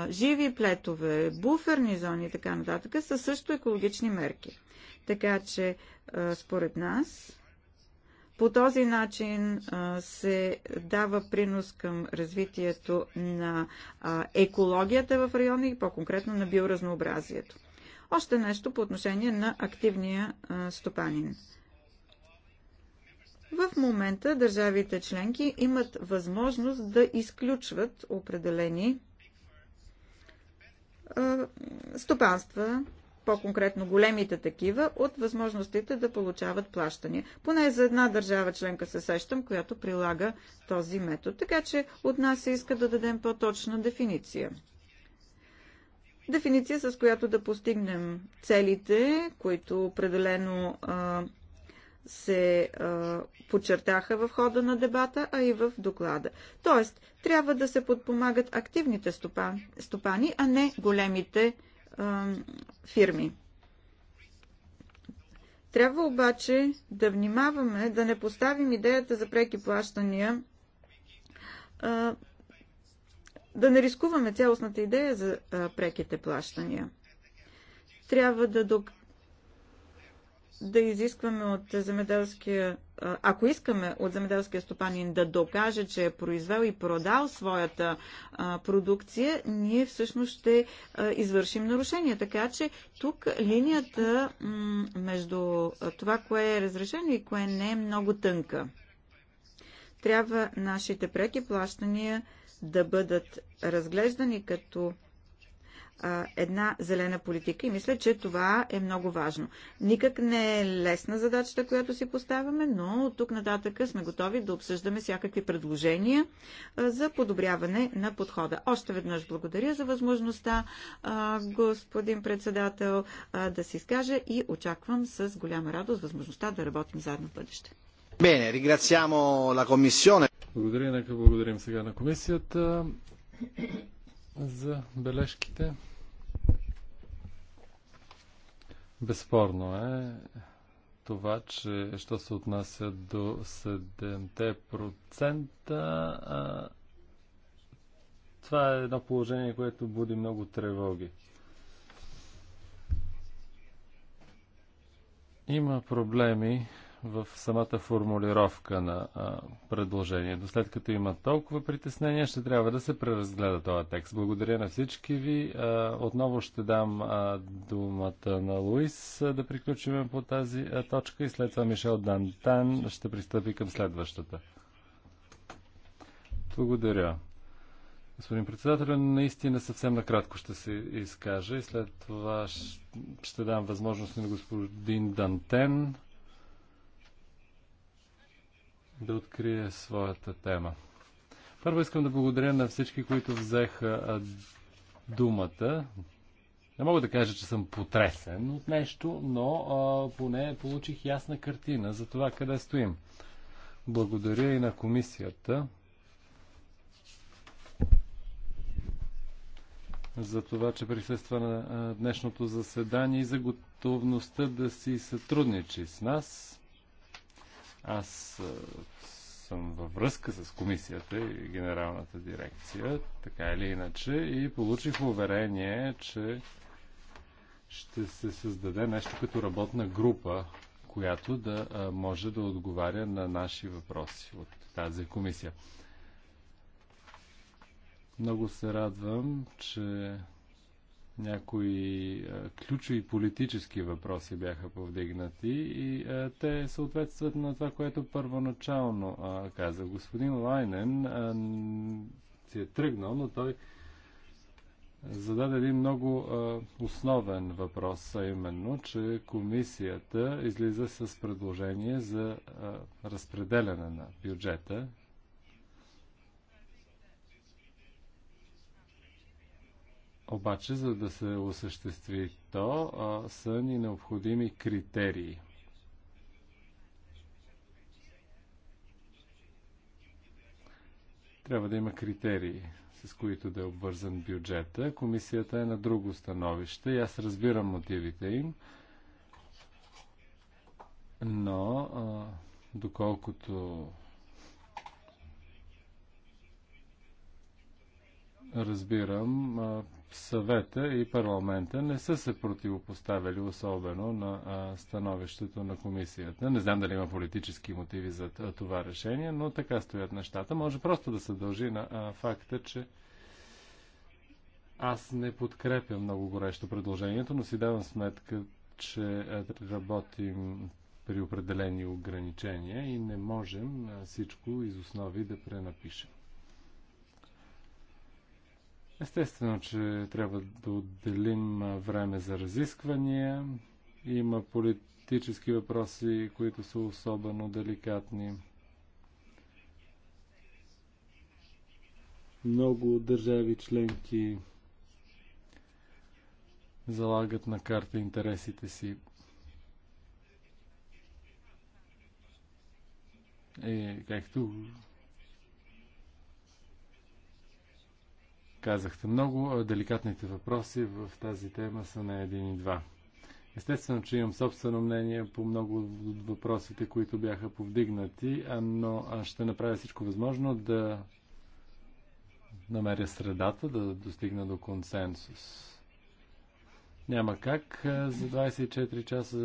живи плетове, буферни зони и така нататък са също екологични мерки. Така че, според нас, по този начин се дава принос към развитието на екологията в района и по-конкретно на биоразнообразието. Още нещо по отношение на активния стопанин. В момента държавите членки имат възможност да изключват определени стопанства, по-конкретно големите такива, от възможностите да получават плащания. Поне за една държава членка се сещам, която прилага този метод. Така че от нас се иска да дадем по-точна дефиниция. Дефиниция, с която да постигнем целите, които определено а, се а, подчертаха в хода на дебата, а и в доклада. Тоест, трябва да се подпомагат активните стопани, стопани а не големите а, фирми. Трябва обаче да внимаваме да не поставим идеята за преки плащания, а, да не рискуваме цялостната идея за а, преките плащания. Трябва да док да изискваме от земеделския, ако искаме от земеделския стопанин да докаже, че е произвел и продал своята продукция, ние всъщност ще извършим нарушение. Така че тук линията между това, кое е разрешено и кое не е много тънка. Трябва нашите преки плащания да бъдат разглеждани като една зелена политика и мисля, че това е много важно. Никак не е лесна задачата, която си поставяме, но от тук нататък сме готови да обсъждаме всякакви предложения за подобряване на подхода. Още веднъж благодаря за възможността, господин председател, да се изкаже и очаквам с голяма радост възможността да работим заедно в бъдеще.
Бене, ringraziamo на комисионе. Благодаря, нека благодарим сега на комисията за бележките. Безспорно е това, че що се отнася до 7%, а, това е едно положение, което буди много тревоги. Има проблеми в самата формулировка на а, предложението. След като има толкова притеснения, ще трябва да се преразгледа този текст. Благодаря на всички ви. А, отново ще дам а, думата на Луис а, да приключим по тази а, точка и след това Мишел Дантан ще пристъпи към следващата. Благодаря. Господин председател, наистина съвсем накратко ще се изкажа и след това ще дам възможност на господин Дантен да открие своята тема. Първо искам да благодаря на всички, които взеха думата. Не мога да кажа, че съм потресен от нещо, но а, поне получих ясна картина за това къде стоим. Благодаря и на комисията за това, че присъства на днешното заседание и за готовността да си сътрудничи с нас. Аз съм във връзка с комисията и генералната дирекция, така или иначе, и получих уверение, че ще се създаде нещо като работна група, която да може да отговаря на наши въпроси от тази комисия. Много се радвам, че някои а, ключови политически въпроси бяха повдигнати и а, те съответстват на това, което първоначално а, каза. Господин Лайнен а, си е тръгнал, но той зададе един много а, основен въпрос, а именно, че комисията излиза с предложение за а, разпределяне на бюджета Обаче, за да се осъществи то, а, са ни необходими критерии. Трябва да има критерии, с които да е обвързан бюджета. Комисията е на друго становище и аз разбирам мотивите им, но а, доколкото разбирам, а, съвета и парламента не са се противопоставили особено на а, становището на комисията. Не знам дали има политически мотиви за това решение, но така стоят нещата. Може просто да се дължи на а, факта, че аз не подкрепям много горещо предложението, но си давам сметка, че работим при определени ограничения и не можем всичко из основи да пренапишем. Естествено, че трябва да отделим време за разисквания. Има политически въпроси, които са особено деликатни. Много държави членки залагат на карта интересите си. И както Казахте много. Деликатните въпроси в тази тема са на един и два. Естествено, че имам собствено мнение по много от въпросите, които бяха повдигнати, но ще направя всичко възможно да намеря средата, да достигна до консенсус. Няма как за 24 часа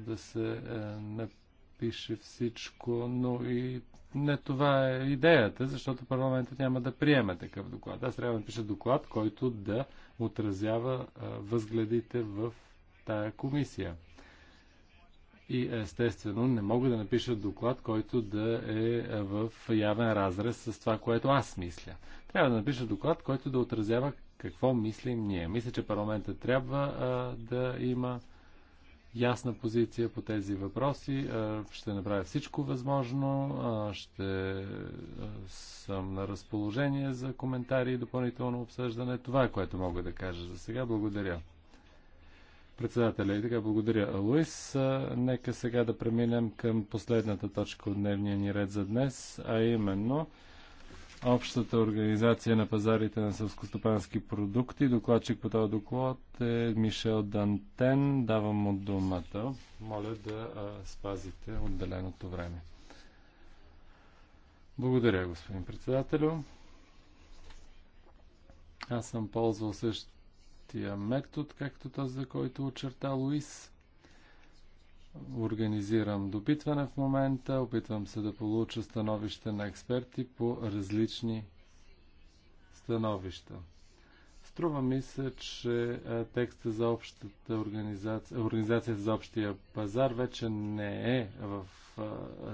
да се напише всичко, но и не това е идеята, защото парламентът няма да приеме такъв доклад. Аз трябва да пиша доклад, който да отразява а, възгледите в тая комисия. И естествено не мога да напиша доклад, който да е в явен разрез с това, което аз мисля. Трябва да напиша доклад, който да отразява какво мислим ние. Мисля, че парламентът трябва а, да има ясна позиция по тези въпроси. Е, ще направя всичко възможно. Е, ще е, съм на разположение за коментари и допълнително обсъждане. Това е което мога да кажа за сега. Благодаря. Председателя и така благодаря, Луис. Нека сега да преминем към последната точка от дневния ни ред за днес, а именно Общата организация на пазарите на сълскостопански продукти. Докладчик по този доклад е Мишел Дантен. Давам му думата. Моля да а, спазите отделеното време. Благодаря, господин председателю. Аз съм ползвал същия метод, както този, за който очерта Луис организирам допитване в момента, опитвам се да получа становище на експерти по различни становища. Струва ми се, че текста за общата организация, организацията за общия пазар вече не е в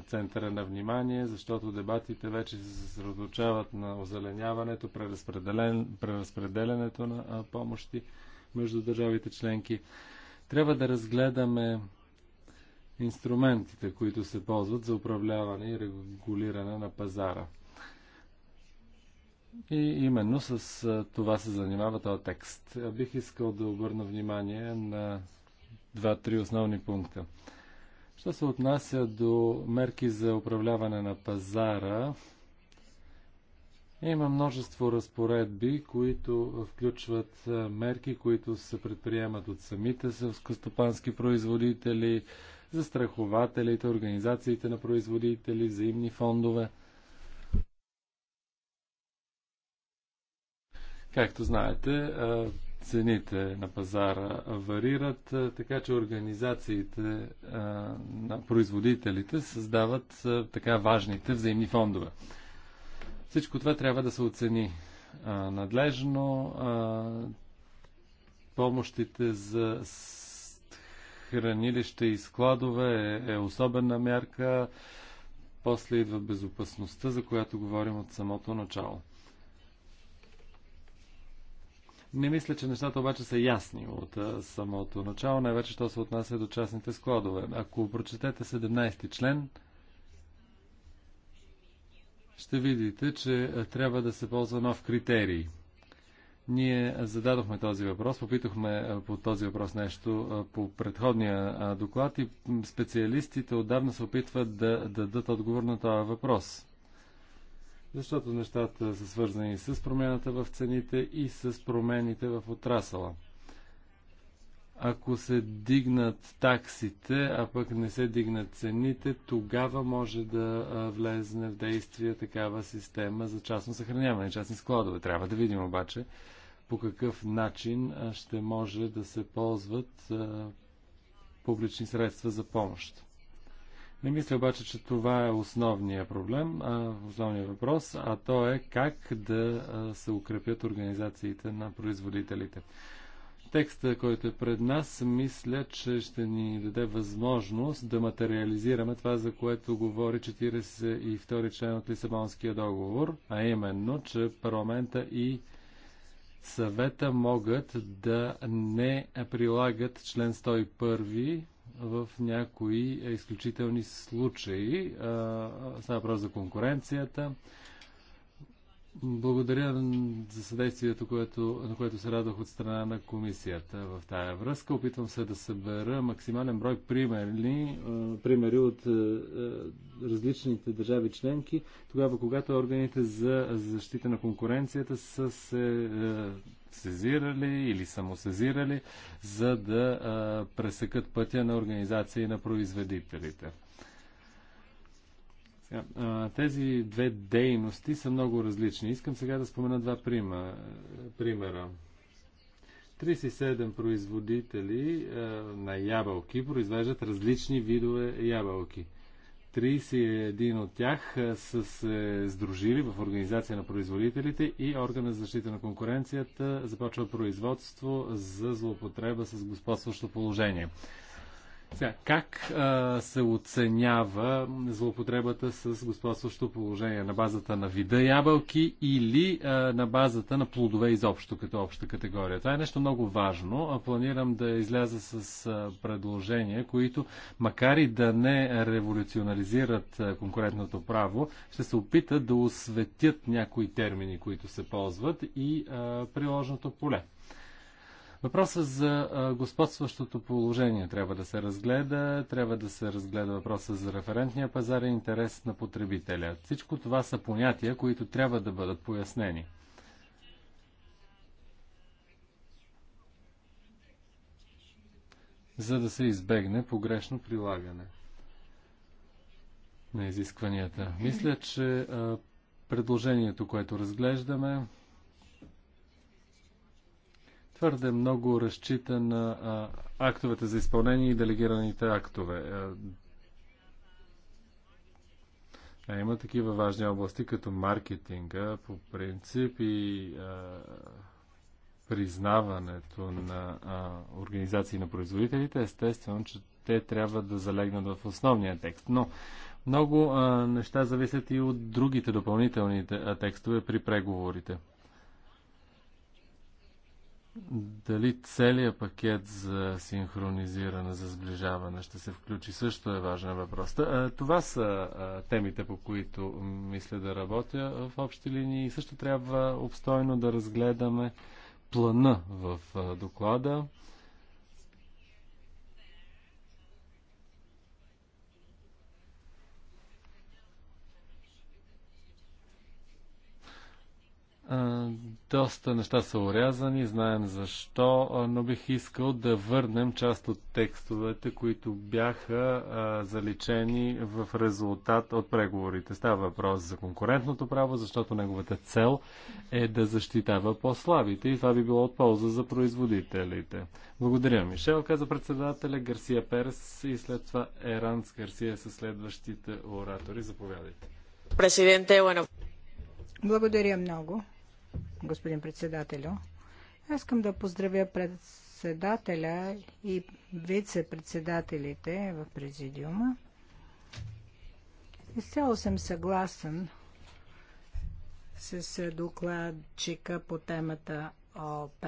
центъра на внимание, защото дебатите вече се съсредоточават на озеленяването, преразпределен, преразпределенето на помощи между държавите членки. Трябва да разгледаме инструментите, които се ползват за управляване и регулиране на пазара. И именно с това се занимава този текст. Бих искал да обърна внимание на два-три основни пункта. Що се отнася до мерки за управляване на пазара, има множество разпоредби, които включват мерки, които се предприемат от самите селскостопански производители, застрахователите, организациите на производители, взаимни фондове. Както знаете, цените на пазара варират, така че организациите на производителите създават така важните взаимни фондове. Всичко това трябва да се оцени надлежно. Помощите за хранилища и складове е, е особена мярка. После идва безопасността, за която говорим от самото начало. Не мисля, че нещата обаче са ясни от е, самото начало, най-вече що се отнася до частните складове. Ако прочетете 17 член, ще видите, че е, трябва да се ползва нов критерий – ние зададохме този въпрос, попитахме по този въпрос нещо по предходния доклад и специалистите отдавна се опитват да, дадат отговор на този въпрос. Защото нещата са свързани с промената в цените и с промените в отрасала. Ако се дигнат таксите, а пък не се дигнат цените, тогава може да влезне в действие такава система за частно съхраняване, частни складове. Трябва да видим обаче по какъв начин ще може да се ползват публични средства за помощ. Не мисля обаче, че това е основният проблем, а основният въпрос, а то е как да се укрепят организациите на производителите. Текста, който е пред нас, мисля, че ще ни даде възможност да материализираме това, за което говори 42 член от Лисабонския договор, а именно, че парламента и съвета могат да не прилагат член 101 в някои изключителни случаи. Става въпрос за конкуренцията, благодаря за съдействието, което, на което се радвах от страна на комисията в тая връзка. Опитвам се да събера максимален брой примери, примери от различните държави членки, тогава когато органите за защита на конкуренцията са се сезирали или самосезирали, за да пресекат пътя на организации на производителите тези две дейности са много различни. Искам сега да спомена два прима, примера. 37 производители на ябълки произвеждат различни видове ябълки. 31 от тях са се сдружили в Организация на производителите и органа за защита на конкуренцията започва производство за злоупотреба с господстващо положение. Сега, как а, се оценява злоупотребата с господстващо положение? На базата на вида ябълки или а, на базата на плодове изобщо като обща категория? Това е нещо много важно. А планирам да изляза с а, предложения, които, макар и да не революционализират а, конкурентното право, ще се опитат да осветят някои термини, които се ползват и а, приложното поле. Въпросът за господстващото положение трябва да се разгледа, трябва да се разгледа въпроса за референтния пазар и интерес на потребителя. Всичко това са понятия, които трябва да бъдат пояснени. за да се избегне погрешно прилагане на изискванията. Мисля, че предложението, което разглеждаме, твърде много разчита на а, актовете за изпълнение и делегираните актове. А, има такива важни области, като маркетинга, по принцип и а, признаването на а, организации на производителите. Естествено, че те трябва да залегнат в основния текст. Но много а, неща зависят и от другите допълнителните а, текстове при преговорите. Дали целият пакет за синхронизиране, за сближаване ще се включи, също е важен въпрос. Това са темите, по които мисля да работя в общи линии. И също трябва обстойно да разгледаме плана в доклада. Доста неща са урязани, знаем защо, но бих искал да върнем част от текстовете, които бяха а, заличени в резултат от преговорите. Става въпрос за конкурентното право, защото неговата цел е да защитава по-слабите и това би било от полза за производителите. Благодаря, Мишел, каза председателя Гарсия Перес и след това Еранс Гарсия са следващите оратори. Заповядайте. Президенте,
Благодаря много господин председателю. Аз искам да поздравя председателя и вице-председателите в президиума. Изцяло съм съгласен с докладчика по темата ОП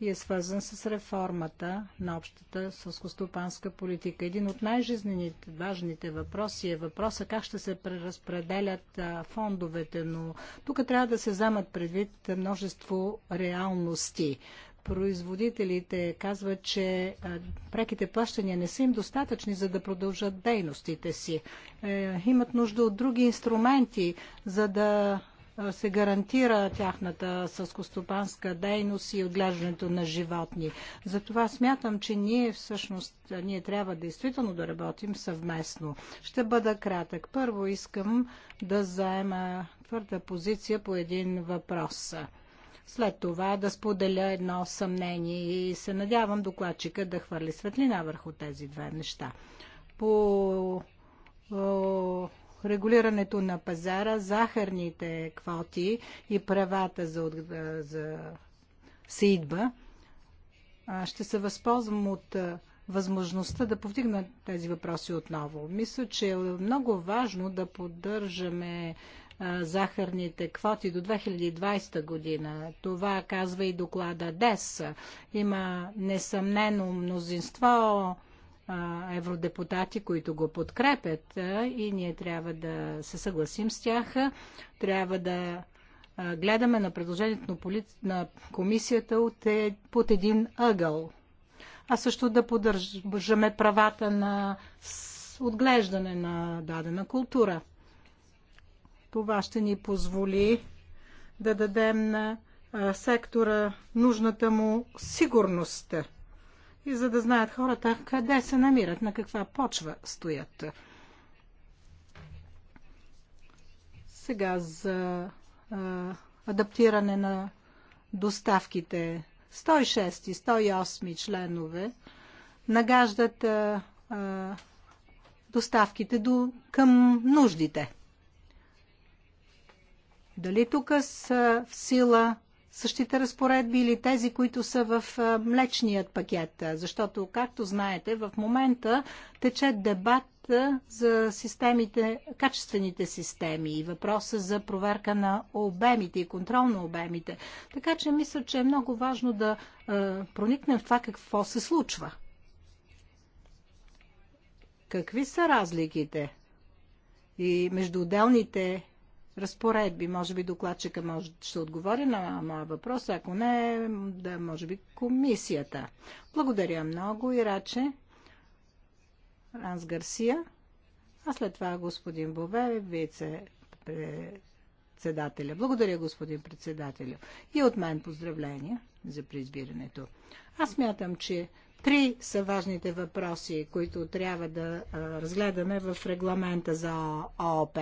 и е свързан с реформата на общата сълскостопанска политика. Един от най-жизнените, важните въпроси е въпроса как ще се преразпределят фондовете, но тук трябва да се вземат предвид множество реалности. Производителите казват, че преките плащания не са им достатъчни, за да продължат дейностите си. Е, имат нужда от други инструменти, за да се гарантира тяхната съскостопанска дейност и отглеждането на животни. Затова смятам, че ние всъщност ние трябва действително да работим съвместно. Ще бъда кратък. Първо искам да заема твърда позиция по един въпрос след това да споделя едно съмнение и се надявам докладчика да хвърли светлина върху тези две неща. По регулирането на пазара, захарните квоти и правата за, за сейдба, ще се възползвам от възможността да повдигна тези въпроси отново. Мисля, че е много важно да поддържаме захарните квоти до 2020 година. Това казва и доклада ДЕС. Има несъмнено мнозинство евродепутати, които го подкрепят и ние трябва да се съгласим с тях. Трябва да гледаме на предложението на комисията е, под един ъгъл, а също да поддържаме правата на отглеждане на дадена култура. Това ще ни позволи да дадем на сектора нужната му сигурност – и за да знаят хората къде се намират, на каква почва стоят. Сега за а, адаптиране на доставките. 106 и 108 членове нагаждат а, а, доставките до, към нуждите. Дали тук са в сила същите разпоредби или тези, които са в млечният пакет. Защото, както знаете, в момента тече дебат за системите, качествените системи и въпроса за проверка на обемите и контрол на обемите. Така че мисля, че е много важно да проникнем в това какво се случва. Какви са разликите и между отделните разпоредби. Може би докладчика може, ще отговори на моя въпрос, ако не, да може би комисията. Благодаря много, Ираче. Ранс Гарсия. А след това господин Бове, вице-председателя. Благодаря, господин председателю. И от мен поздравления за преизбирането. Аз мятам, че три са важните въпроси, които трябва да разгледаме в регламента за ООП.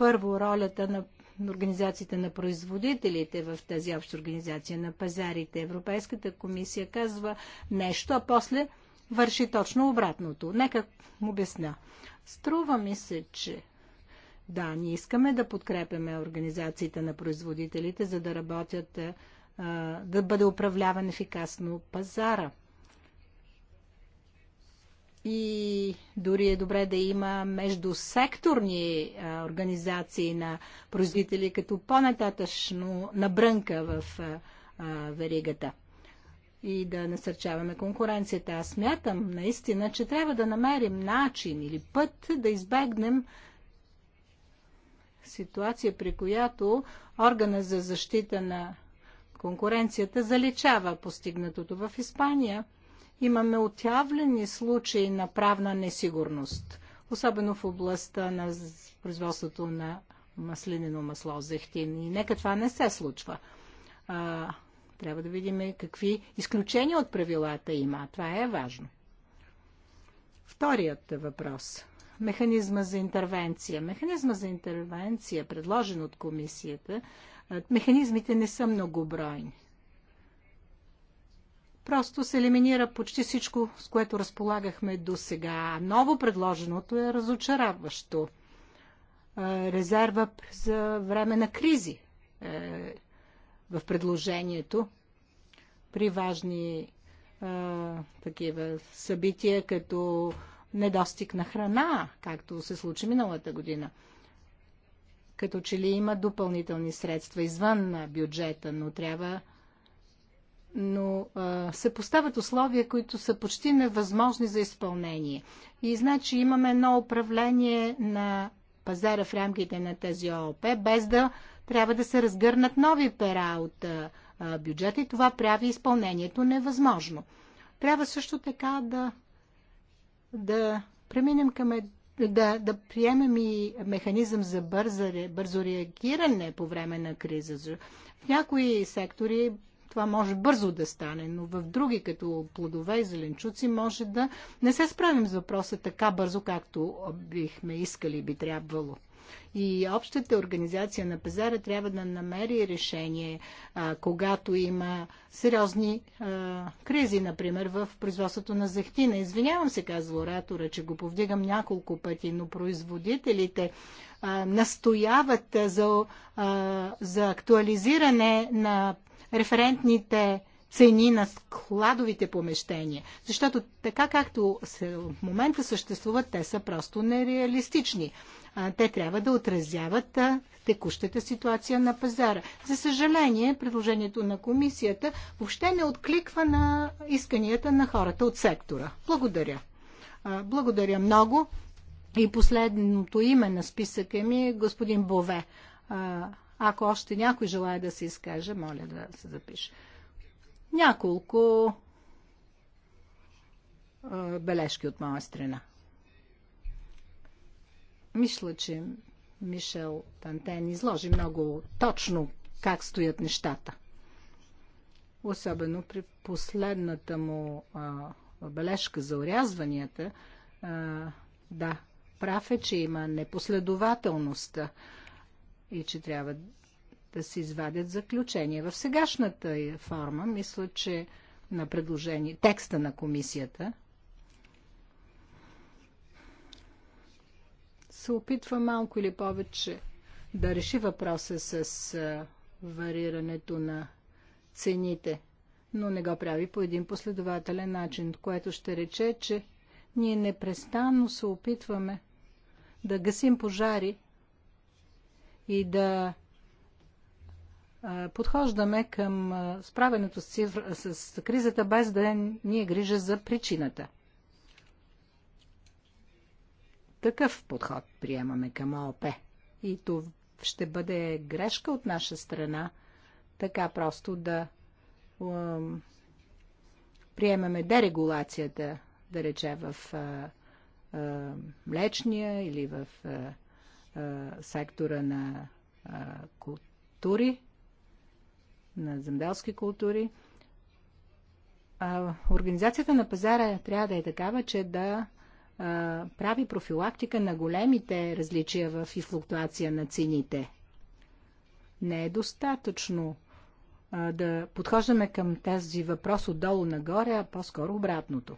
Първо, ролята на организациите на производителите в тази обща организация на пазарите. Европейската комисия казва нещо, а после върши точно обратното. Нека му обясня. Струва ми се, че да, ние искаме да подкрепяме организациите на производителите, за да работят, да бъде управляван ефикасно пазара и дори е добре да има междусекторни секторни организации на производители като по-нататъчно набрънка в веригата и да насърчаваме конкуренцията. Аз смятам наистина, че трябва да намерим начин или път да избегнем ситуация, при която органа за защита на конкуренцията заличава постигнатото в Испания – имаме отявлени случаи на правна несигурност, особено в областта на производството на маслинено масло, зехтин. И нека това не се случва. А, трябва да видим какви изключения от правилата има. Това е важно. Вторият въпрос. Механизма за интервенция. Механизма за интервенция, предложен от комисията, механизмите не са многобройни. Просто се елиминира почти всичко, с което разполагахме до сега. Ново предложеното е разочараващо. Е, резерва за време на кризи е, в предложението при важни е, такива събития, като недостиг на храна, както се случи миналата година. Като че ли има допълнителни средства извън бюджета, но трябва но а, се поставят условия, които са почти невъзможни за изпълнение. И значи имаме едно управление на пазара в рамките на тези ООП, без да трябва да се разгърнат нови пера от а, бюджета и това прави изпълнението невъзможно. Трябва също така да, да преминем към да, да приемем и механизъм за бързо, бързо реагиране по време на криза. В някои сектори това може бързо да стане, но в други, като плодове и зеленчуци, може да не се справим с въпроса така бързо, както бихме искали би трябвало. И общата организация на пазара трябва да намери решение, а, когато има сериозни а, кризи, например в производството на зехтина. Извинявам се, казва оратора, че го повдигам няколко пъти, но производителите а, настояват за, а, за актуализиране на референтните цени на складовите помещения. Защото така както в момента съществуват, те са просто нереалистични. Те трябва да отразяват текущата ситуация на пазара. За съжаление, предложението на комисията въобще не откликва на исканията на хората от сектора. Благодаря. Благодаря много. И последното име на списъка ми е господин Бове. Ако още някой желая да се изкаже, моля да се запише. Няколко бележки от моя страна. Мисля, че Мишел Тантен изложи много точно как стоят нещата. Особено при последната му а, бележка за урязванията, а, да, прав е, че има непоследователността и че трябва да се извадят заключения. В сегашната е форма, мисля, че на предложение, текста на комисията, се опитва малко или повече да реши въпроса с варирането на цените, но не го прави по един последователен начин, което ще рече, че ние непрестанно се опитваме да гасим пожари и да подхождаме към справенето с, цифр... с кризата без да ни е грижа за причината. Такъв подход приемаме към ООП. И то ще бъде грешка от наша страна, така просто да приемаме дерегулацията, да рече, в млечния или в сектора на култури, на земеделски култури. А, организацията на пазара трябва да е такава, че да а, прави профилактика на големите различия в и флуктуация на цените. Не е достатъчно а, да подхождаме към тази въпрос отдолу нагоре, а по-скоро обратното.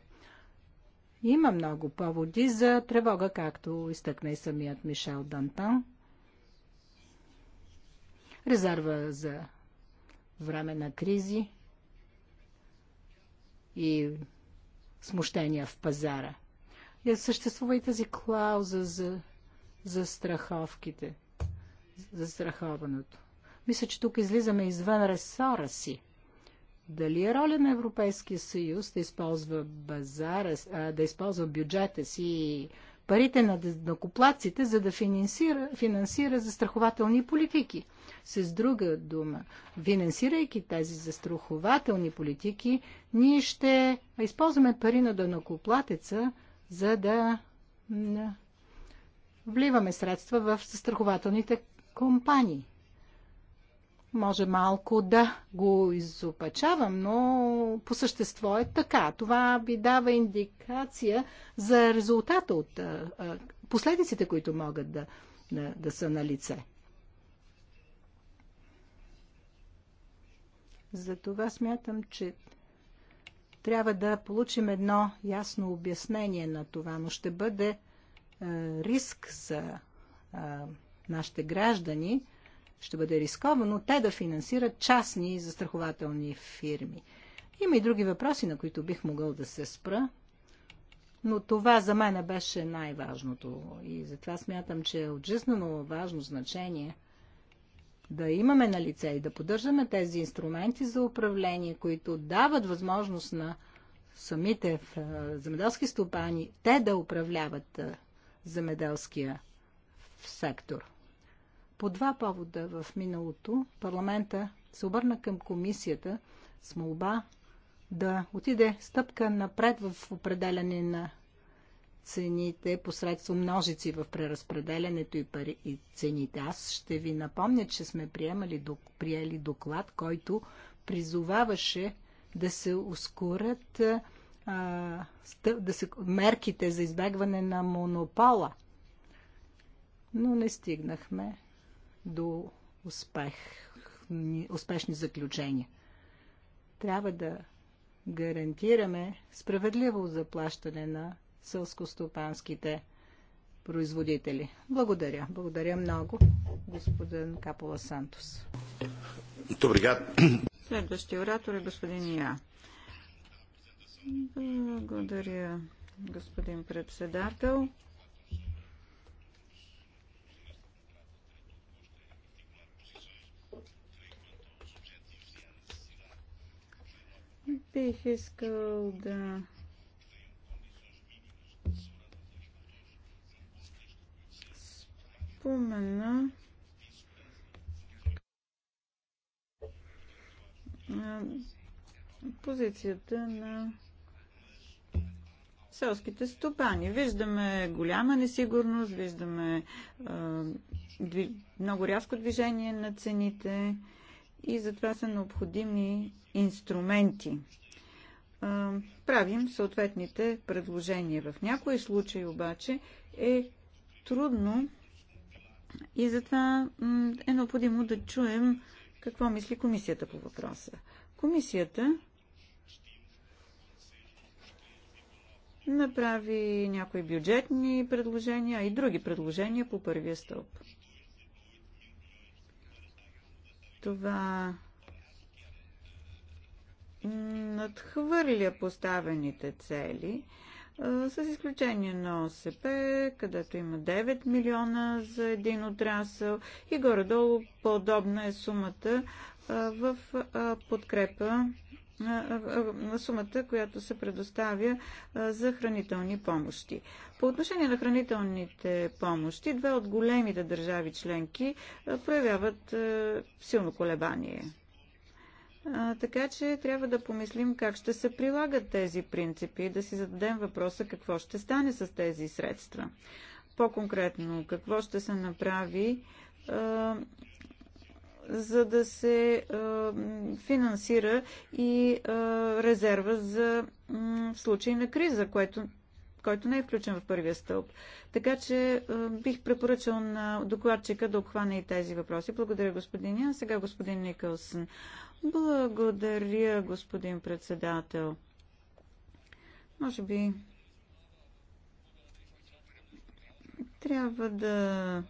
Има много поводи за тревога, както изтъкна и самият Мишел Дантан. Резерва за време на кризи и смущения в пазара. И съществува и тази клауза за, за страховките, за страхованото. Мисля, че тук излизаме извън ресора си. Дали е роля на Европейския съюз да използва базара, да използва бюджета си и парите на накоплаците, за да финансира, финансира застрахователни политики. С друга дума, финансирайки тези застрахователни политики, ние ще използваме пари на дънакоплатеца, за да вливаме средства в застрахователните компании може малко да го изопачавам, но по същество е така. Това ви дава индикация за резултата от последиците, които могат да, да, да са на лице. Затова смятам, че трябва да получим едно ясно обяснение на това, но ще бъде а, риск за а, нашите граждани ще бъде рисковано те да финансират частни застрахователни фирми. Има и други въпроси, на които бих могъл да се спра, но това за мен беше най-важното и затова смятам, че е от жизнено важно значение да имаме на лице и да поддържаме тези инструменти за управление, които дават възможност на самите земеделски стопани те да управляват земеделския сектор. По два повода в миналото парламента се обърна към комисията с молба да отиде стъпка напред в определяне на цените посредством ножици в преразпределянето и, пари, и цените. Аз ще ви напомня, че сме приемали, приели доклад, който призоваваше да се ускорят а, да се, мерките за избягване на монопола. Но не стигнахме до успех, успешни заключения. Трябва да гарантираме справедливо заплащане на сълскостопанските производители. Благодаря. Благодаря много, господин Капола
Сантос. Добре. Следващия оратор е господин Я. Благодаря, господин председател. Бих искал да спомена позицията на селските стопани. Виждаме голяма несигурност, виждаме много рязко движение на цените и затова са необходими инструменти правим съответните предложения. В някои случаи обаче е трудно и затова е необходимо да чуем какво мисли комисията по въпроса. Комисията направи някои бюджетни предложения, а и други предложения по първия стълб. Това надхвърля поставените цели, с изключение на ОСП, където има 9 милиона за един отрасъл и горе-долу подобна е сумата в подкрепа на сумата, която се предоставя за хранителни помощи. По отношение на хранителните помощи, две от големите държави членки проявяват силно колебание. А, така че трябва да помислим как ще се прилагат тези принципи и да си зададем въпроса какво ще стане с тези средства. По-конкретно, какво ще се направи, а, за да се а, финансира и а, резерва за в случай на криза, което който не е включен в първия стълб. Така че бих препоръчал на докладчика да обхване и тези въпроси. Благодаря, господиня, Сега господин Никълсън. Благодаря, господин председател. Може би трябва да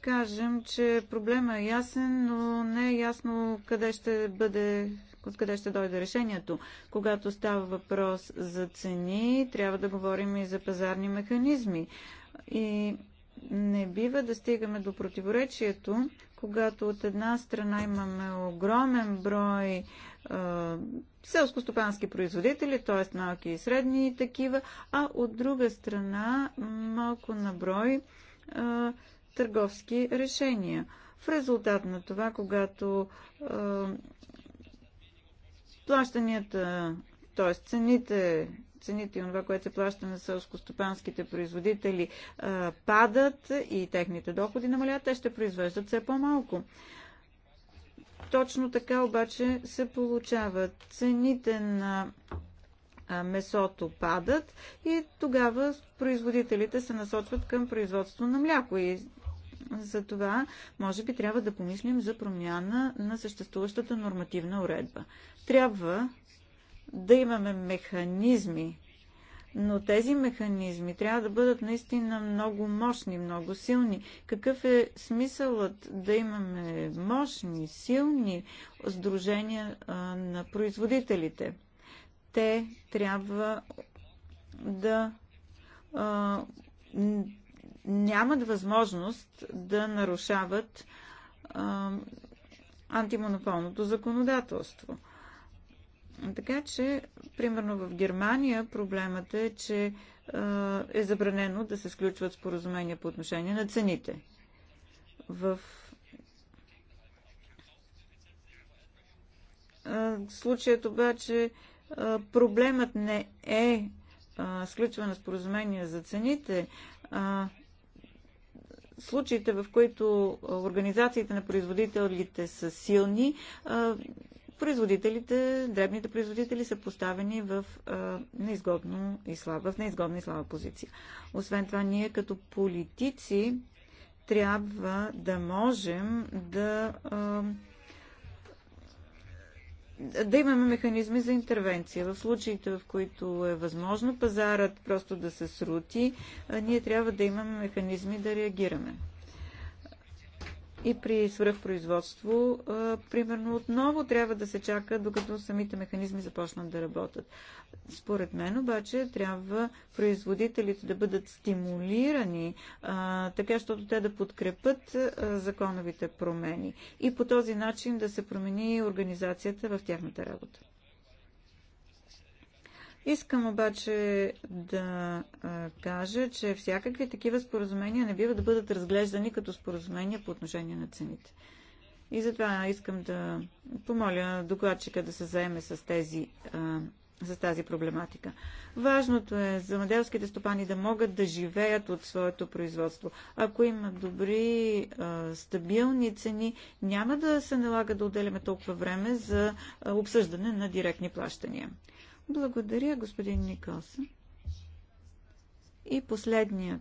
кажем, че проблема е ясен, но не е ясно къде ще бъде, откъде ще дойде решението. Когато става въпрос за цени, трябва да говорим и за пазарни механизми. И не бива да стигаме до противоречието, когато от една страна имаме огромен брой а, е, селско-стопански производители, т.е. малки и средни и такива, а от друга страна малко на брой е, търговски решения. В резултат на това, когато е, плащанията, т.е. цените цените и това, което се плаща на сълскостопанските производители, падат и техните доходи намаляват, те ще произвеждат все по-малко. Точно така обаче се получава. цените на месото падат и тогава производителите се насочват към производство на мляко и за това, може би, трябва да помислим за промяна на съществуващата нормативна уредба. Трябва да имаме механизми, но тези механизми трябва да бъдат наистина много мощни, много силни. Какъв е смисълът да имаме мощни, силни сдружения а, на производителите? Те трябва да а, нямат възможност да нарушават а, антимонополното законодателство. Така че, примерно в Германия проблемът е, че е, е забранено да се сключват споразумения по отношение на цените. В е, случаят обаче е, проблемът не е сключване на споразумения за цените, а случаите, в които организациите на производителите са силни, производителите, дребните производители са поставени в, а, неизгодно и слаба, в неизгодна и слаба позиция. Освен това, ние като политици трябва да можем да а, да имаме механизми за интервенция. В случаите, в които е възможно пазарът просто да се срути, ние трябва да имаме механизми да реагираме и при свръхпроизводство, примерно, отново трябва да се чака, докато самите механизми започнат да работят. Според мен обаче трябва производителите да бъдат стимулирани, така, защото те да подкрепят законовите промени и по този начин да се промени организацията в тяхната работа. Искам обаче да кажа, че всякакви такива споразумения не бива да бъдат разглеждани като споразумения по отношение на цените. И затова искам да помоля докладчика да се заеме с, тези, с тази проблематика. Важното е замеделските стопани да могат да живеят от своето производство. Ако има добри, стабилни цени, няма да се налага да отделяме толкова време за обсъждане на директни плащания. Благодаря, господин Николсън. И последният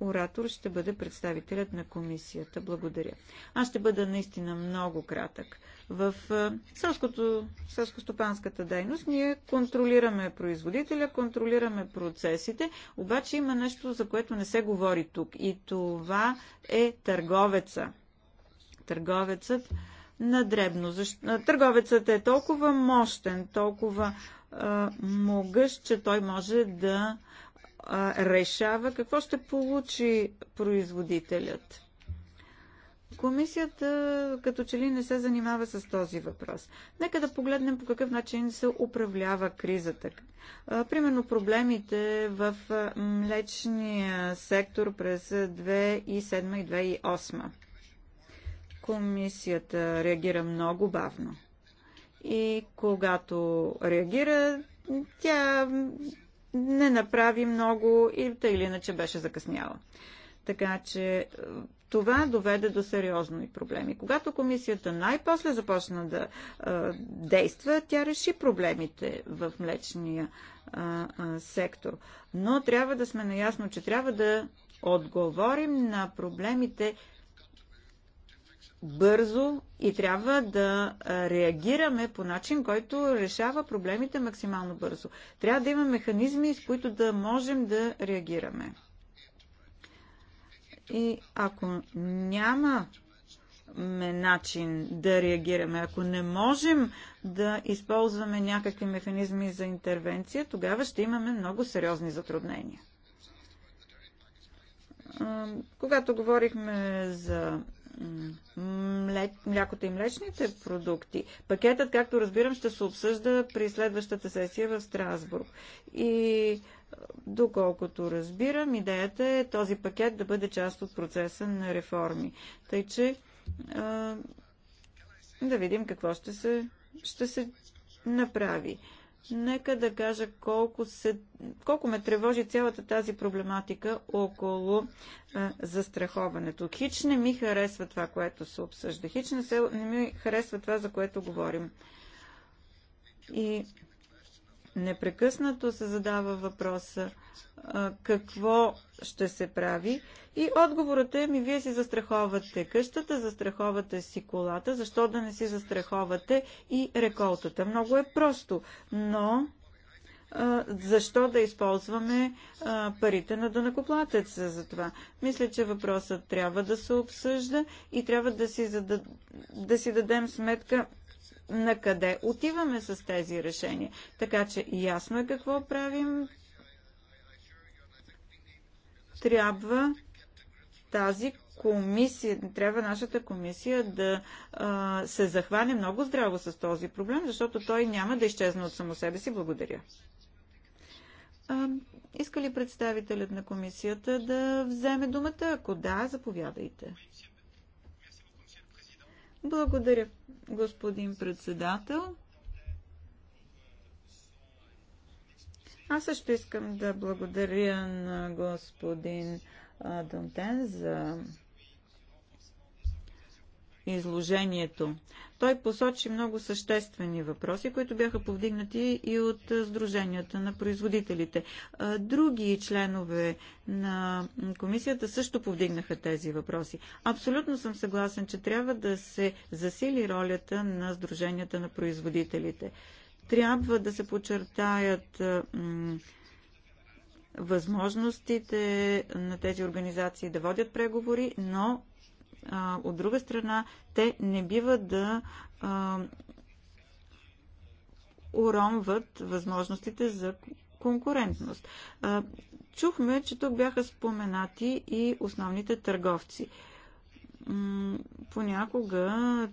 оратор ще бъде представителят на комисията. Благодаря. Аз ще бъда наистина много кратък. В селско-стопанската дейност ние контролираме производителя, контролираме процесите, обаче има нещо, за което не се говори тук. И това е търговеца. Търговецът на дребно. Търговецът е толкова мощен, толкова могъщ, че той може да решава какво ще получи производителят. Комисията като че ли не се занимава с този въпрос. Нека да погледнем по какъв начин се управлява кризата. Примерно проблемите в млечния сектор през 2007 и 2008. Комисията реагира много бавно и когато реагира, тя не направи много и тъй или иначе беше закъсняла. Така че е, това доведе до сериозни проблеми. Когато комисията най-после започна да а, е, действа, тя реши проблемите в млечния а, е, а, сектор. Но трябва да сме наясно, че трябва да отговорим на проблемите бързо и трябва да реагираме по начин, който решава проблемите максимално бързо. Трябва да има механизми, с които да можем да реагираме. И ако няма начин да реагираме, ако не можем да използваме някакви механизми за интервенция, тогава ще имаме много сериозни затруднения. Когато говорихме за млякото и млечните продукти. Пакетът, както разбирам, ще се обсъжда при следващата сесия в Страсбург. И доколкото разбирам, идеята е този пакет да бъде част от процеса на реформи. Тъй, че а, да видим какво ще се, ще се направи. Нека да кажа колко, се, колко ме тревожи цялата тази проблематика около а, застраховането. Хич не ми харесва това, което се обсъжда. Хич не, се, не ми харесва това, за което говорим. И Непрекъснато се задава въпроса какво ще се прави и отговорът е ми вие си застраховате къщата, застраховате си колата, защо да не си застраховате и реколтата. Много е просто, но защо да използваме парите на дънакоплатеца за това. Мисля, че въпросът трябва да се обсъжда и трябва да си, зада... да си дадем сметка на къде отиваме с тези решения. Така че ясно е какво правим. Трябва тази комисия, трябва нашата комисия да а, се захване много здраво с този проблем, защото той няма да изчезне от само себе си. Благодаря. А, иска ли представителят на комисията да вземе думата? Ако да, заповядайте. Благодаря, господин председател. Аз също искам да благодаря на господин Донтен за изложението. Той посочи много съществени въпроси, които бяха повдигнати и от Сдруженията на производителите. Други членове на комисията също повдигнаха тези въпроси. Абсолютно съм съгласен, че трябва да се засили ролята на Сдруженията на производителите. Трябва да се подчертаят възможностите на тези организации да водят преговори, но а, от друга страна, те не бива да а, уронват възможностите за конкурентност. А, чухме, че тук бяха споменати и основните търговци. М понякога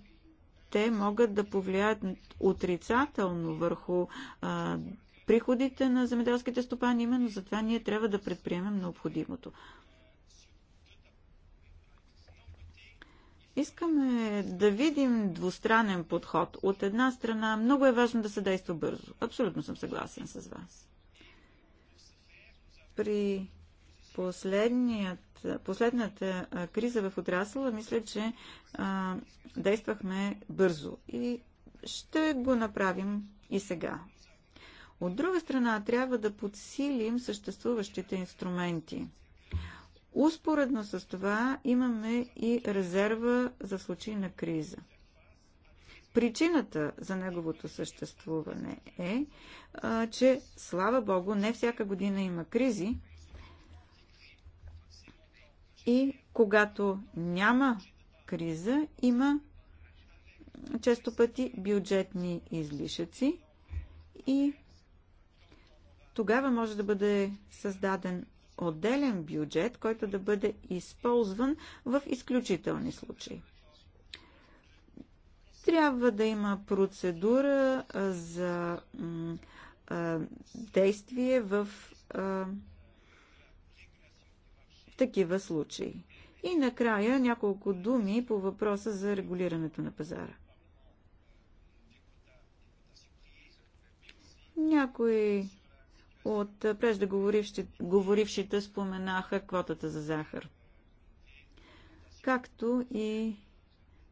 те могат да повлияят отрицателно върху а, приходите на земеделските стопани. Именно затова ние трябва да предприемем необходимото. Искаме да видим двустранен подход. От една страна, много е важно да се действа бързо. Абсолютно съм съгласен с вас. При последният, последната криза в отрасъла, мисля, че а, действахме бързо и ще го направим и сега. От друга страна, трябва да подсилим съществуващите инструменти – Успоредно с това имаме и резерва за случай на криза. Причината за неговото съществуване е, че, слава Богу, не всяка година има кризи и когато няма криза, има често пъти бюджетни излишъци и тогава може да бъде създаден отделен бюджет, който да бъде използван в изключителни случаи. Трябва да има процедура за действие в такива случаи. И накрая няколко думи по въпроса за регулирането на пазара. Някои от преждеговорившите споменаха квотата за захар, както и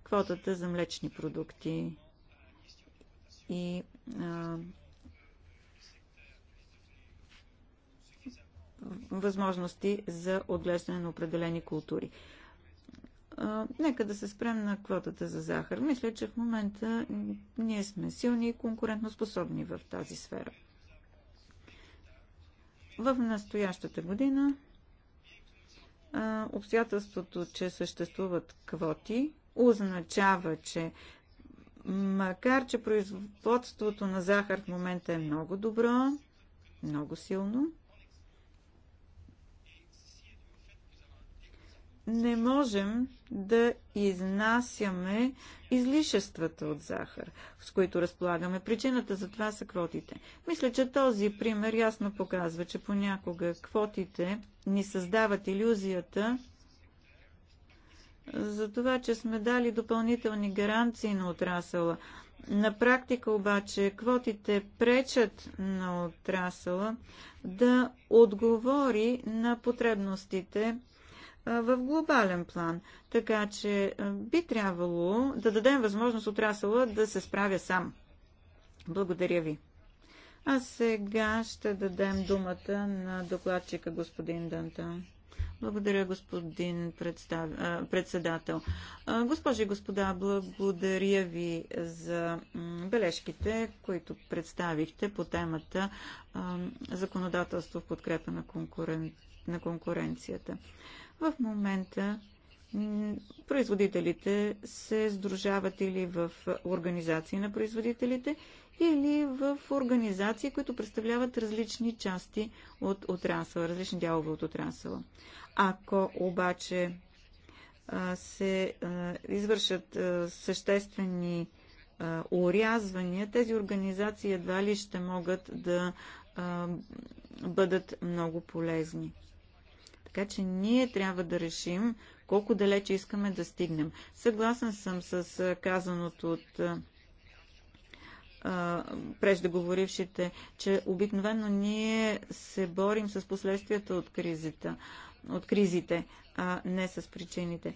квотата за млечни продукти и а, възможности за отглеждане на определени култури. А, нека да се спрем на квотата за захар. Мисля, че в момента ние сме силни и конкурентоспособни в тази сфера. В настоящата година обстоятелството, че съществуват квоти, означава, че макар, че производството на захар в момента е много добро, много силно, не можем да изнасяме излишествата от захар, с които разполагаме. Причината за това са квотите. Мисля, че този пример ясно показва, че понякога квотите ни създават иллюзията за това, че сме дали допълнителни гаранции на отрасъла. На практика обаче квотите пречат на отрасъла да отговори на потребностите в глобален план. Така че би трябвало да дадем възможност отрасъла да се справя сам. Благодаря ви. А сега ще дадем думата на докладчика господин Данта. Благодаря, господин представ... председател. Госпожи и господа, благодаря ви за бележките, които представихте по темата законодателство в подкрепа на, конкурен... на конкуренцията. В момента производителите се сдружават или в организации на производителите, или в организации, които представляват различни части от отрасъла, различни дялове от отрасъла. Ако обаче се извършат съществени урязвания, тези организации едва ли ще могат да бъдат много полезни. Така че ние трябва да решим колко далече искаме да стигнем. Съгласен съм с казаното от преждеговорившите, че обикновено ние се борим с последствията от, кризата, от кризите, а не с причините.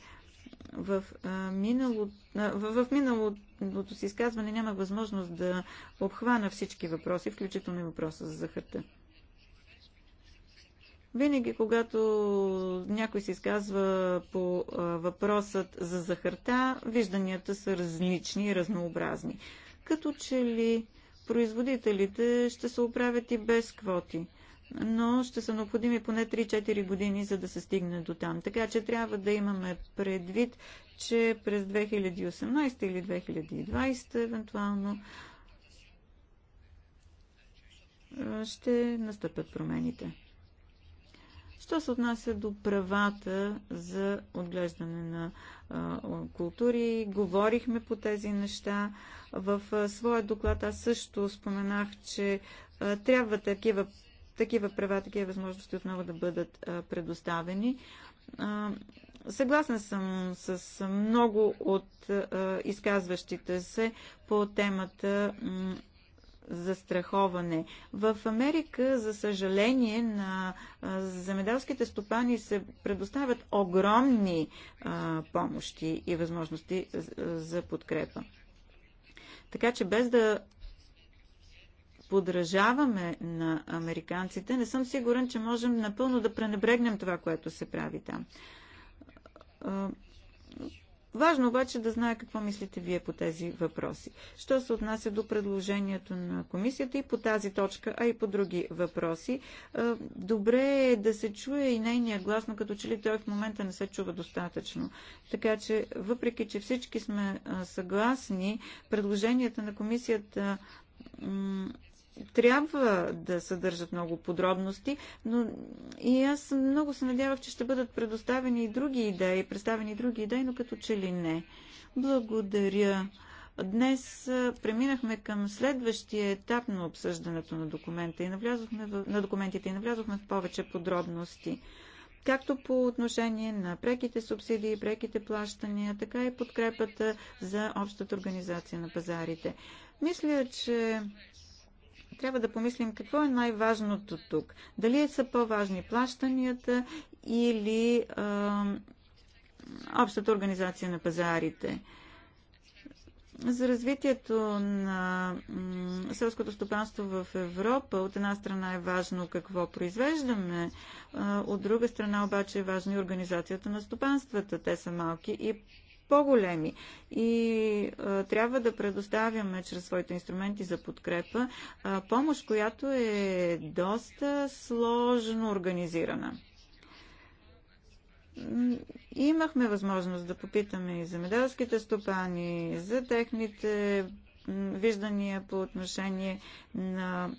В, минало, в, в миналото си изказване нямах възможност да обхвана всички въпроси, включително и въпроса за захарта. Винаги, когато някой се изказва по въпросът за захарта, вижданията са различни и разнообразни. Като че ли производителите ще се оправят и без квоти, но ще са необходими поне 3-4 години, за да се стигне до там. Така че трябва да имаме предвид, че през 2018 или 2020 евентуално ще настъпят промените. Що се отнася до правата за отглеждане на а, култури, говорихме по тези неща. В а, своя доклад аз също споменах, че а, трябва такива, такива права, такива възможности отново да бъдат а, предоставени. А, Съгласна съм с много от изказващите се по темата застраховане. В Америка, за съжаление, на земеделските стопани се предоставят огромни а, помощи и възможности за подкрепа. Така че без да подражаваме на американците, не съм сигурен, че можем напълно да пренебрегнем това, което се прави там Важно обаче да знае какво мислите вие по тези въпроси. Що се отнася до предложението на комисията и по тази точка, а и по други въпроси, добре е да се чуе и нейния глас, но като че ли той в момента не се чува достатъчно. Така че, въпреки че всички сме съгласни, предложенията на комисията трябва да съдържат много подробности, но и аз много се надявах, че ще бъдат предоставени и други идеи, представени и други идеи, но като че ли не. Благодаря. Днес преминахме към следващия етап на обсъждането на, документа и навлязохме в, на документите и навлязохме в повече подробности. Както по отношение на преките субсидии, преките плащания, така и подкрепата за общата организация на пазарите. Мисля, че трябва да помислим какво е най-важното тук. Дали са по-важни плащанията или а, общата организация на пазарите. За развитието на селското стопанство в Европа от една страна е важно какво произвеждаме, от друга страна обаче е важна и организацията на стопанствата. Те са малки и по-големи и а, трябва да предоставяме чрез своите инструменти за подкрепа а, помощ, която е доста сложно организирана. Имахме възможност да попитаме и земеделските стопани, за техните виждания по отношение на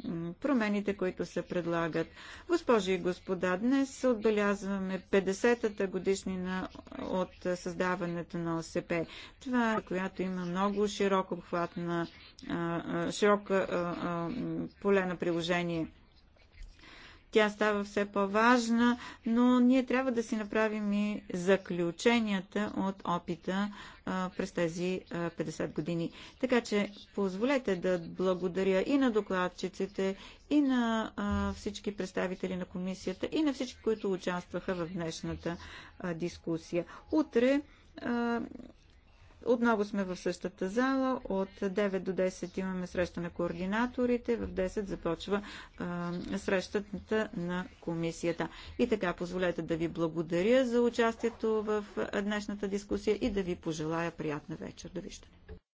промените, които се предлагат. Госпожи и господа, днес отбелязваме 50-та годишнина от създаването на ОСП. Това, е, която има много широк обхват на широк поле на приложение. Тя става все по-важна, но ние трябва да си направим и заключенията от опита през тези 50 години. Така че позволете да благодаря и на докладчиците, и на всички представители на комисията, и на всички, които участваха в днешната дискусия. Утре отново сме в същата зала. От 9 до 10 имаме среща на координаторите. В 10 започва а, срещата на комисията. И така, позволете да ви благодаря за участието в днешната дискусия и да ви пожелая приятна вечер. Довиждане.